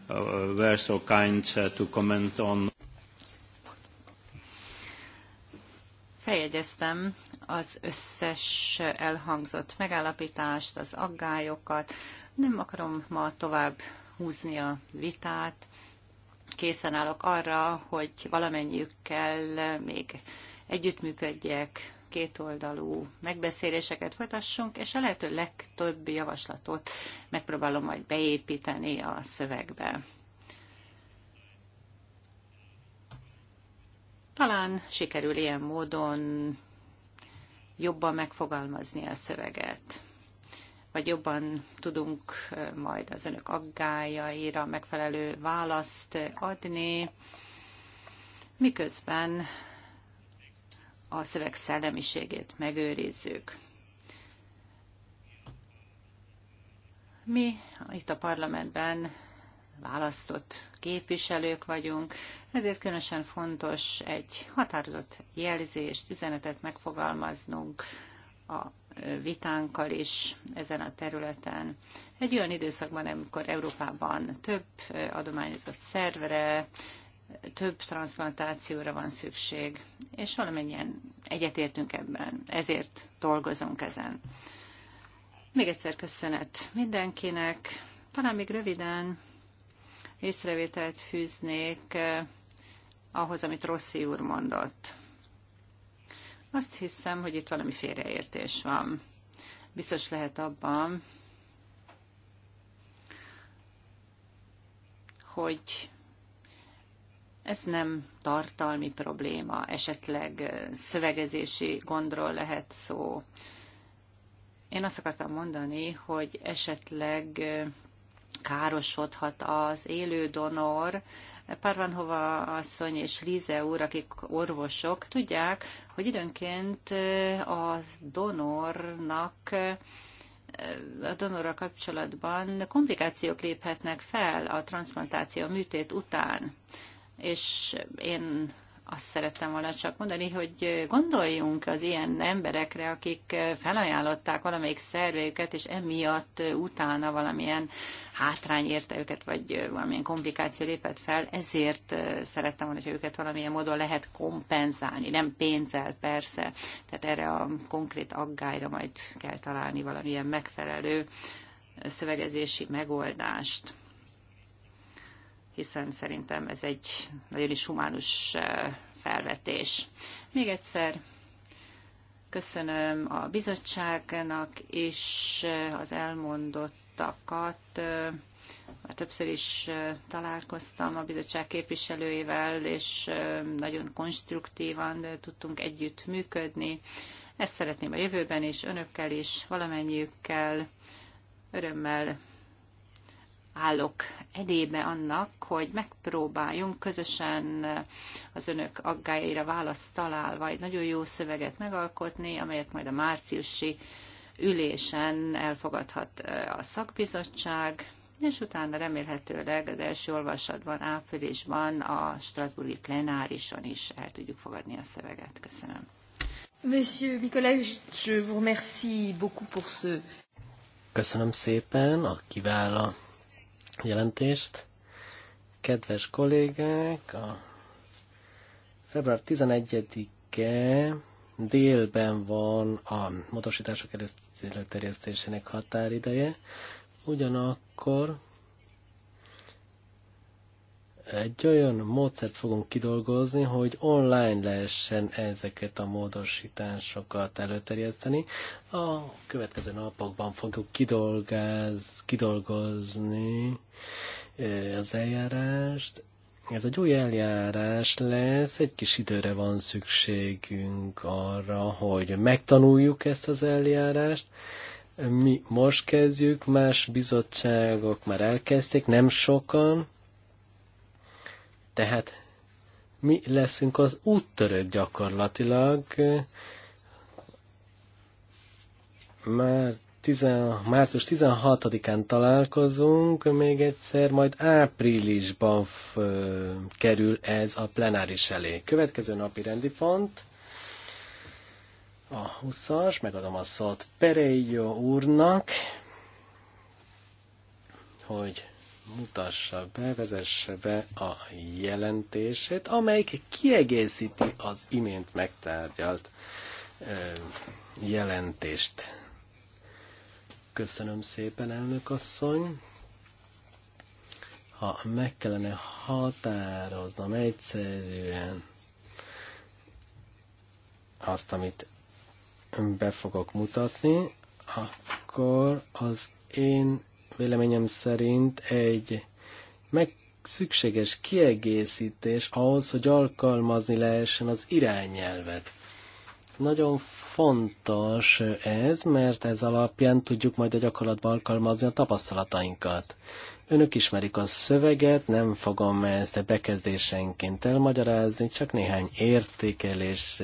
uh, were so kind to comment on. Feljegyeztem az összes elhangzott megállapítást, az aggályokat. Nem akarom ma tovább húzni a vitát készen állok arra, hogy valamennyiükkel még együttműködjek, kétoldalú megbeszéléseket folytassunk, és a lehető legtöbb javaslatot megpróbálom majd beépíteni a szövegbe. Talán sikerül ilyen módon jobban megfogalmazni a szöveget vagy jobban tudunk majd az önök aggájaira megfelelő választ adni, miközben a szöveg szellemiségét megőrizzük. Mi itt a parlamentben választott képviselők vagyunk, ezért különösen fontos egy határozott jelzést, üzenetet megfogalmaznunk a vitánkkal is ezen a területen. Egy olyan időszakban, amikor Európában több adományozott szervere, több transplantációra van szükség, és valamennyien egyetértünk ebben, ezért dolgozunk ezen. Még egyszer köszönet mindenkinek. Talán még röviden észrevételt fűznék ahhoz, amit Rossi úr mondott. Azt hiszem, hogy itt valami félreértés van. Biztos lehet abban, hogy ez nem tartalmi probléma, esetleg szövegezési gondról lehet szó. Én azt akartam mondani, hogy esetleg károsodhat az élő donor, Parvanhova asszony és Líze úr, akik orvosok, tudják, hogy időnként a donornak a donorra kapcsolatban komplikációk léphetnek fel a transplantáció műtét után. És én azt szerettem volna csak mondani, hogy gondoljunk az ilyen emberekre, akik felajánlották valamelyik szervejüket, és emiatt utána valamilyen hátrány érte őket, vagy valamilyen komplikáció lépett fel, ezért szerettem volna, hogy őket valamilyen módon lehet kompenzálni, nem pénzzel persze, tehát erre a konkrét aggályra majd kell találni valamilyen megfelelő szövegezési megoldást hiszen szerintem ez egy nagyon is humánus eh, felvetés. Még egyszer köszönöm a bizottságnak és eh, az elmondottakat. Eh, már többször is találkoztam a bizottság képviselőivel, és nagyon konstruktívan tudtunk együtt működni. Ezt szeretném a jövőben is, önökkel is, valamennyiükkel. Örömmel állok edébe annak, hogy megpróbáljunk közösen az önök aggájaira választ találva egy nagyon jó szöveget megalkotni, amelyet majd a márciusi ülésen elfogadhat a szakbizottság, és utána remélhetőleg az első olvasatban, áprilisban a Strasbourg-i plenárison is el tudjuk fogadni a szöveget. Köszönöm. Monsieur Nicolas, je vous remercie beaucoup pour ce... Köszönöm szépen a kiváló jelentést. Kedves kollégák, a február 11-e délben van a motosítások előterjesztésének határideje, ugyanakkor egy olyan módszert fogunk kidolgozni, hogy online lehessen ezeket a módosításokat előterjeszteni. A következő napokban fogjuk kidolgáz, kidolgozni az eljárást. Ez egy új eljárás lesz, egy kis időre van szükségünk arra, hogy megtanuljuk ezt az eljárást, mi most kezdjük, más bizottságok már elkezdték, nem sokan, tehát mi leszünk az úttörők gyakorlatilag. Már 10, március 16-án találkozunk, még egyszer, majd áprilisban f, kerül ez a plenáris elé. Következő napi rendi pont, a 20-as, megadom a szót Perejo úrnak, hogy mutassa be, vezesse be a jelentését, amelyik kiegészíti az imént megtárgyalt ö, jelentést. Köszönöm szépen, elnök asszony! Ha meg kellene határoznom egyszerűen azt, amit be fogok mutatni, akkor az én véleményem szerint egy meg szükséges kiegészítés ahhoz, hogy alkalmazni lehessen az irányelvet. Nagyon fontos ez, mert ez alapján tudjuk majd a gyakorlatban alkalmazni a tapasztalatainkat. Önök ismerik a szöveget, nem fogom ezt a bekezdésenként elmagyarázni, csak néhány értékelés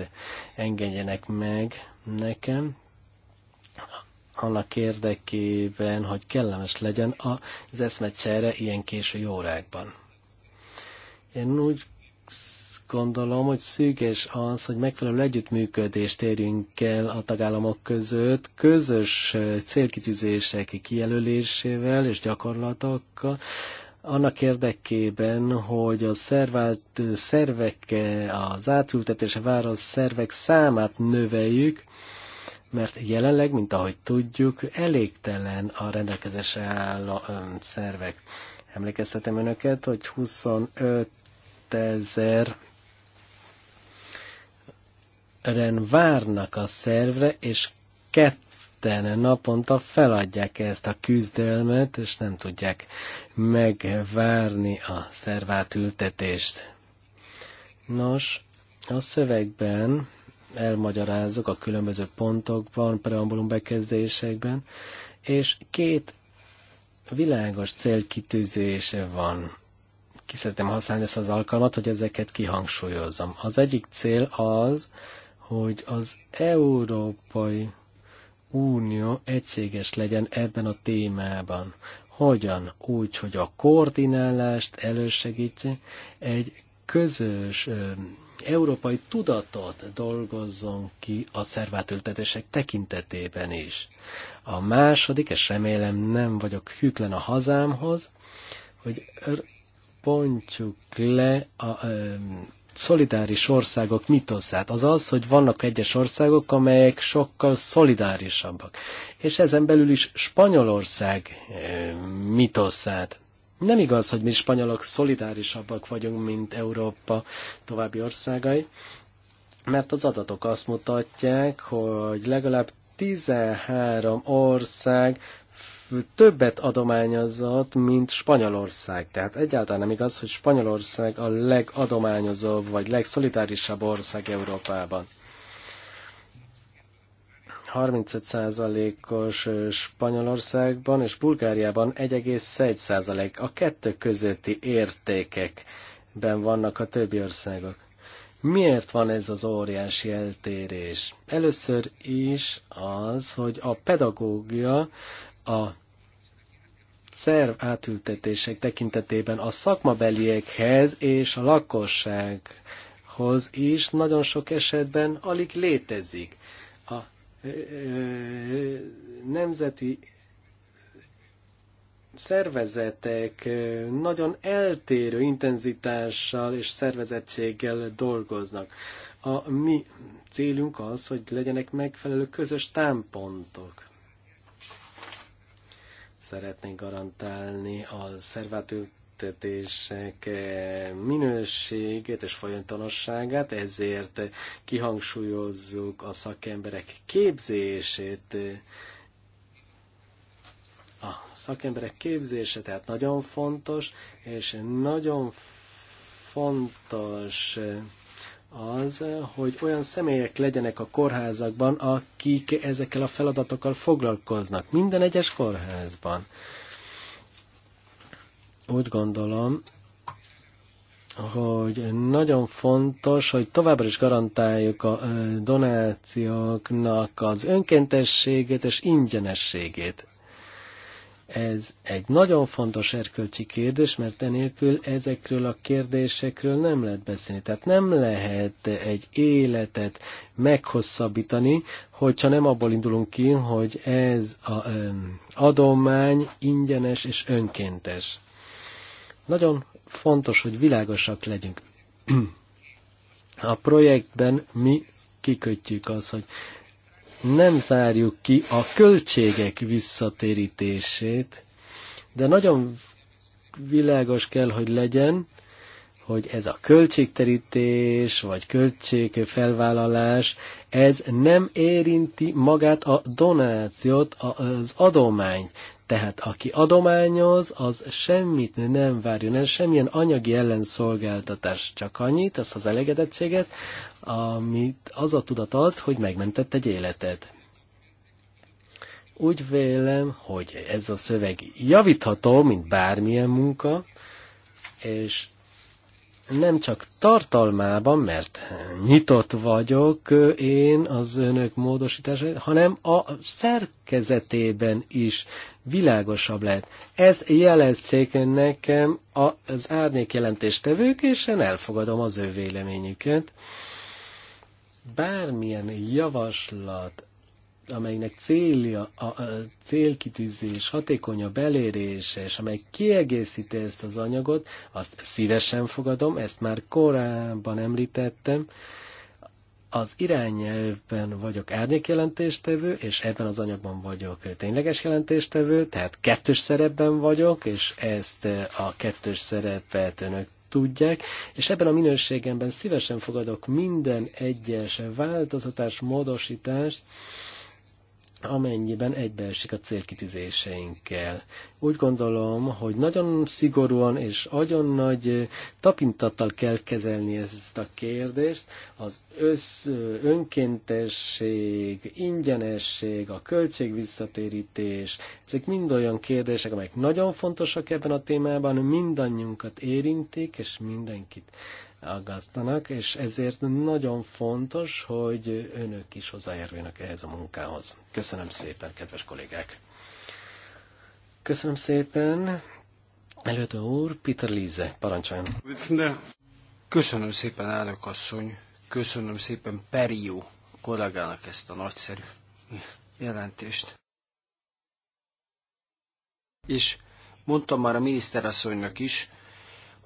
engedjenek meg nekem annak érdekében, hogy kellemes legyen az eszmecsere ilyen késő órákban. Én úgy gondolom, hogy szükséges az, hogy megfelelő együttműködést érjünk el a tagállamok között, közös célkitűzések kijelölésével és gyakorlatokkal, annak érdekében, hogy a szervált szervek, az átültetése város szervek számát növeljük, mert jelenleg, mint ahogy tudjuk, elégtelen a rendelkezésre álló szervek. Emlékeztetem önöket, hogy 25 ezer ren várnak a szervre, és ketten naponta feladják ezt a küzdelmet, és nem tudják megvárni a szervátültetést. Nos, a szövegben Elmagyarázok a különböző pontokban, preambulum bekezdésekben, és két világos célkitűzése van. Ki szeretném használni ezt az alkalmat, hogy ezeket kihangsúlyozom. Az egyik cél az, hogy az Európai Unió egységes legyen ebben a témában. Hogyan? Úgy, hogy a koordinálást elősegítje, egy közös európai tudatot dolgozzon ki a szervátültetések tekintetében is. A második, és remélem nem vagyok hűtlen a hazámhoz, hogy bontjuk le a ö, szolidáris országok mitoszát. Az az, hogy vannak egyes országok, amelyek sokkal szolidárisabbak. És ezen belül is Spanyolország ö, mitoszát nem igaz, hogy mi spanyolok szolidárisabbak vagyunk, mint Európa további országai, mert az adatok azt mutatják, hogy legalább 13 ország többet adományozott, mint Spanyolország. Tehát egyáltalán nem igaz, hogy Spanyolország a legadományozóbb vagy legszolidárisabb ország Európában. 35%-os Spanyolországban és Bulgáriában 1,1%. A kettő közötti értékekben vannak a többi országok. Miért van ez az óriási eltérés? Először is az, hogy a pedagógia a szerv átültetések tekintetében a szakmabeliekhez és a lakossághoz is nagyon sok esetben alig létezik nemzeti szervezetek nagyon eltérő intenzitással és szervezettséggel dolgoznak. A mi célunk az, hogy legyenek megfelelő közös támpontok. Szeretnénk garantálni a szervetők befektetések eh, minőségét és folyamatosságát, ezért kihangsúlyozzuk a szakemberek képzését, a szakemberek képzése tehát nagyon fontos, és nagyon fontos az, hogy olyan személyek legyenek a kórházakban, akik ezekkel a feladatokkal foglalkoznak, minden egyes kórházban. Úgy gondolom, hogy nagyon fontos, hogy továbbra is garantáljuk a donációknak az önkéntességét és ingyenességét. Ez egy nagyon fontos erkölcsi kérdés, mert enélkül ezekről a kérdésekről nem lehet beszélni. Tehát nem lehet egy életet meghosszabbítani, hogyha nem abból indulunk ki, hogy ez a adomány ingyenes és önkéntes nagyon fontos, hogy világosak legyünk. A projektben mi kikötjük az, hogy nem zárjuk ki a költségek visszatérítését, de nagyon világos kell, hogy legyen, hogy ez a költségterítés, vagy költségfelvállalás, ez nem érinti magát a donációt, az adományt. Tehát aki adományoz, az semmit nem várjon el, semmilyen anyagi ellenszolgáltatás, csak annyit, ezt az elégedettséget, amit az a tudat ad, hogy megmentett egy életet. Úgy vélem, hogy ez a szöveg javítható, mint bármilyen munka, és nem csak tartalmában, mert nyitott vagyok én az önök módosítása, hanem a szerkezetében is világosabb lehet. Ez jelezték nekem az árnyék jelentéstevők, és én elfogadom az ő véleményüket. Bármilyen javaslat amelynek célja, a, a célkitűzés hatékonyabb elérése, és amely kiegészíti ezt az anyagot, azt szívesen fogadom, ezt már korábban említettem, az irányelvben vagyok árnyékjelentéstevő, és ebben az anyagban vagyok tényleges jelentéstevő, tehát kettős szerepben vagyok, és ezt a kettős szerepet önök tudják, és ebben a minőségemben szívesen fogadok minden egyes változatás, módosítást, amennyiben egybeesik a célkitűzéseinkkel. Úgy gondolom, hogy nagyon szigorúan és nagyon nagy tapintattal kell kezelni ezt a kérdést. Az össz, önkéntesség, ingyenesség, a költségvisszatérítés, ezek mind olyan kérdések, amelyek nagyon fontosak ebben a témában, mindannyiunkat érintik, és mindenkit aggasztanak, és ezért nagyon fontos, hogy önök is hozzájárulnak ehhez a munkához. Köszönöm szépen, kedves kollégák! Köszönöm szépen! Előtte úr, Peter Líze, parancsoljon! Köszönöm szépen, elnök asszony! Köszönöm szépen Perió kollégának ezt a nagyszerű jelentést. És mondtam már a miniszterasszonynak is,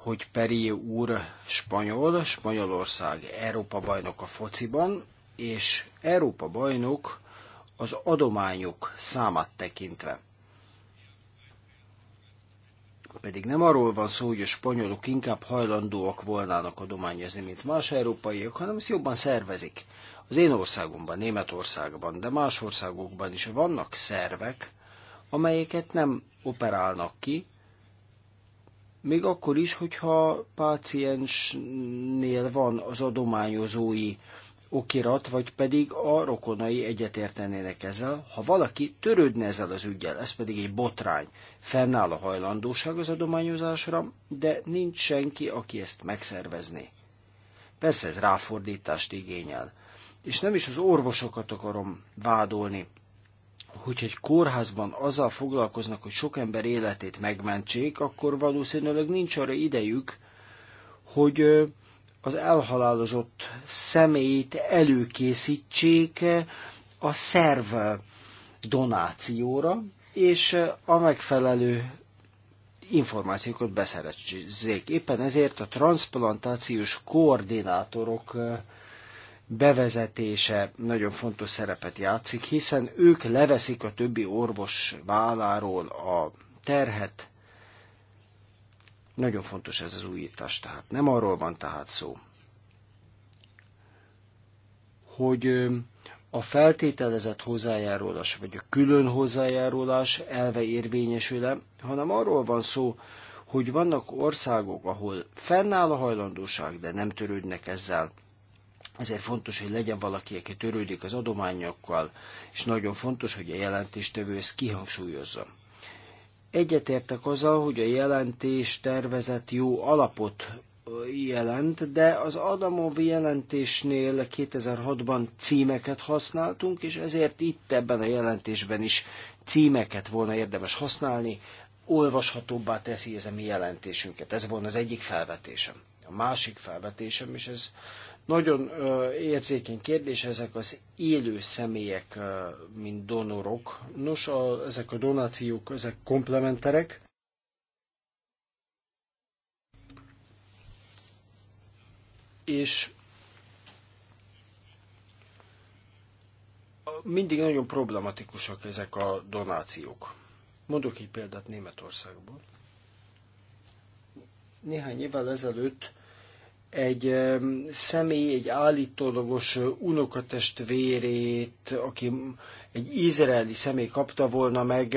hogy Peri úr spanyol, Spanyolország Európa bajnok a fociban, és Európa bajnok az adományok számát tekintve. Pedig nem arról van szó, hogy a spanyolok inkább hajlandóak volnának adományozni, mint más európaiak, hanem ezt jobban szervezik. Az én országomban, Németországban, de más országokban is vannak szervek, amelyeket nem operálnak ki, még akkor is, hogyha páciensnél van az adományozói okirat, vagy pedig a rokonai egyetértenének ezzel, ha valaki törődne ezzel az ügyel, ez pedig egy botrány. Fennáll a hajlandóság az adományozásra, de nincs senki, aki ezt megszervezné. Persze ez ráfordítást igényel. És nem is az orvosokat akarom vádolni, hogyha egy kórházban azzal foglalkoznak, hogy sok ember életét megmentsék, akkor valószínűleg nincs arra idejük, hogy az elhalálozott személyt előkészítsék a szerv donációra, és a megfelelő információkat beszerezzék. Éppen ezért a transplantációs koordinátorok bevezetése nagyon fontos szerepet játszik, hiszen ők leveszik a többi orvos válláról a terhet. Nagyon fontos ez az újítás, tehát nem arról van tehát szó, hogy a feltételezett hozzájárulás, vagy a külön hozzájárulás elve érvényesül-e, hanem arról van szó, hogy vannak országok, ahol fennáll a hajlandóság, de nem törődnek ezzel, ezért fontos, hogy legyen valaki, aki törődik az adományokkal, és nagyon fontos, hogy a jelentéstevő ezt kihangsúlyozza. Egyetértek azzal, hogy a jelentés tervezet jó alapot jelent, de az Adamov jelentésnél 2006-ban címeket használtunk, és ezért itt ebben a jelentésben is címeket volna érdemes használni, olvashatóbbá teszi ez a mi jelentésünket. Ez volna az egyik felvetésem. A másik felvetésem, és ez nagyon érzékeny kérdés ezek az élő személyek, mint donorok. Nos, a, ezek a donációk, ezek komplementerek. És mindig nagyon problematikusak ezek a donációk. Mondok egy példát Németországból. Néhány évvel ezelőtt egy személy, egy állítólagos unokatestvérét, aki egy izraeli személy kapta volna meg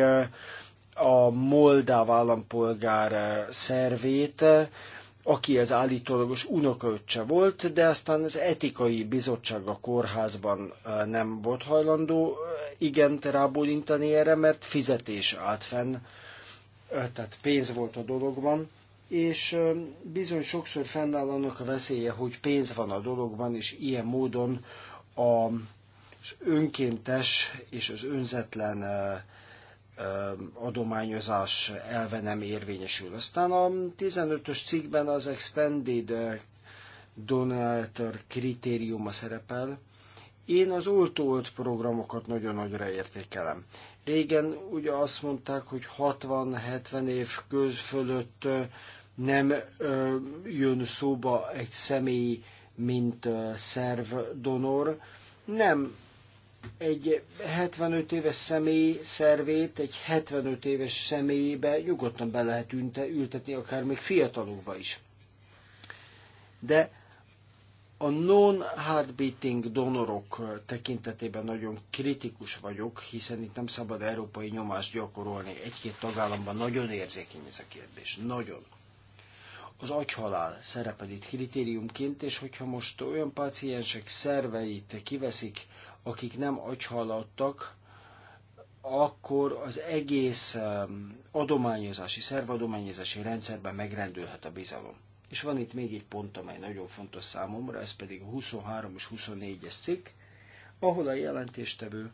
a moldáv állampolgár szervét, aki az állítólagos unokaöccse volt, de aztán az etikai bizottság a kórházban nem volt hajlandó igent rábólintani erre, mert fizetés állt fenn, tehát pénz volt a dologban és bizony sokszor fennáll annak a veszélye, hogy pénz van a dologban, és ilyen módon az önkéntes és az önzetlen adományozás elve nem érvényesül. Aztán a 15-ös cikkben az expanded donator kritériuma szerepel. Én az oltóolt programokat nagyon nagyra értékelem. Régen ugye azt mondták, hogy 60-70 év köz fölött nem ö, jön szóba egy személy, mint ö, szerv donor, nem egy 75 éves személy szervét egy 75 éves személyébe nyugodtan be lehet ünte, ültetni, akár még fiatalokba is. De a non-heartbeating donorok tekintetében nagyon kritikus vagyok, hiszen itt nem szabad európai nyomást gyakorolni. Egy-két tagállamban nagyon érzékeny ez a kérdés. Nagyon az agyhalál szerepel itt kritériumként, és hogyha most olyan paciensek szerveit kiveszik, akik nem agyhaladtak, akkor az egész adományozási, szervadományozási rendszerben megrendülhet a bizalom. És van itt még egy pont, amely nagyon fontos számomra, ez pedig a 23 és 24-es cikk, ahol a jelentéstevő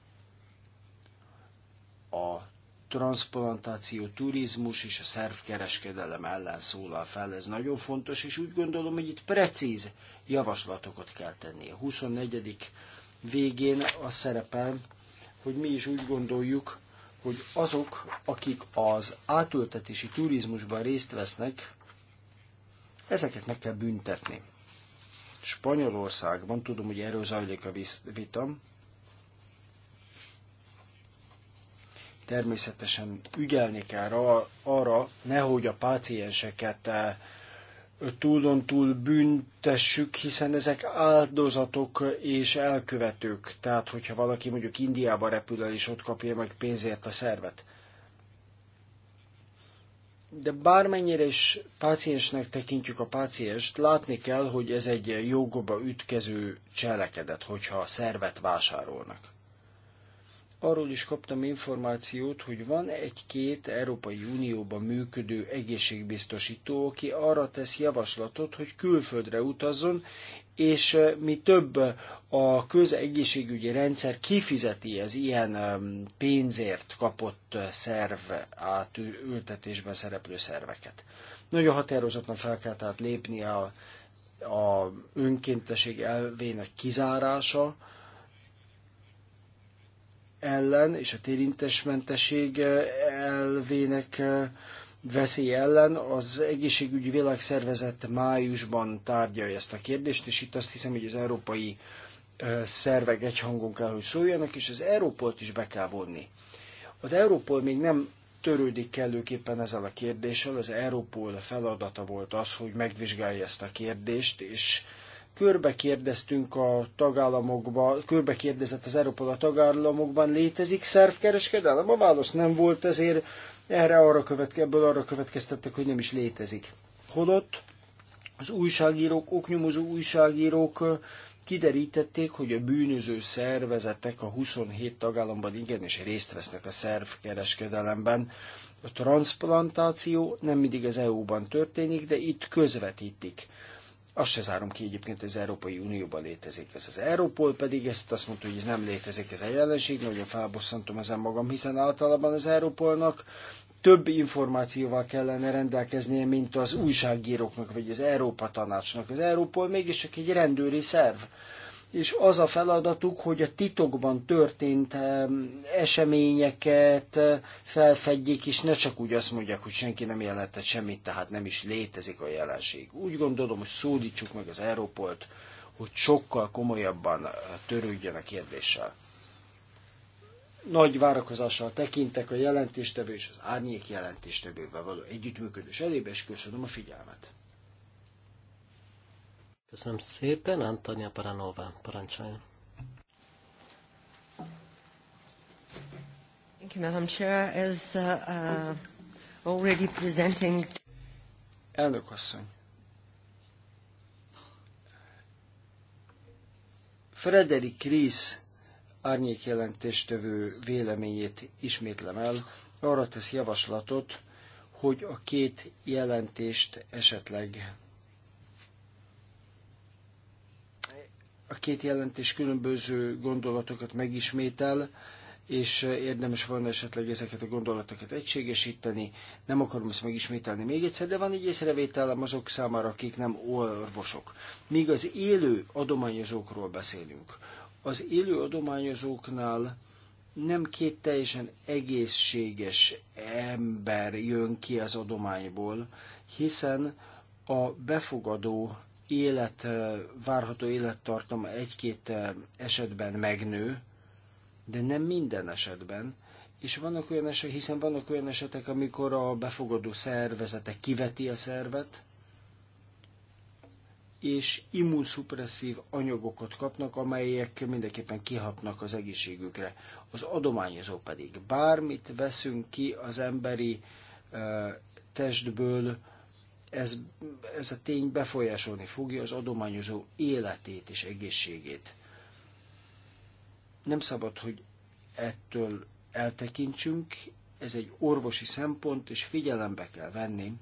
a transplantáció, turizmus és a szervkereskedelem ellen szólal fel. Ez nagyon fontos, és úgy gondolom, hogy itt precíz javaslatokat kell tenni. A 24. végén a szerepel, hogy mi is úgy gondoljuk, hogy azok, akik az átültetési turizmusban részt vesznek, ezeket meg kell büntetni. Spanyolországban, tudom, hogy erről zajlik a vita, Természetesen ügyelni kell arra, arra nehogy a pácienseket eh, túlon túl büntessük, hiszen ezek áldozatok és elkövetők. Tehát, hogyha valaki mondjuk Indiába repül el, és ott kapja meg pénzért a szervet. De bármennyire is páciensnek tekintjük a pácienst, látni kell, hogy ez egy jogoba ütkező cselekedet, hogyha szervet vásárolnak arról is kaptam információt, hogy van egy-két Európai Unióban működő egészségbiztosító, aki arra tesz javaslatot, hogy külföldre utazzon, és mi több a közegészségügyi rendszer kifizeti az ilyen pénzért kapott szerv átültetésben szereplő szerveket. Nagyon határozottan fel kell tehát lépni a, a önkéntesség elvének kizárása, ellen és a térintesmenteség elvének eh, veszély ellen az egészségügyi világszervezet májusban tárgyalja ezt a kérdést, és itt azt hiszem, hogy az európai eh, szervek egyhangon kell, hogy szóljanak, és az Európolt is be kell vonni. Az Európol még nem törődik kellőképpen ezzel a kérdéssel, az Európol feladata volt az, hogy megvizsgálja ezt a kérdést, és körbe kérdeztünk a tagállamokba, körbe kérdezett az Európa a tagállamokban, létezik szervkereskedelem? A válasz nem volt, ezért erre arra követke, ebből arra következtettek, hogy nem is létezik. Holott az újságírók, oknyomozó újságírók kiderítették, hogy a bűnöző szervezetek a 27 tagállamban igenis részt vesznek a szervkereskedelemben. A transplantáció nem mindig az EU-ban történik, de itt közvetítik azt se zárom ki egyébként, hogy az Európai Unióban létezik ez. Az Európol pedig ezt azt mondta, hogy ez nem létezik ez a jelenség, nagyon felbosszantom ezen magam, hiszen általában az Európolnak több információval kellene rendelkeznie, mint az újságíróknak, vagy az Európa Tanácsnak. Az Európol mégis csak egy rendőri szerv és az a feladatuk, hogy a titokban történt eseményeket eh, felfedjék, és ne csak úgy azt mondják, hogy senki nem jelentett semmit, tehát nem is létezik a jelenség. Úgy gondolom, hogy szólítsuk meg az Európolt, hogy sokkal komolyabban eh, törődjön a kérdéssel. Nagy várakozással tekintek a jelentéstevő és az árnyék jelentéstevővel való együttműködés elébe, és köszönöm a figyelmet. Köszönöm szépen, Antonia Paranova, parancsoljon. Thank you, Madam Chair. As uh, uh, already presenting... Elnök asszony. Frederik Ries árnyék jelentéstövő véleményét ismétlem el, arra tesz javaslatot, hogy a két jelentést esetleg a két jelentés különböző gondolatokat megismétel, és érdemes volna esetleg ezeket a gondolatokat egységesíteni. Nem akarom ezt megismételni még egyszer, de van egy észrevételem azok számára, akik nem orvosok. Míg az élő adományozókról beszélünk, az élő adományozóknál nem két teljesen egészséges ember jön ki az adományból, hiszen a befogadó élet, várható élettartama egy-két esetben megnő, de nem minden esetben. És vannak olyan esetek, hiszen vannak olyan esetek, amikor a befogadó szervezete kiveti a szervet, és immunszupresszív anyagokat kapnak, amelyek mindenképpen kihatnak az egészségükre. Az adományozó pedig bármit veszünk ki az emberi uh, testből, ez, ez a tény befolyásolni fogja az adományozó életét és egészségét. Nem szabad, hogy ettől eltekintsünk, ez egy orvosi szempont, és figyelembe kell venni,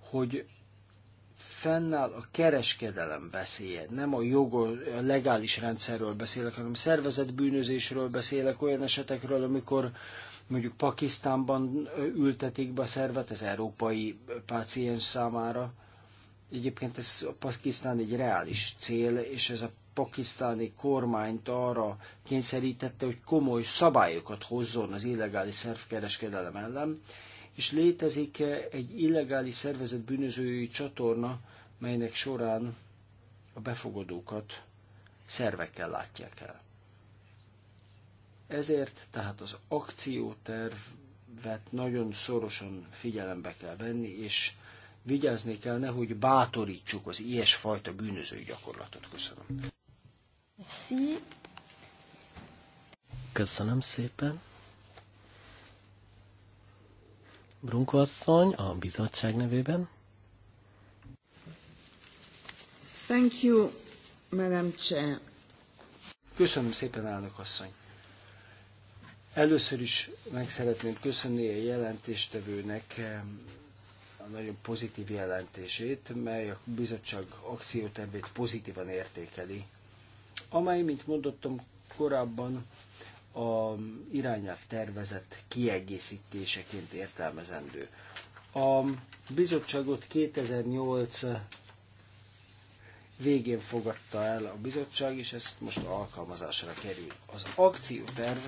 hogy fennáll a kereskedelem veszélye. Nem a jogo, a legális rendszerről beszélek, hanem szervezetbűnözésről beszélek, olyan esetekről, amikor mondjuk Pakisztánban ültetik be a szervet, az európai páciens számára. Egyébként ez a Pakisztán egy reális cél, és ez a pakisztáni kormányt arra kényszerítette, hogy komoly szabályokat hozzon az illegális szervkereskedelem ellen, és létezik egy illegális szervezet bűnözői csatorna, melynek során a befogadókat szervekkel látják el. Ezért tehát az akciótervet nagyon szorosan figyelembe kell venni, és vigyázni kell, nehogy bátorítsuk az ilyesfajta bűnöző gyakorlatot. Köszönöm. Köszönöm szépen. asszony a bizottság nevében. Thank you, Madam Chair. Köszönöm szépen, elnök asszony. Először is meg szeretném köszönni a jelentéstevőnek a nagyon pozitív jelentését, mely a bizottság akciótervét pozitívan értékeli, amely, mint mondottam korábban, a irányelv tervezett kiegészítéseként értelmezendő. A bizottságot 2008 végén fogadta el a bizottság, és ezt most alkalmazásra kerül. Az akcióterv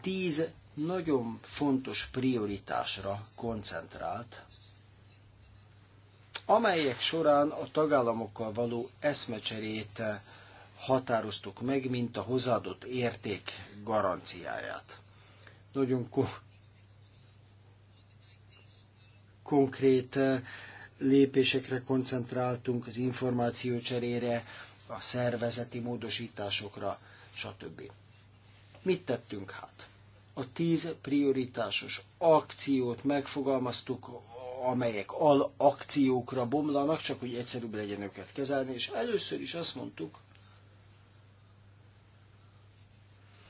tíz nagyon fontos prioritásra koncentrált, amelyek során a tagállamokkal való eszmecserét határoztuk meg, mint a hozzáadott érték garanciáját. Nagyon ko- konkrét eh, lépésekre koncentráltunk, az információcserére, a szervezeti módosításokra, stb. Mit tettünk hát? a tíz prioritásos akciót megfogalmaztuk, amelyek al akciókra bomlanak, csak hogy egyszerűbb legyen őket kezelni, és először is azt mondtuk,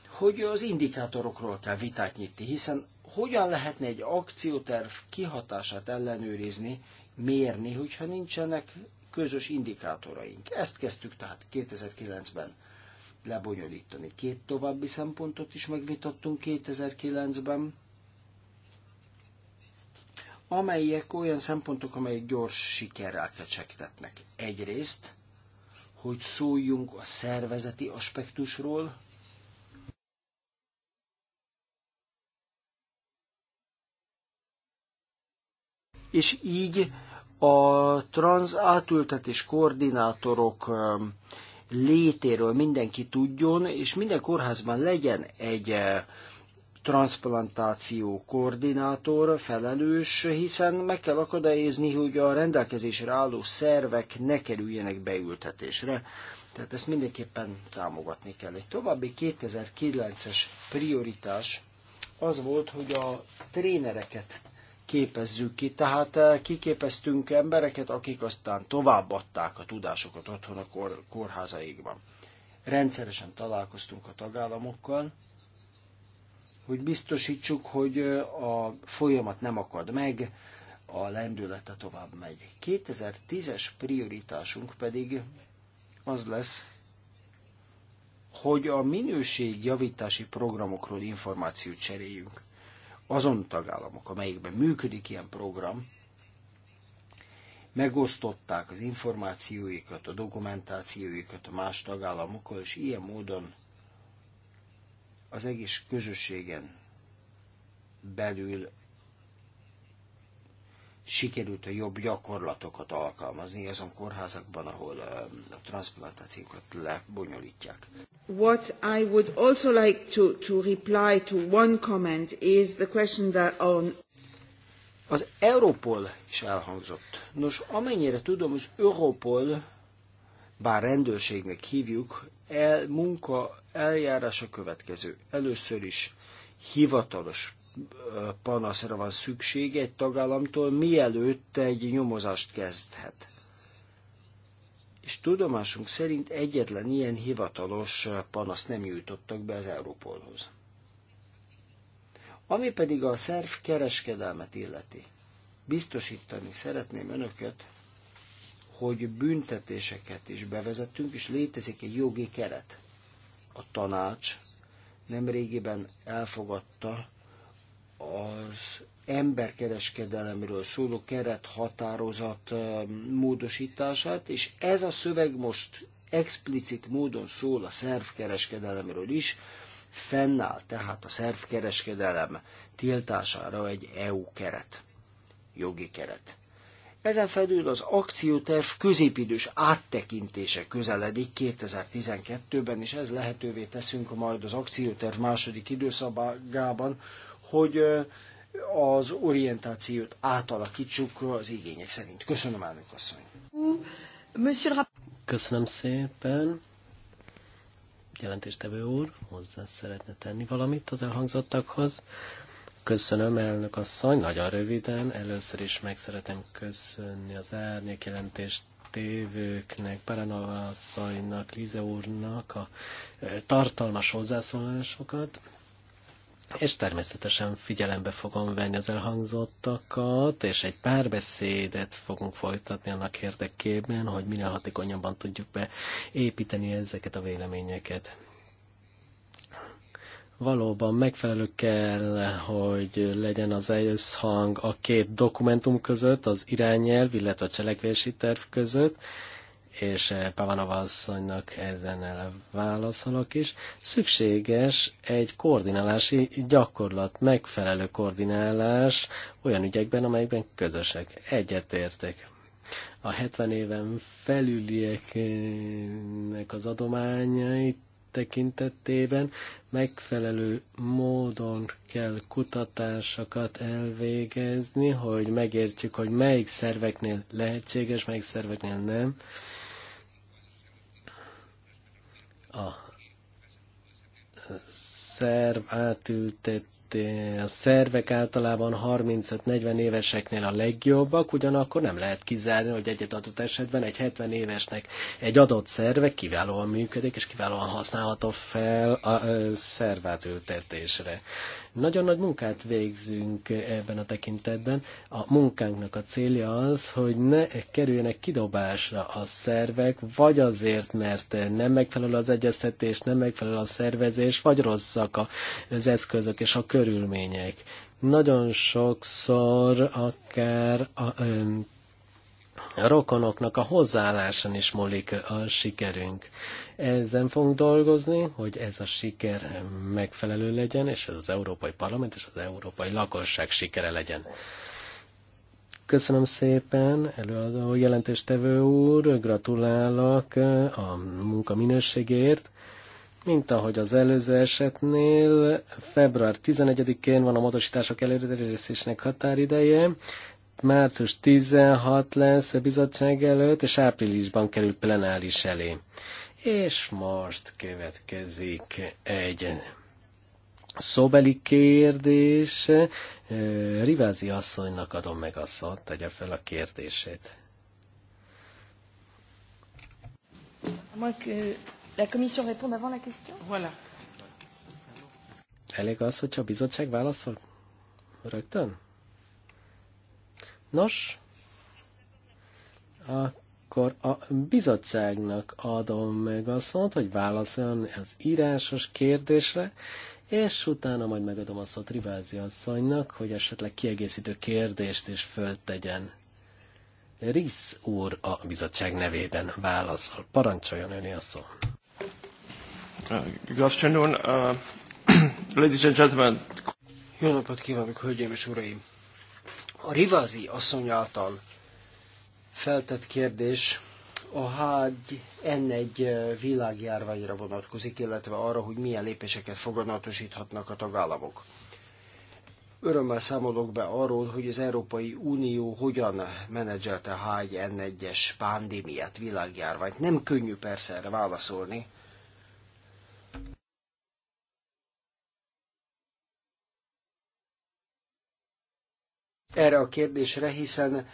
hogy az indikátorokról kell vitát nyitni, hiszen hogyan lehetne egy akcióterv kihatását ellenőrizni, mérni, hogyha nincsenek közös indikátoraink. Ezt kezdtük tehát 2009-ben lebonyolítani. Két további szempontot is megvitattunk 2009-ben, amelyek olyan szempontok, amelyek gyors sikerrel kecsegtetnek. Egyrészt, hogy szóljunk a szervezeti aspektusról, és így a transz átültetés koordinátorok létéről mindenki tudjon, és minden kórházban legyen egy eh, transplantáció koordinátor felelős, hiszen meg kell akadályozni, hogy a rendelkezésre álló szervek ne kerüljenek beültetésre. Tehát ezt mindenképpen támogatni kell. Egy további 2009-es prioritás az volt, hogy a trénereket képezzük ki. Tehát eh, kiképeztünk embereket, akik aztán továbbadták a tudásokat otthon a kor, kórházaikban. Rendszeresen találkoztunk a tagállamokkal, hogy biztosítsuk, hogy eh, a folyamat nem akad meg, a lendülete tovább megy. 2010-es prioritásunk pedig az lesz, hogy a minőségjavítási programokról információt cseréljünk azon tagállamok, amelyikben működik ilyen program, megosztották az információikat, a dokumentációikat a más tagállamokkal, és ilyen módon az egész közösségen belül sikerült a jobb gyakorlatokat alkalmazni azon kórházakban, ahol a transplantációkat lebonyolítják. What I would also like to, to reply to one comment is the question that on az Europol is elhangzott. Nos, amennyire tudom, az Europol, bár rendőrségnek hívjuk, el, munka eljárása következő. Először is hivatalos panaszra van szükség egy tagállamtól, mielőtt egy nyomozást kezdhet. És tudomásunk szerint egyetlen ilyen hivatalos panasz nem jutottak be az Európolhoz. Ami pedig a szerv kereskedelmet illeti. Biztosítani szeretném önöket, hogy büntetéseket is bevezettünk, és létezik egy jogi keret. A tanács nemrégiben elfogadta az emberkereskedelemről szóló kerethatározat módosítását, és ez a szöveg most explicit módon szól a szervkereskedelemről is, fennáll tehát a szervkereskedelem tiltására egy EU keret, jogi keret. Ezen felül az akcióterv középidős áttekintése közeledik 2012-ben, és ez lehetővé teszünk majd az akcióterv második időszabágában, hogy az orientációt átalakítsuk az igények szerint. Köszönöm, Ánök asszony. Köszönöm szépen. Jelentéstevő úr, hozzá szeretne tenni valamit az elhangzottakhoz. Köszönöm, elnök asszony, nagyon röviden. Először is meg szeretem köszönni az árnyék jelentést tévőknek, Paranova asszonynak, Lize úrnak a tartalmas hozzászólásokat és természetesen figyelembe fogom venni az elhangzottakat, és egy párbeszédet fogunk folytatni annak érdekében, hogy minél hatékonyabban tudjuk beépíteni ezeket a véleményeket. Valóban megfelelő kell, hogy legyen az összhang a két dokumentum között, az irányelv, illetve a cselekvési terv között, és eh, Pavanova asszonynak ezen válaszolok is, szükséges egy koordinálási gyakorlat, megfelelő koordinálás olyan ügyekben, amelyekben közösek, egyetértek. A 70 éven felülieknek az adományait tekintetében megfelelő módon kell kutatásokat elvégezni, hogy megértsük hogy melyik szerveknél lehetséges, melyik szerveknél nem a szerv átültet a szervek általában 35-40 éveseknél a legjobbak, ugyanakkor nem lehet kizárni, hogy egy adott esetben egy 70 évesnek egy adott szerve kiválóan működik, és kiválóan használható fel a szervátültetésre. Nagyon nagy munkát végzünk ebben a tekintetben. A munkánknak a célja az, hogy ne kerüljenek kidobásra a szervek, vagy azért, mert nem megfelelő az egyeztetés, nem megfelelő a szervezés, vagy rosszak az eszközök és a körülmények. Nagyon sokszor akár a, a rokonoknak a hozzáálláson is múlik a sikerünk. Ezen fogunk dolgozni, hogy ez a siker megfelelő legyen, és ez az Európai Parlament és az európai lakosság sikere legyen. Köszönöm szépen, előadó jelentéstevő úr, gratulálok a munka minőségért. Mint ahogy az előző esetnél, február 11-én van a módosítások előrejelzésének határideje március 16 lesz a bizottság előtt, és áprilisban kerül plenáris elé. És most következik egy szobeli kérdés. Rivázi asszonynak adom meg a szót, tegye fel a kérdését. Moi que la commission réponde avant la question? Voilà. Elég az, hogyha a bizottság válaszol? Rögtön? Nos, akkor a bizottságnak adom meg a szót, hogy válaszoljon az írásos kérdésre, és utána majd megadom a szót Rivázi asszonynak, hogy esetleg kiegészítő kérdést is föltegyen. Risz úr a bizottság nevében válaszol. Parancsoljon öné a szó. Uh, uh, ladies and gentlemen. Jó napot kívánok, hölgyeim és uraim! A Rivazi asszony által feltett kérdés a H1N1 világjárványra vonatkozik, illetve arra, hogy milyen lépéseket foganatosíthatnak a tagállamok. Örömmel számolok be arról, hogy az Európai Unió hogyan menedzselte H1N1-es pandémiát, világjárványt. Nem könnyű persze erre válaszolni, erre a kérdésre, hiszen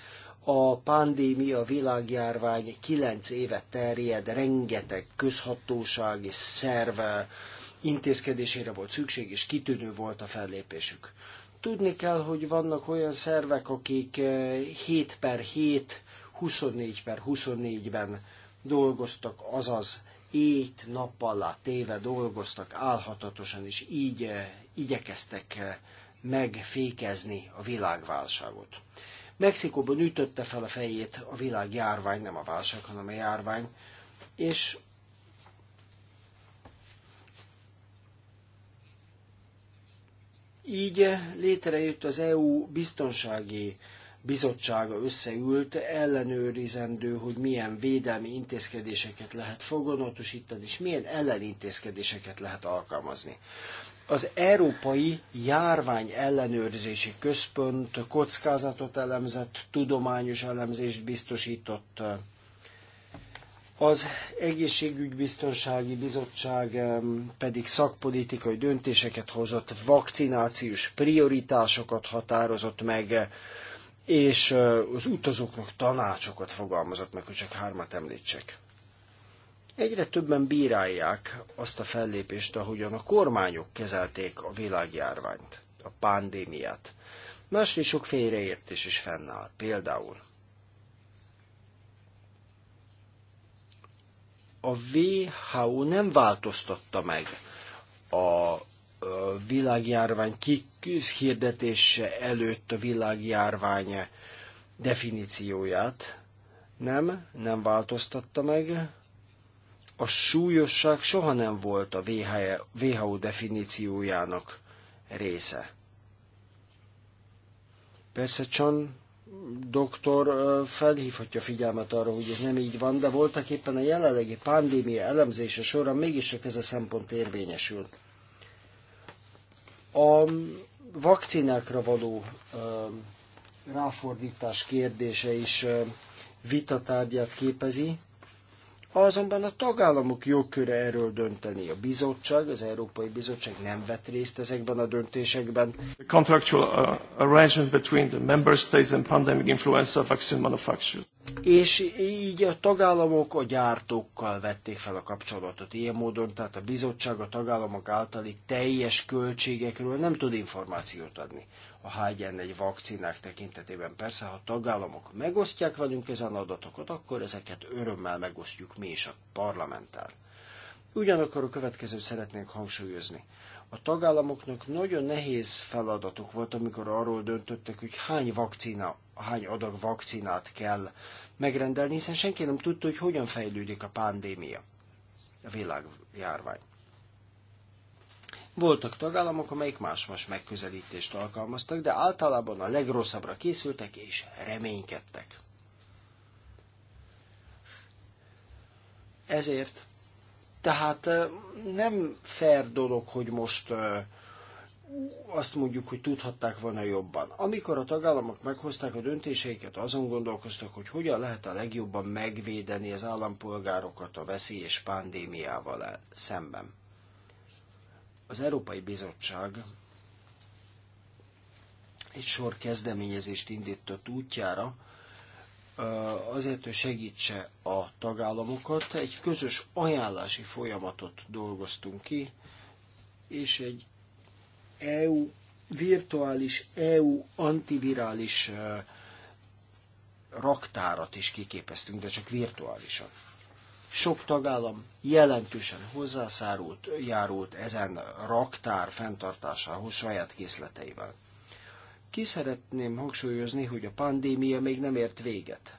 a pandémia világjárvány kilenc évet terjed, rengeteg közhatóság és szerve intézkedésére volt szükség, és kitűnő volt a fellépésük. Tudni kell, hogy vannak olyan szervek, akik 7 eh, per 7, 24 per 24-ben dolgoztak, azaz azazét nappal téve dolgoztak álhatatosan, és így eh, igyekeztek eh, megfékezni a világválságot. Mexikóban ütötte fel a fejét a világjárvány, nem a válság, hanem a járvány, és Így létrejött az EU biztonsági bizottsága összeült, ellenőrizendő, hogy milyen védelmi intézkedéseket lehet foganatosítani, és milyen ellenintézkedéseket lehet alkalmazni az Európai Járvány Ellenőrzési Központ kockázatot elemzett, tudományos elemzést biztosított. Az Egészségügybiztonsági Bizottság pedig szakpolitikai döntéseket hozott, vakcinációs prioritásokat határozott meg, és az utazóknak tanácsokat fogalmazott meg, hogy csak hármat említsek. Egyre többen bírálják azt a fellépést, ahogyan a kormányok kezelték a világjárványt, a pandémiát. Másrészt sok félreértés is fennáll. Például a WHO nem változtatta meg a világjárvány kihirdetése előtt a világjárvány definícióját. Nem, nem változtatta meg, a súlyosság soha nem volt a WHO e, definíciójának része. Persze Chan doktor felhívhatja figyelmet arra, hogy ez nem így van, de voltak éppen a jelenlegi pandémia elemzése során mégiscsak ez a szempont érvényesül. A vakcinákra való ráfordítás kérdése is vitatárgyát képezi, azonban a tagállamok jogköre erről dönteni. A bizottság, az Európai Bizottság nem vett részt ezekben a döntésekben. The contractual uh, arrangement between the member states and pandemic influenza vaccine manufacturers. És így a tagállamok a gyártókkal vették fel a kapcsolatot. Ilyen módon tehát a bizottság a tagállamok általi teljes költségekről nem tud információt adni a H1N1 vakcinák tekintetében. Persze, ha a tagállamok megosztják velünk ezen adatokat, akkor ezeket örömmel megosztjuk mi is a parlamenttel. Ugyanakkor a következőt szeretnénk hangsúlyozni. A tagállamoknak nagyon nehéz feladatuk volt, amikor arról döntöttek, hogy hány vakcina, hány adag vakcinát kell megrendelni, hiszen senki nem tudta, hogy hogyan fejlődik a pandémia, a világjárvány. Voltak tagállamok, amelyik más-más megközelítést alkalmaztak, de általában a legrosszabbra készültek és reménykedtek. Ezért. Tehát nem fair dolog, hogy most azt mondjuk, hogy tudhatták volna jobban. Amikor a tagállamok meghozták a döntéseiket, azon gondolkoztak, hogy hogyan lehet a legjobban megvédeni az állampolgárokat a veszélyes pandémiával szemben. Az Európai Bizottság egy sor kezdeményezést indított útjára, azért, hogy segítse a tagállamokat. Egy közös ajánlási folyamatot dolgoztunk ki, és egy EU virtuális EU antivirális raktárat is kiképeztünk, de csak virtuálisan. Sok tagállam jelentősen hozzászárult, járult ezen raktár fenntartásához saját készleteivel. Ki szeretném hangsúlyozni, hogy a pandémia még nem ért véget.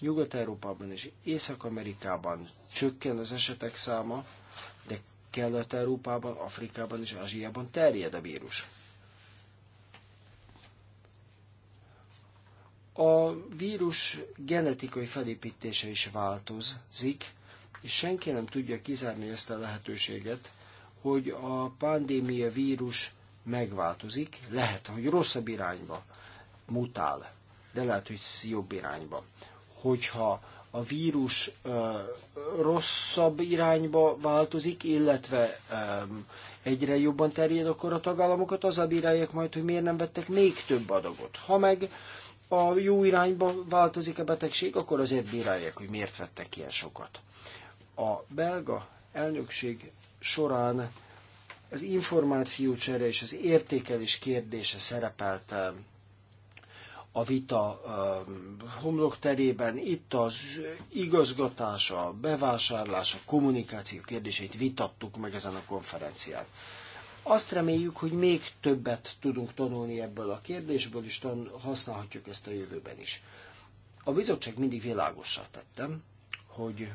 Nyugat-Európában és Észak-Amerikában csökken az esetek száma, de Kelet-Európában, Afrikában és Ázsiában terjed a vírus. A vírus genetikai felépítése is változik, és senki nem tudja kizárni ezt a lehetőséget, hogy a pandémia vírus megváltozik, lehet, hogy rosszabb irányba mutál, de lehet, hogy jobb irányba. Hogyha a vírus ö, rosszabb irányba változik, illetve ö, egyre jobban terjed, akkor a tagállamokat az bírálják majd, hogy miért nem vettek még több adagot. Ha meg a jó irányba változik a betegség, akkor azért bírálják, hogy miért vettek ilyen sokat. A belga elnökség során az információcsere és az értékelés kérdése szerepelt um, a vita um, homlok terében. Itt az igazgatása, bevásárlása, kommunikáció kérdéseit vitattuk meg ezen a konferencián. Azt reméljük, hogy még többet tudunk tanulni ebből a kérdésből, és használhatjuk ezt a jövőben is. A bizottság mindig világosra tettem, hogy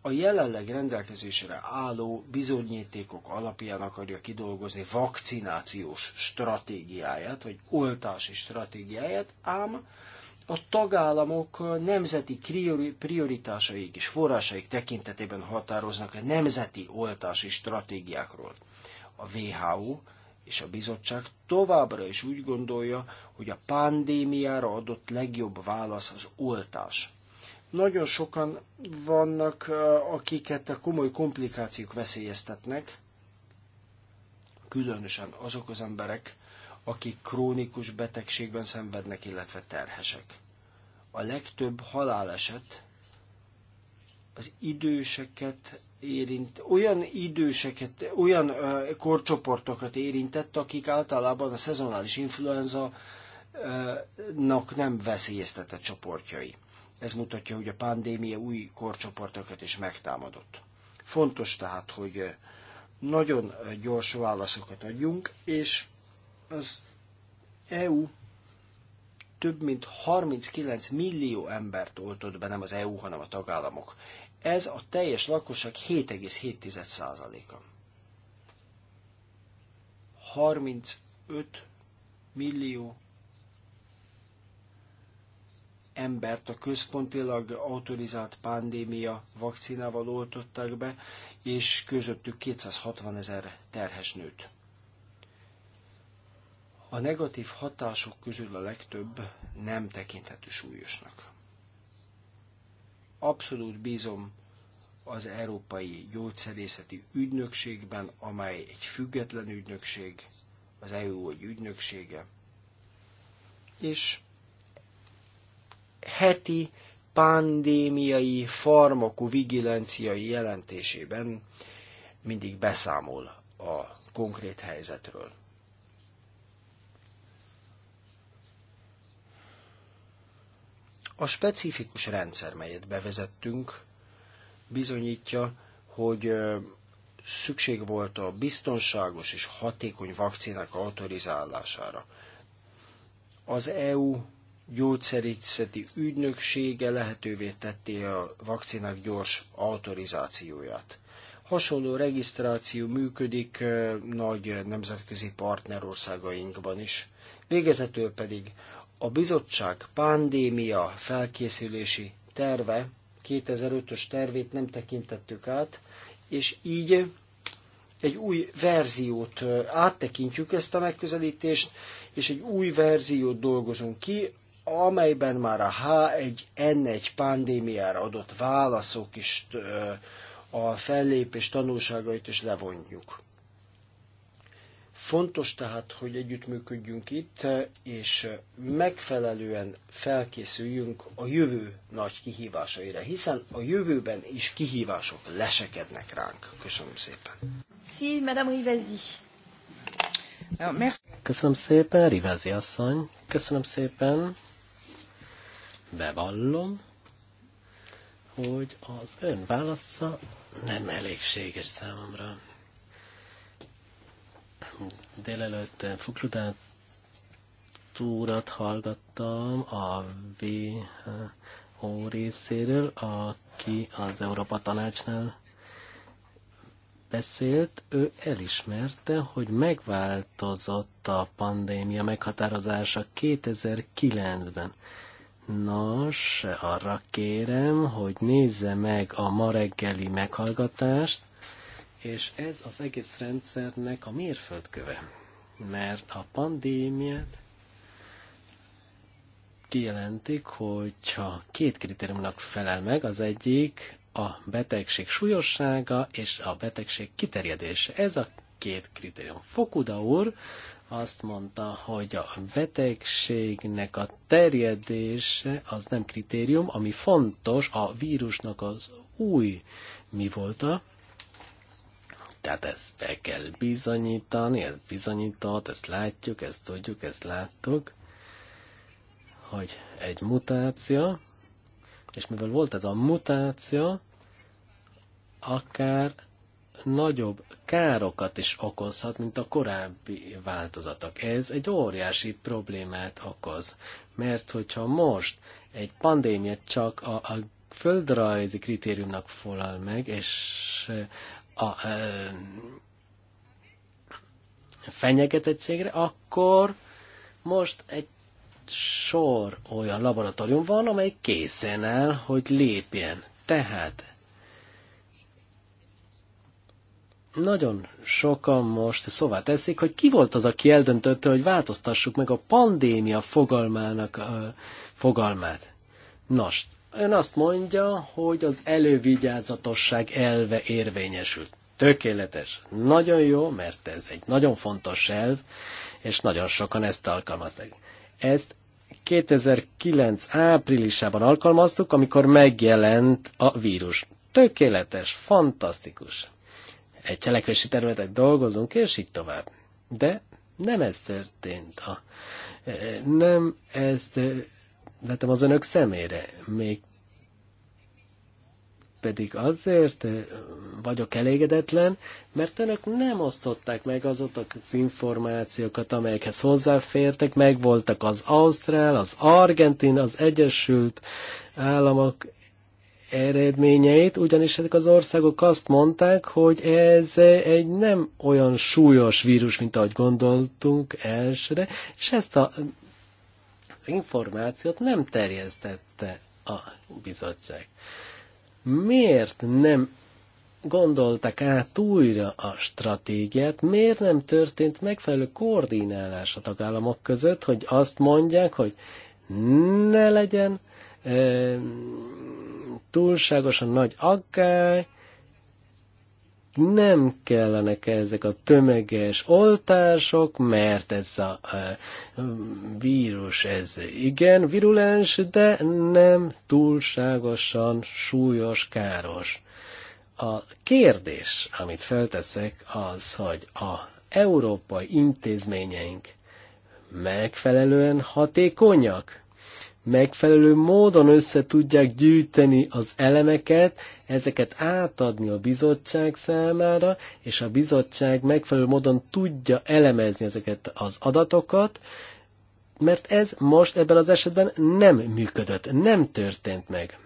a jelenleg rendelkezésre álló bizonyítékok alapján akarja kidolgozni vakcinációs stratégiáját, vagy oltási stratégiáját, ám a tagállamok nemzeti prioritásaik és forrásaik tekintetében határoznak a nemzeti oltási stratégiákról. A WHO és a bizottság továbbra is úgy gondolja, hogy a pandémiára adott legjobb válasz az oltás. Nagyon sokan vannak, akiket a komoly komplikációk veszélyeztetnek, különösen azok az emberek, akik krónikus betegségben szenvednek, illetve terhesek. A legtöbb haláleset az időseket érint, olyan időseket, olyan uh, korcsoportokat érintett, akik általában a szezonális influenza nak nem veszélyeztetett csoportjai. Ez mutatja, hogy a pandémia új korcsoportokat is megtámadott. Fontos tehát, hogy nagyon gyors válaszokat adjunk, és az EU több mint 39 millió embert oltott be, nem az EU, hanem a tagállamok. Ez a teljes lakosság 7,7%-a. 35 millió embert a központilag autorizált pandémia vakcinával oltották be, és közöttük 260 ezer terhes nőt. A negatív hatások közül a legtöbb nem tekinthető súlyosnak. Abszolút bízom az Európai Gyógyszerészeti Ügynökségben, amely egy független ügynökség, az EU egy ügynöksége, és heti pandémiai farmakovigilenciai jelentésében mindig beszámol a konkrét helyzetről. A specifikus rendszer, melyet bevezettünk, bizonyítja, hogy szükség volt a biztonságos és hatékony vakcinák autorizálására. Az EU gyógyszerészeti ügynöksége lehetővé tette a vakcinák gyors autorizációját. Hasonló regisztráció működik nagy nemzetközi partnerországainkban is. Végezetül pedig a bizottság pandémia felkészülési terve, 2005-ös tervét nem tekintettük át, és így egy új verziót áttekintjük ezt a megközelítést, és egy új verziót dolgozunk ki, amelyben már a H1N1 pandémiára adott válaszok is a fellépés tanulságait is levonjuk. Fontos tehát, hogy együttműködjünk itt, és megfelelően felkészüljünk a jövő nagy kihívásaira, hiszen a jövőben is kihívások lesekednek ránk. Köszönöm szépen. Si, Madame Rivasi. Köszönöm szépen, Rivázi asszony. Köszönöm szépen. Bevallom, hogy az ön válasza nem elégséges számomra délelőtt fukludátúrat hallgattam a VHO részéről, aki az Európa Tanácsnál beszélt, ő elismerte, hogy megváltozott a pandémia meghatározása 2009-ben. Nos, arra kérem, hogy nézze meg a ma reggeli meghallgatást, és ez az egész rendszernek a mérföldköve, mert a pandémiát kijelentik, hogyha két kritériumnak felel meg, az egyik a betegség súlyossága és a betegség kiterjedése. Ez a két kritérium. Fokuda úr azt mondta, hogy a betegségnek a terjedése az nem kritérium, ami fontos a vírusnak az új mi volta, tehát ezt be kell bizonyítani, ez bizonyított, ezt látjuk, ezt tudjuk, ezt láttuk, hogy egy mutáció, és mivel volt ez a mutáció, akár nagyobb károkat is okozhat, mint a korábbi változatok. Ez egy óriási problémát okoz, mert hogyha most egy pandémia csak a, a földrajzi kritériumnak folal meg, és a fenyegetettségre, akkor most egy sor olyan laboratórium van, amely készen áll, hogy lépjen. Tehát nagyon sokan most szóvá teszik, hogy ki volt az, aki eldöntötte, hogy változtassuk meg a pandémia fogalmának a fogalmát. Nos, ön azt mondja, hogy az elővigyázatosság elve érvényesült Tökéletes. Nagyon jó, mert ez egy nagyon fontos elv, és nagyon sokan ezt alkalmazták. Ezt 2009 áprilisában alkalmaztuk, amikor megjelent a vírus. Tökéletes, fantasztikus. Egy cselekvési területet dolgozunk, és így tovább. De nem ez történt. A, nem ez történt vetem az önök szemére. Még pedig azért eh, vagyok elégedetlen, mert önök nem osztották meg azokat az információkat, amelyekhez hozzáfértek, megvoltak az Ausztrál, az Argentin, az Egyesült Államok eredményeit, ugyanis ezek az országok azt mondták, hogy ez egy nem olyan súlyos vírus, mint ahogy gondoltunk elsőre, és ezt a információt nem terjesztette a bizottság. Miért nem gondoltak át újra a stratégiát, miért nem történt megfelelő koordinálás a tagállamok között, hogy azt mondják, hogy ne legyen e, túlságosan nagy aggály, nem kellenek ezek a tömeges oltások, mert ez a, vírus, ez igen virulens, de nem túlságosan súlyos, káros. A kérdés, amit felteszek, az, hogy a európai intézményeink megfelelően hatékonyak? megfelelő módon össze tudják gyűjteni az elemeket, ezeket átadni a bizottság számára, és a bizottság megfelelő módon tudja elemezni ezeket az adatokat, mert ez most ebben az esetben nem működött, nem történt meg.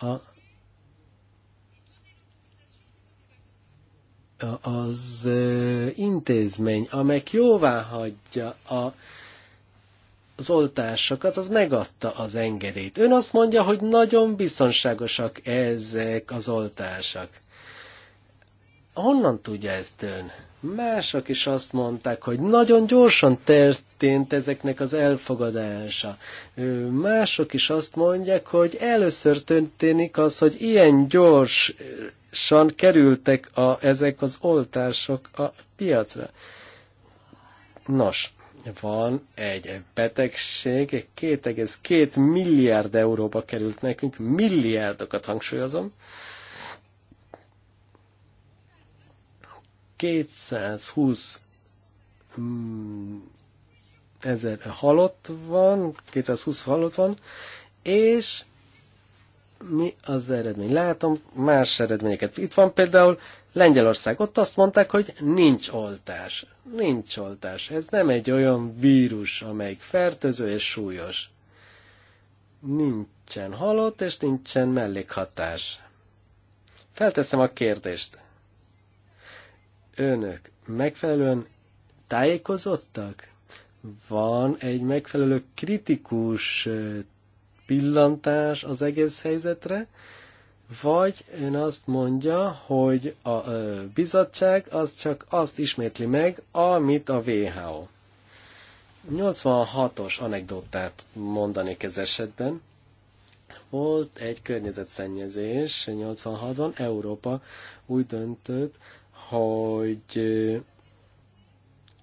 A az intézmény, amely jóvá hagyja a, az oltásokat, az megadta az engedélyt. Ön azt mondja, hogy nagyon biztonságosak ezek az oltások. Honnan tudja ezt ön? Mások is azt mondták, hogy nagyon gyorsan történt ezeknek az elfogadása. Mások is azt mondják, hogy először történik az, hogy ilyen gyors gyorsan kerültek a, ezek az oltások a piacra. Nos, van egy betegség, 2,2 milliárd euróba került nekünk, milliárdokat hangsúlyozom. 220 mm, ezer halott van, 220 halott van, és mi az eredmény? Látom más eredményeket. Itt van például Lengyelország. Ott azt mondták, hogy nincs oltás. Nincs oltás. Ez nem egy olyan vírus, amelyik fertőző és súlyos. Nincsen halott, és nincsen mellékhatás. Felteszem a kérdést. Önök megfelelően tájékozottak? Van egy megfelelő kritikus pillantás az egész helyzetre, vagy ön azt mondja, hogy a bizottság az csak azt ismétli meg, amit a WHO. 86-os anekdotát mondanék ez esetben. Volt egy környezetszennyezés 86-ban, Európa úgy döntött, hogy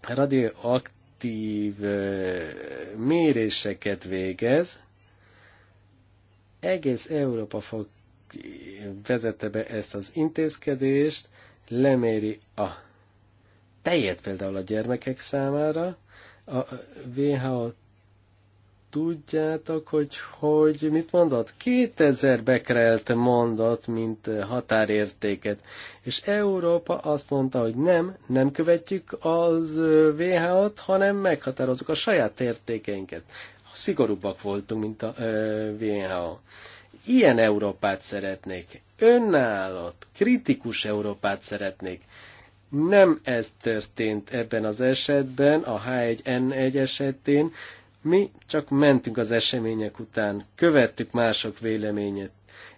radioaktív méréseket végez, egész Európa fog vezette be ezt az intézkedést, leméri a tejet például a gyermekek számára. A WHO tudjátok, hogy, hogy mit mondott? 2000 bekrelt mondott, mint határértéket. És Európa azt mondta, hogy nem, nem követjük az WHO-t, hanem meghatározunk a saját értékeinket szigorúbbak voltunk, mint a WHO. Ilyen Európát szeretnék, önállott, kritikus Európát szeretnék. Nem ez történt ebben az esetben, a H1N1 esetén, mi csak mentünk az események után, követtük mások véleményét,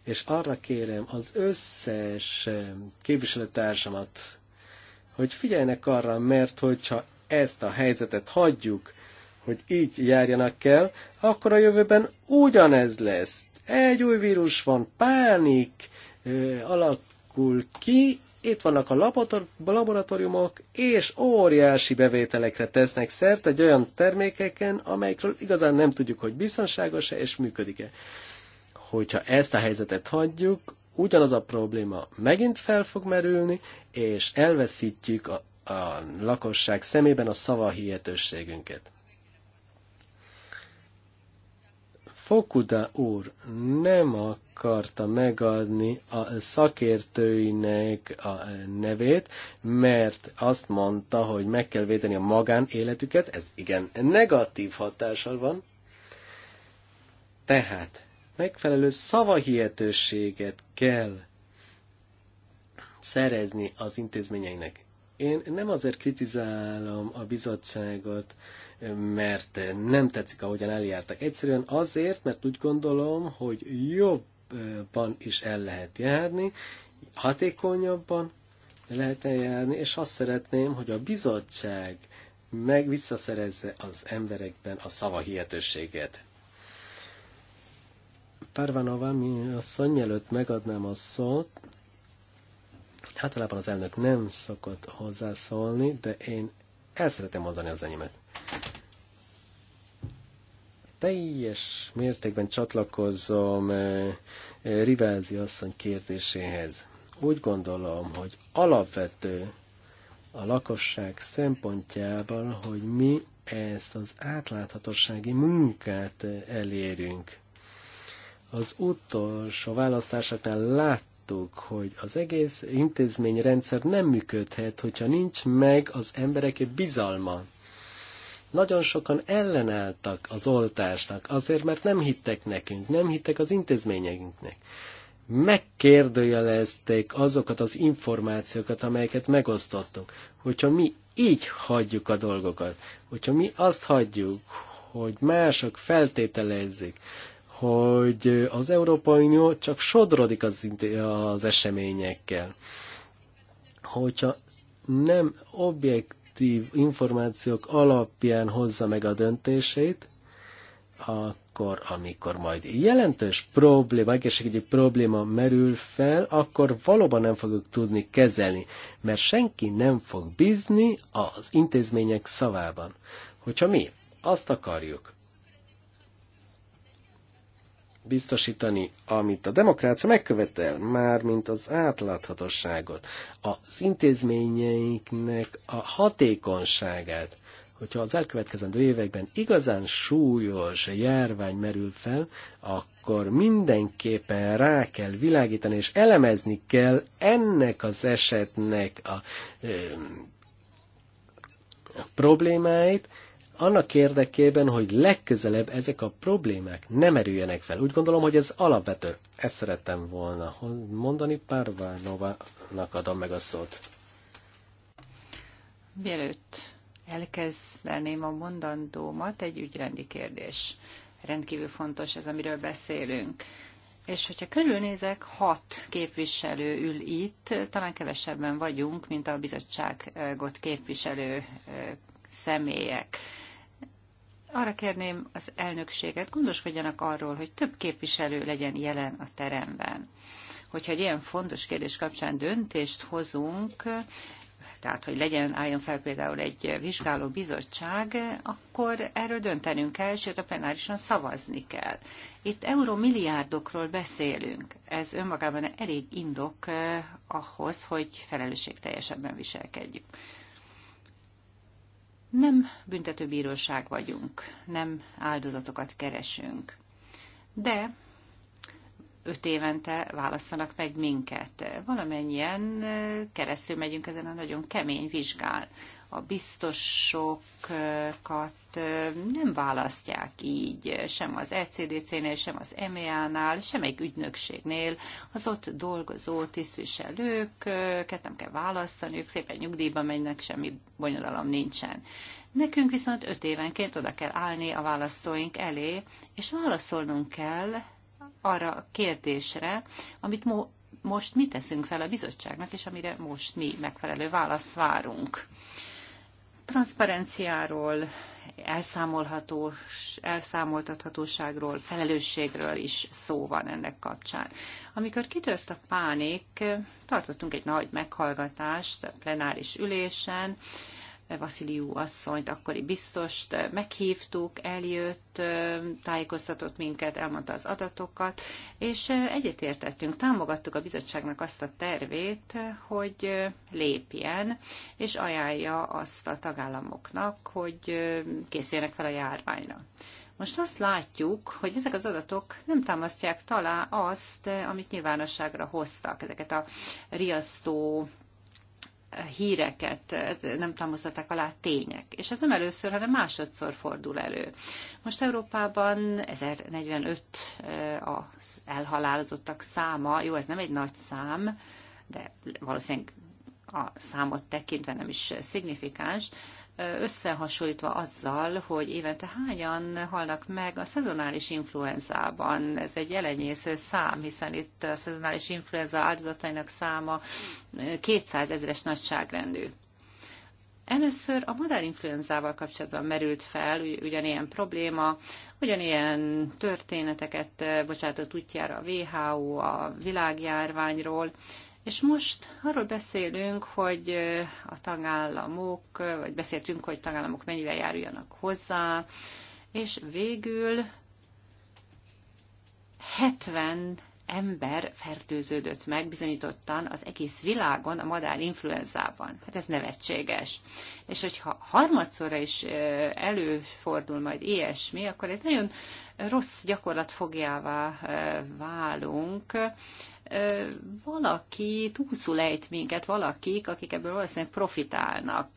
és arra kérem az összes képviselőtársamat, hogy figyeljenek arra, mert hogyha ezt a helyzetet hagyjuk, hogy így járjanak el, akkor a jövőben ugyanez lesz. Egy új vírus van, pánik ö, alakul ki, itt vannak a laboratóriumok, és óriási bevételekre tesznek szert egy olyan termékeken, amelyekről igazán nem tudjuk, hogy biztonságos-e és működik-e. Hogyha ezt a helyzetet hagyjuk, ugyanaz a probléma megint fel fog merülni, és elveszítjük a, a lakosság szemében a hihetőségünket. Fokuda úr nem akarta megadni a szakértőinek a nevét, mert azt mondta, hogy meg kell védeni a magánéletüket, ez igen negatív hatással van. Tehát megfelelő szavahihetőséget kell szerezni az intézményeinek. Én nem azért kritizálom a bizottságot, mert nem tetszik, ahogyan eljártak. Egyszerűen azért, mert úgy gondolom, hogy jobban is el lehet járni, hatékonyabban lehet eljárni, és azt szeretném, hogy a bizottság meg visszaszerezze az emberekben a szava hihetőséget. Parvanova asszony, mielőtt megadnám a szót, Általában az elnök nem szokott hozzászólni, de én el szeretem mondani az enyémet. Teljes mértékben csatlakozom eh, eh, Rivelzi asszony kérdéséhez. Úgy gondolom, hogy alapvető a lakosság szempontjából, hogy mi ezt az átláthatósági munkát eh, elérünk. Az utolsó választásoknál lát láttuk, hogy az egész intézményrendszer nem működhet, hogyha nincs meg az emberek bizalma. Nagyon sokan ellenálltak az oltásnak, azért mert nem hittek nekünk, nem hittek az intézményeinknek. Megkérdőjelezték azokat az információkat, amelyeket megosztottunk. Hogyha mi így hagyjuk a dolgokat, hogyha mi azt hagyjuk, hogy mások feltételezzék, hogy az Európai Unió csak sodrodik az, az eseményekkel. Hogyha nem objektív információk alapján hozza meg a döntését, akkor, amikor majd jelentős probléma, egészségügyi probléma merül fel, akkor valóban nem fogjuk tudni kezelni, mert senki nem fog bízni az intézmények szavában. Hogyha mi azt akarjuk, biztosítani, amit a demokrácia megkövetel, már mint az átláthatóságot, az intézményeinknek a hatékonyságát, hogyha az elkövetkezendő években igazán súlyos járvány merül fel, akkor mindenképpen rá kell világítani, és elemezni kell ennek az esetnek a, a problémáit, annak érdekében, hogy legközelebb ezek a problémák nem erüljenek fel. Úgy gondolom, hogy ez alapvető. Ezt szerettem volna mondani, Párvánovának adom meg a szót. Mielőtt elkezdeném a mondandómat, egy ügyrendi kérdés. Rendkívül fontos ez, amiről beszélünk. És hogyha körülnézek, hat képviselő ül itt, talán kevesebben vagyunk, mint a bizottságot képviselő személyek arra kérném az elnökséget, gondoskodjanak arról, hogy több képviselő legyen jelen a teremben. Hogyha egy ilyen fontos kérdés kapcsán döntést hozunk, tehát hogy legyen, álljon fel például egy vizsgáló bizottság, akkor erről döntenünk kell, sőt a plenárisan szavazni kell. Itt euromilliárdokról beszélünk. Ez önmagában elég indok eh, ahhoz, hogy felelősségteljesebben viselkedjük. Nem büntetőbíróság vagyunk, nem áldozatokat keresünk. De öt évente választanak meg minket. Valamennyien eh, keresztül megyünk ezen a nagyon kemény vizsgán a biztosokat nem választják így, sem az ECDC-nél, sem az EMEA-nál, egy ügynökségnél. Az ott dolgozó tisztviselőket nem kell választani, ők szépen nyugdíjba mennek, semmi bonyodalom nincsen. Nekünk viszont öt évenként oda kell állni a választóink elé, és válaszolnunk kell arra a kérdésre, amit mo- most mi teszünk fel a bizottságnak, és amire most mi megfelelő választ várunk transzparenciáról, elszámolhatós, elszámoltathatóságról, felelősségről is szó van ennek kapcsán. Amikor kitört a pánik, tartottunk egy nagy meghallgatást a plenáris ülésen, Vasziliú asszonyt, akkori biztost eh, meghívtuk, eljött, eh, tájékoztatott minket, elmondta az adatokat, és eh, egyetértettünk, támogattuk a bizottságnak azt a tervét, hogy lépjen, és ajánlja azt a tagállamoknak, hogy készüljenek fel a járványra. Most azt látjuk, hogy ezek az adatok nem támasztják talán azt, amit nyilvánosságra hoztak, ezeket a riasztó híreket, ez nem támasztották alá tények. És ez nem először, hanem másodszor fordul elő. Most Európában 1045 eh, az elhalálozottak száma, jó, ez nem egy nagy szám, de valószínűleg a számot tekintve nem is szignifikáns, összehasonlítva azzal, hogy évente hányan halnak meg a szezonális influenzában. Ez egy jelenyésző szám, hiszen itt a szezonális influenza áldozatainak száma 200 ezeres nagyságrendű. Először a madárinfluenzával kapcsolatban merült fel ugyanilyen probléma, ugyanilyen történeteket bocsátott útjára a WHO a világjárványról, és most arról beszélünk, hogy a tagállamok, vagy beszéltünk, hogy tagállamok mennyivel járuljanak hozzá, és végül 70 ember fertőződött meg bizonyítottan az egész világon a madár influenzában. Hát ez nevetséges. És hogyha harmadszorra is előfordul majd ilyesmi, akkor egy nagyon rossz gyakorlat fogjává válunk. Valaki túlszul ejt minket, valakik, akik ebből valószínűleg profitálnak.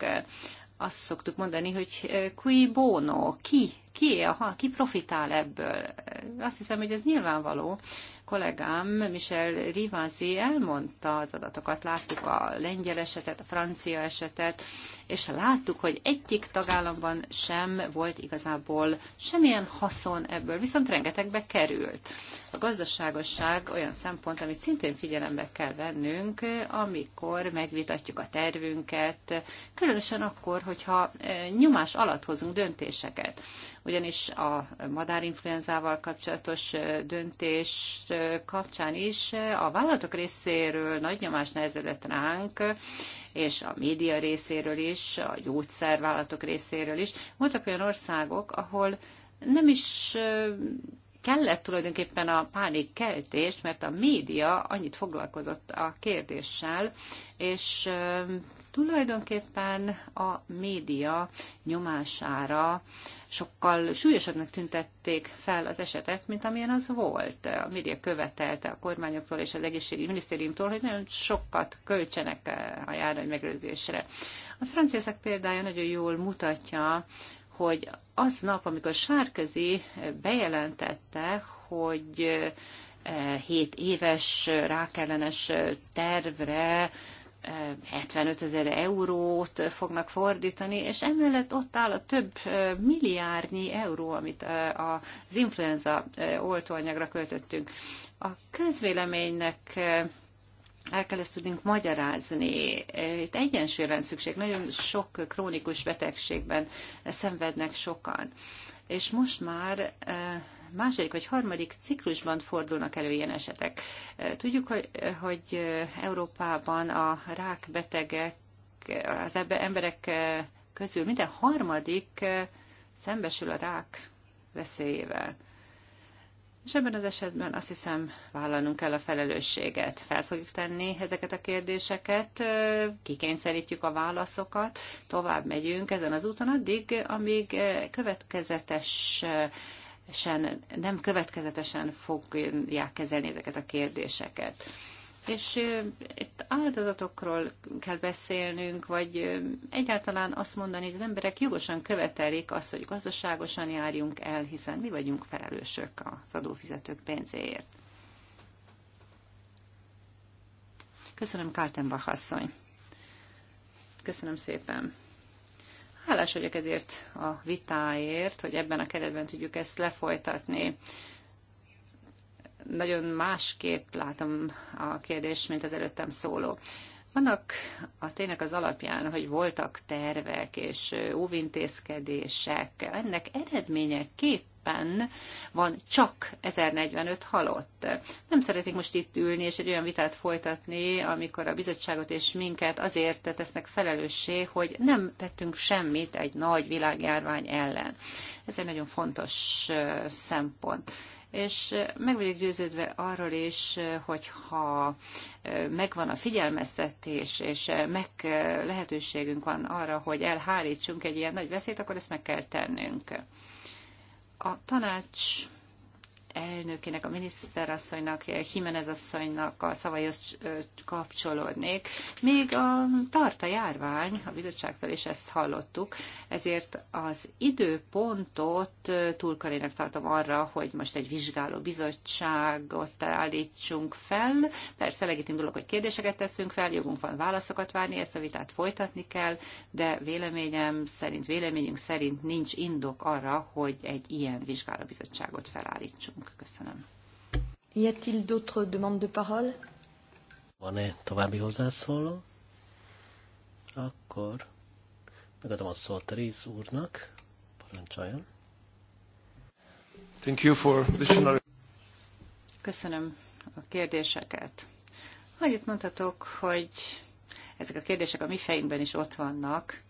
Azt szoktuk mondani, hogy qui bono, ki, ki, aha, ki profitál ebből. Azt hiszem, hogy ez nyilvánvaló, kollégám Michel Rivasi elmondta az adatokat, láttuk a lengyel esetet, a francia esetet, és láttuk, hogy egyik tagállamban sem volt igazából semmilyen haszon ebből, viszont rengetegbe került. A gazdaságosság olyan szempont, amit szintén figyelembe kell vennünk, amikor megvitatjuk a tervünket, különösen akkor, hogyha eh, nyomás alatt hozunk döntéseket. Ugyanis a madárinfluenzával kapcsolatos eh, döntést eh, kapcsán is a vállalatok részéről nagy nyomás nehezedett ránk, és a média részéről is, a gyógyszervállalatok részéről is. Voltak olyan országok, ahol nem is kellett tulajdonképpen a keltést, mert a média annyit foglalkozott a kérdéssel, és tulajdonképpen a média nyomására sokkal súlyosabbnak tüntették fel az esetet, mint amilyen az volt. A média követelte a kormányoktól és az egészségügyi minisztériumtól, hogy nagyon sokat költsenek eh, a járvány megőrzésre. A franciaszak példája nagyon jól mutatja, hogy az nap, amikor Sárközi eh, bejelentette, hogy 7 eh, éves rákellenes tervre 75 ezer eurót fognak fordítani, és emellett ott áll a több milliárdnyi euró, amit az influenza oltóanyagra költöttünk. A közvéleménynek el kell ezt tudnunk magyarázni. Itt egyensúlyra szükség. Nagyon sok krónikus betegségben szenvednek sokan. És most már második vagy harmadik ciklusban fordulnak elő ilyen esetek. Tudjuk, hogy, hogy Európában a rákbetegek, az emberek közül minden harmadik szembesül a rák veszélyével. És ebben az esetben azt hiszem vállalnunk kell a felelősséget. Fel fogjuk tenni ezeket a kérdéseket, kikényszerítjük a válaszokat, tovább megyünk ezen az úton addig, amíg következetes sen, nem következetesen fogják kezelni ezeket a kérdéseket. És itt áldozatokról kell beszélnünk, vagy egyáltalán azt mondani, hogy az emberek jogosan követelik azt, hogy gazdaságosan járjunk el, hiszen mi vagyunk felelősök az adófizetők pénzéért. Köszönöm, Kaltenbach asszony. Köszönöm szépen. Hálás vagyok ezért a vitáért, hogy ebben a keretben tudjuk ezt lefolytatni. Nagyon másképp látom a kérdést, mint az előttem szóló. Annak a tények az alapján, hogy voltak tervek és óvintézkedések, ennek eredményeképp éppen van csak 1045 halott. Nem szeretik most itt ülni és egy olyan vitát folytatni, amikor a bizottságot és minket azért tesznek felelőssé, hogy nem tettünk semmit egy nagy világjárvány ellen. Ez egy nagyon fontos szempont és meg vagyok győződve arról is, hogyha megvan a figyelmeztetés, és meg lehetőségünk van arra, hogy elhárítsunk egy ilyen nagy veszélyt, akkor ezt meg kell tennünk a tanács elnökének, a miniszterasszonynak, Jimenez asszonynak a szavaihoz kapcsolódnék. Még a tart a járvány, a bizottságtól és ezt hallottuk, ezért az időpontot túlkarének tartom arra, hogy most egy vizsgáló bizottságot állítsunk fel. Persze legitim dolog, hogy kérdéseket teszünk fel, jogunk van válaszokat várni, ezt a vitát folytatni kell, de véleményem szerint, véleményünk szerint nincs indok arra, hogy egy ilyen vizsgálóbizottságot felállítsunk kapunk. Köszönöm. Y a-t-il d'autres demandes de parole? Van-e további hozzászóló? Akkor megadom a szót Riz úrnak. Parancsoljon. Thank you for additional... Köszönöm a kérdéseket. Annyit mondhatok, hogy ezek a kérdések a mi fejünkben is ott vannak,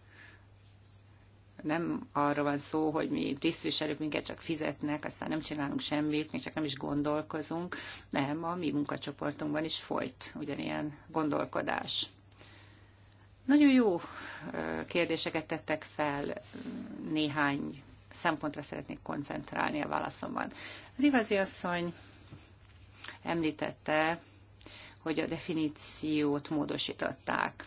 nem arról van szó, hogy mi tisztviselők minket csak fizetnek, aztán nem csinálunk semmit, még csak nem is gondolkozunk. Nem, a mi munkacsoportunkban is folyt ugyanilyen gondolkodás. Nagyon jó kérdéseket tettek fel, néhány szempontra szeretnék koncentrálni a válaszomban. Rivazi asszony említette, hogy a definíciót módosították.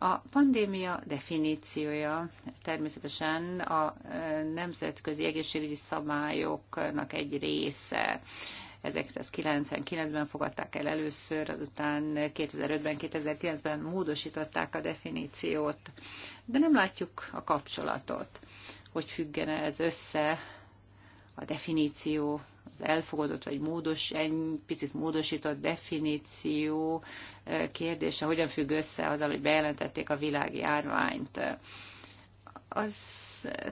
A pandémia definíciója természetesen a e, nemzetközi egészségügyi szabályoknak egy része. 1999-ben fogadták el először, azután 2005-ben, 2009-ben módosították a definíciót, de nem látjuk a kapcsolatot, hogy függene ez össze a definíció elfogadott vagy módos, egy picit módosított definíció eh, kérdése, hogyan függ össze az, amit bejelentették a világi járványt. Az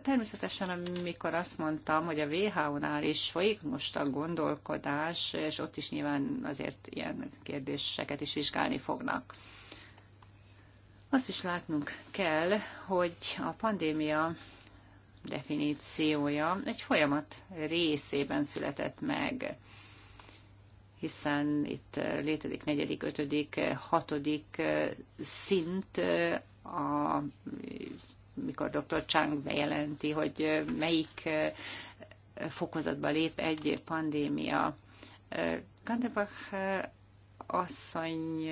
természetesen, amikor azt mondtam, hogy a WHO-nál is folyik most a gondolkodás, és ott is nyilván azért ilyen kérdéseket is vizsgálni fognak. Azt is látnunk kell, hogy a pandémia definíciója egy folyamat részében született meg, hiszen itt létezik negyedik, ötödik, hatodik szint, a, mikor dr. Chang bejelenti, hogy melyik fokozatba lép egy pandémia. Kandebach asszony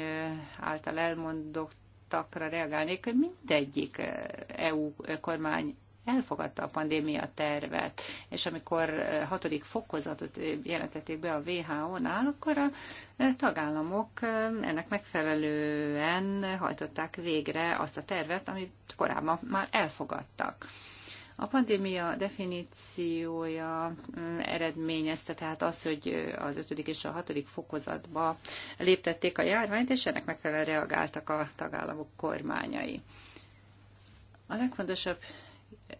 által elmondott takra reagálnék, hogy mindegyik EU kormány elfogadta a pandémia tervet, és amikor hatodik fokozatot jelentették be a WHO-nál, akkor a tagállamok ennek megfelelően hajtották végre azt a tervet, amit korábban már elfogadtak. A pandémia definíciója mm, eredményezte tehát az, hogy az ötödik és a hatodik fokozatba léptették a járványt, és ennek megfelelően reagáltak a tagállamok kormányai. A legfontosabb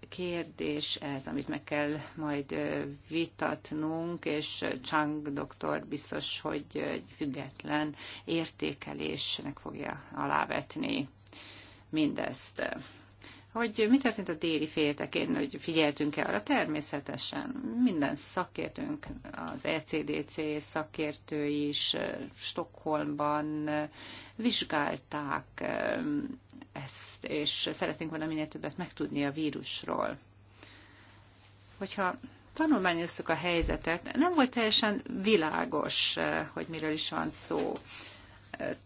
kérdés ez, amit meg kell majd vitatnunk, és Chang doktor biztos, hogy egy független értékelésnek fogja alávetni mindezt hogy mi történt a déli féltekén, hogy figyeltünk-e arra? Természetesen minden szakértőnk, az ECDC szakértői is Stockholmban vizsgálták ezt, és szeretnénk volna minél többet megtudni a vírusról. Hogyha tanulmányoztuk a helyzetet, nem volt teljesen világos, hogy miről is van szó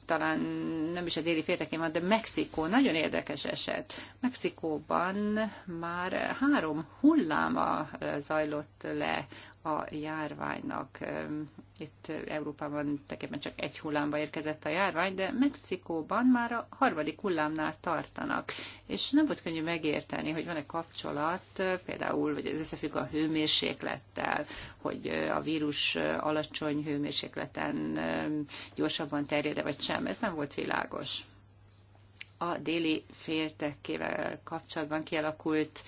talán nem is a déli féltekén van, de Mexikó nagyon érdekes eset. Mexikóban már három hulláma zajlott le a járványnak. Itt Európában tekében csak egy hullámba érkezett a járvány, de Mexikóban már a harmadik hullámnál tartanak. És nem volt könnyű megérteni, hogy van-e kapcsolat, például, vagy ez összefügg a hőmérséklettel, hogy a vírus alacsony hőmérsékleten gyorsabban terjed, vagy sem. Ez nem volt világos a déli féltekével kapcsolatban kialakult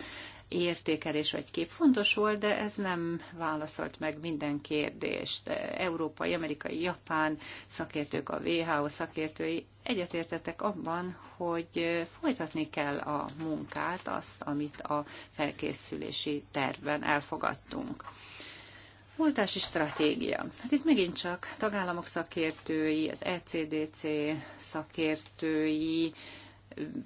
értékelés vagy kép fontos volt, de ez nem válaszolt meg minden kérdést. Európai, amerikai, japán szakértők, a WHO szakértői egyetértettek abban, hogy folytatni kell a munkát, azt, amit a felkészülési tervben elfogadtunk. Oltási stratégia. Hát itt megint csak tagállamok szakértői, az ECDC szakértői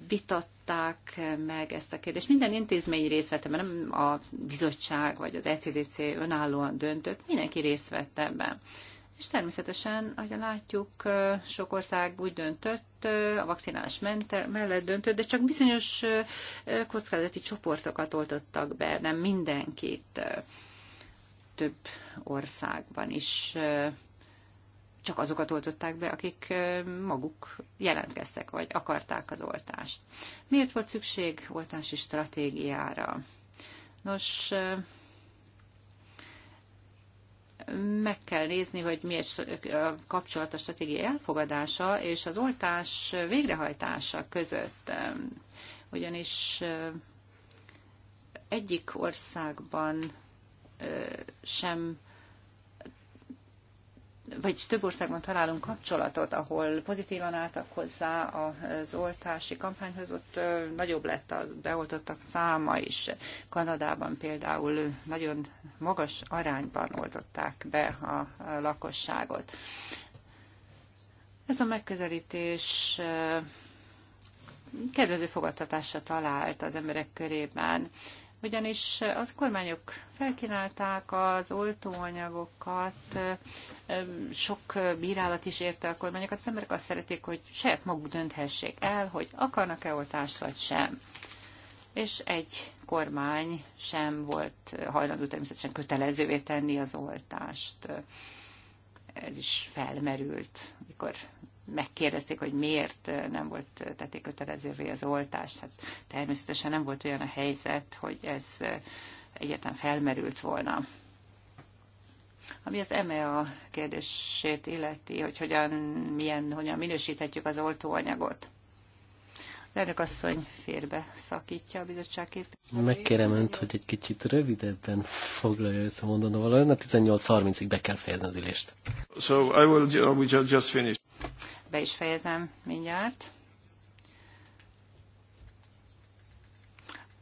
vitat vitatták meg ezt a kérdést. Minden intézményi részt vett mert nem a bizottság vagy az ECDC önállóan döntött, mindenki részt vett ebben. És természetesen, ahogy látjuk, sok ország úgy döntött, a vakcinálás mellett döntött, de csak bizonyos kockázati csoportokat oltottak be, nem mindenkit több országban is csak azokat oltották be, akik maguk jelentkeztek, vagy akarták az oltást. Miért volt szükség oltási stratégiára? Nos, meg kell nézni, hogy miért a kapcsolat a stratégia elfogadása és az oltás végrehajtása között. Ugyanis egyik országban sem vagy több országban találunk kapcsolatot, ahol pozitívan álltak hozzá az oltási kampányhoz, ott nagyobb lett a beoltottak száma is. Kanadában például nagyon magas arányban oltották be a lakosságot. Ez a megközelítés kedvező fogadtatásra talált az emberek körében ugyanis a kormányok felkínálták az oltóanyagokat, sok bírálat is érte a kormányokat, az emberek azt szeretik, hogy saját maguk dönthessék el, hogy akarnak-e oltást vagy sem. És egy kormány sem volt hajlandó természetesen kötelezővé tenni az oltást. Ez is felmerült, mikor megkérdezték, hogy miért nem volt tették kötelezővé az oltás. Hát természetesen nem volt olyan a helyzet, hogy ez egyetlen felmerült volna. Ami az EMEA kérdését illeti, hogy hogyan, milyen, hogyan minősíthetjük az oltóanyagot. Az elnök asszony férbe szakítja a bizottság Megkérem önt, hogy egy kicsit rövidebben foglalja össze mondandó valójában, 18.30-ig be kell fejezni az ülést. So I will, I will just finish be is fejezem mindjárt.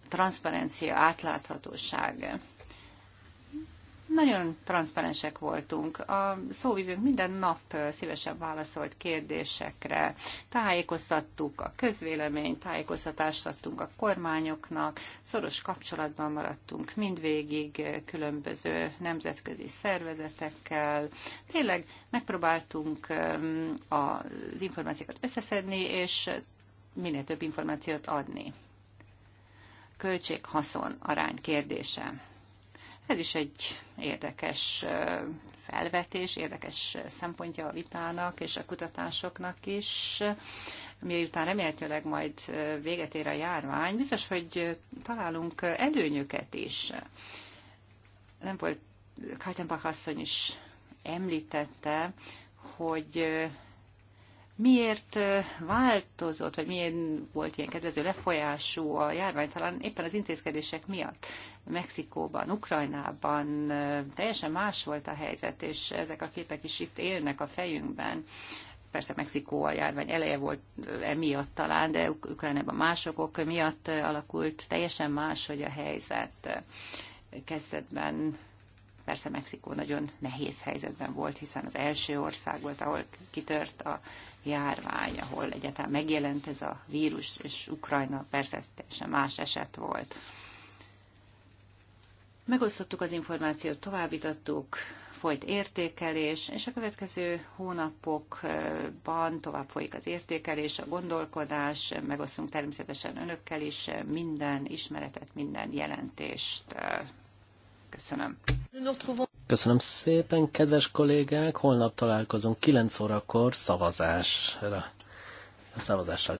Transzparencia, átláthatóság. Nagyon transzparensek voltunk. A szóvivőnk minden nap szívesen válaszolt kérdésekre. Tájékoztattuk a közvéleményt, tájékoztatást adtunk a kormányoknak, szoros kapcsolatban maradtunk mindvégig különböző nemzetközi szervezetekkel. Tényleg megpróbáltunk az információkat összeszedni, és minél több információt adni. Költség-haszon arány kérdése. Ez is egy érdekes felvetés, érdekes szempontja a vitának és a kutatásoknak is. Miután remélhetőleg majd véget ér a járvány, biztos, hogy találunk előnyöket is. Nem volt, Kaltenbach asszony is említette, hogy miért változott, vagy miért volt ilyen kedvező lefolyású a járvány, talán éppen az intézkedések miatt. Mexikóban, Ukrajnában teljesen más volt a helyzet, és ezek a képek is itt élnek a fejünkben. Persze Mexikó a járvány eleje volt emiatt talán, de Ukrajnában másokok miatt alakult teljesen más, hogy a helyzet kezdetben Persze Mexikó nagyon nehéz helyzetben volt, hiszen az első ország volt, ahol kitört a járvány, ahol egyáltalán megjelent ez a vírus, és Ukrajna persze ez teljesen más eset volt. Megosztottuk az információt, továbbítottuk, folyt értékelés, és a következő hónapokban tovább folyik az értékelés, a gondolkodás, megosztunk természetesen önökkel is minden ismeretet, minden jelentést Köszönöm. Köszönöm szépen, kedves kollégák! Holnap találkozunk 9 órakor szavazásra. A szavazással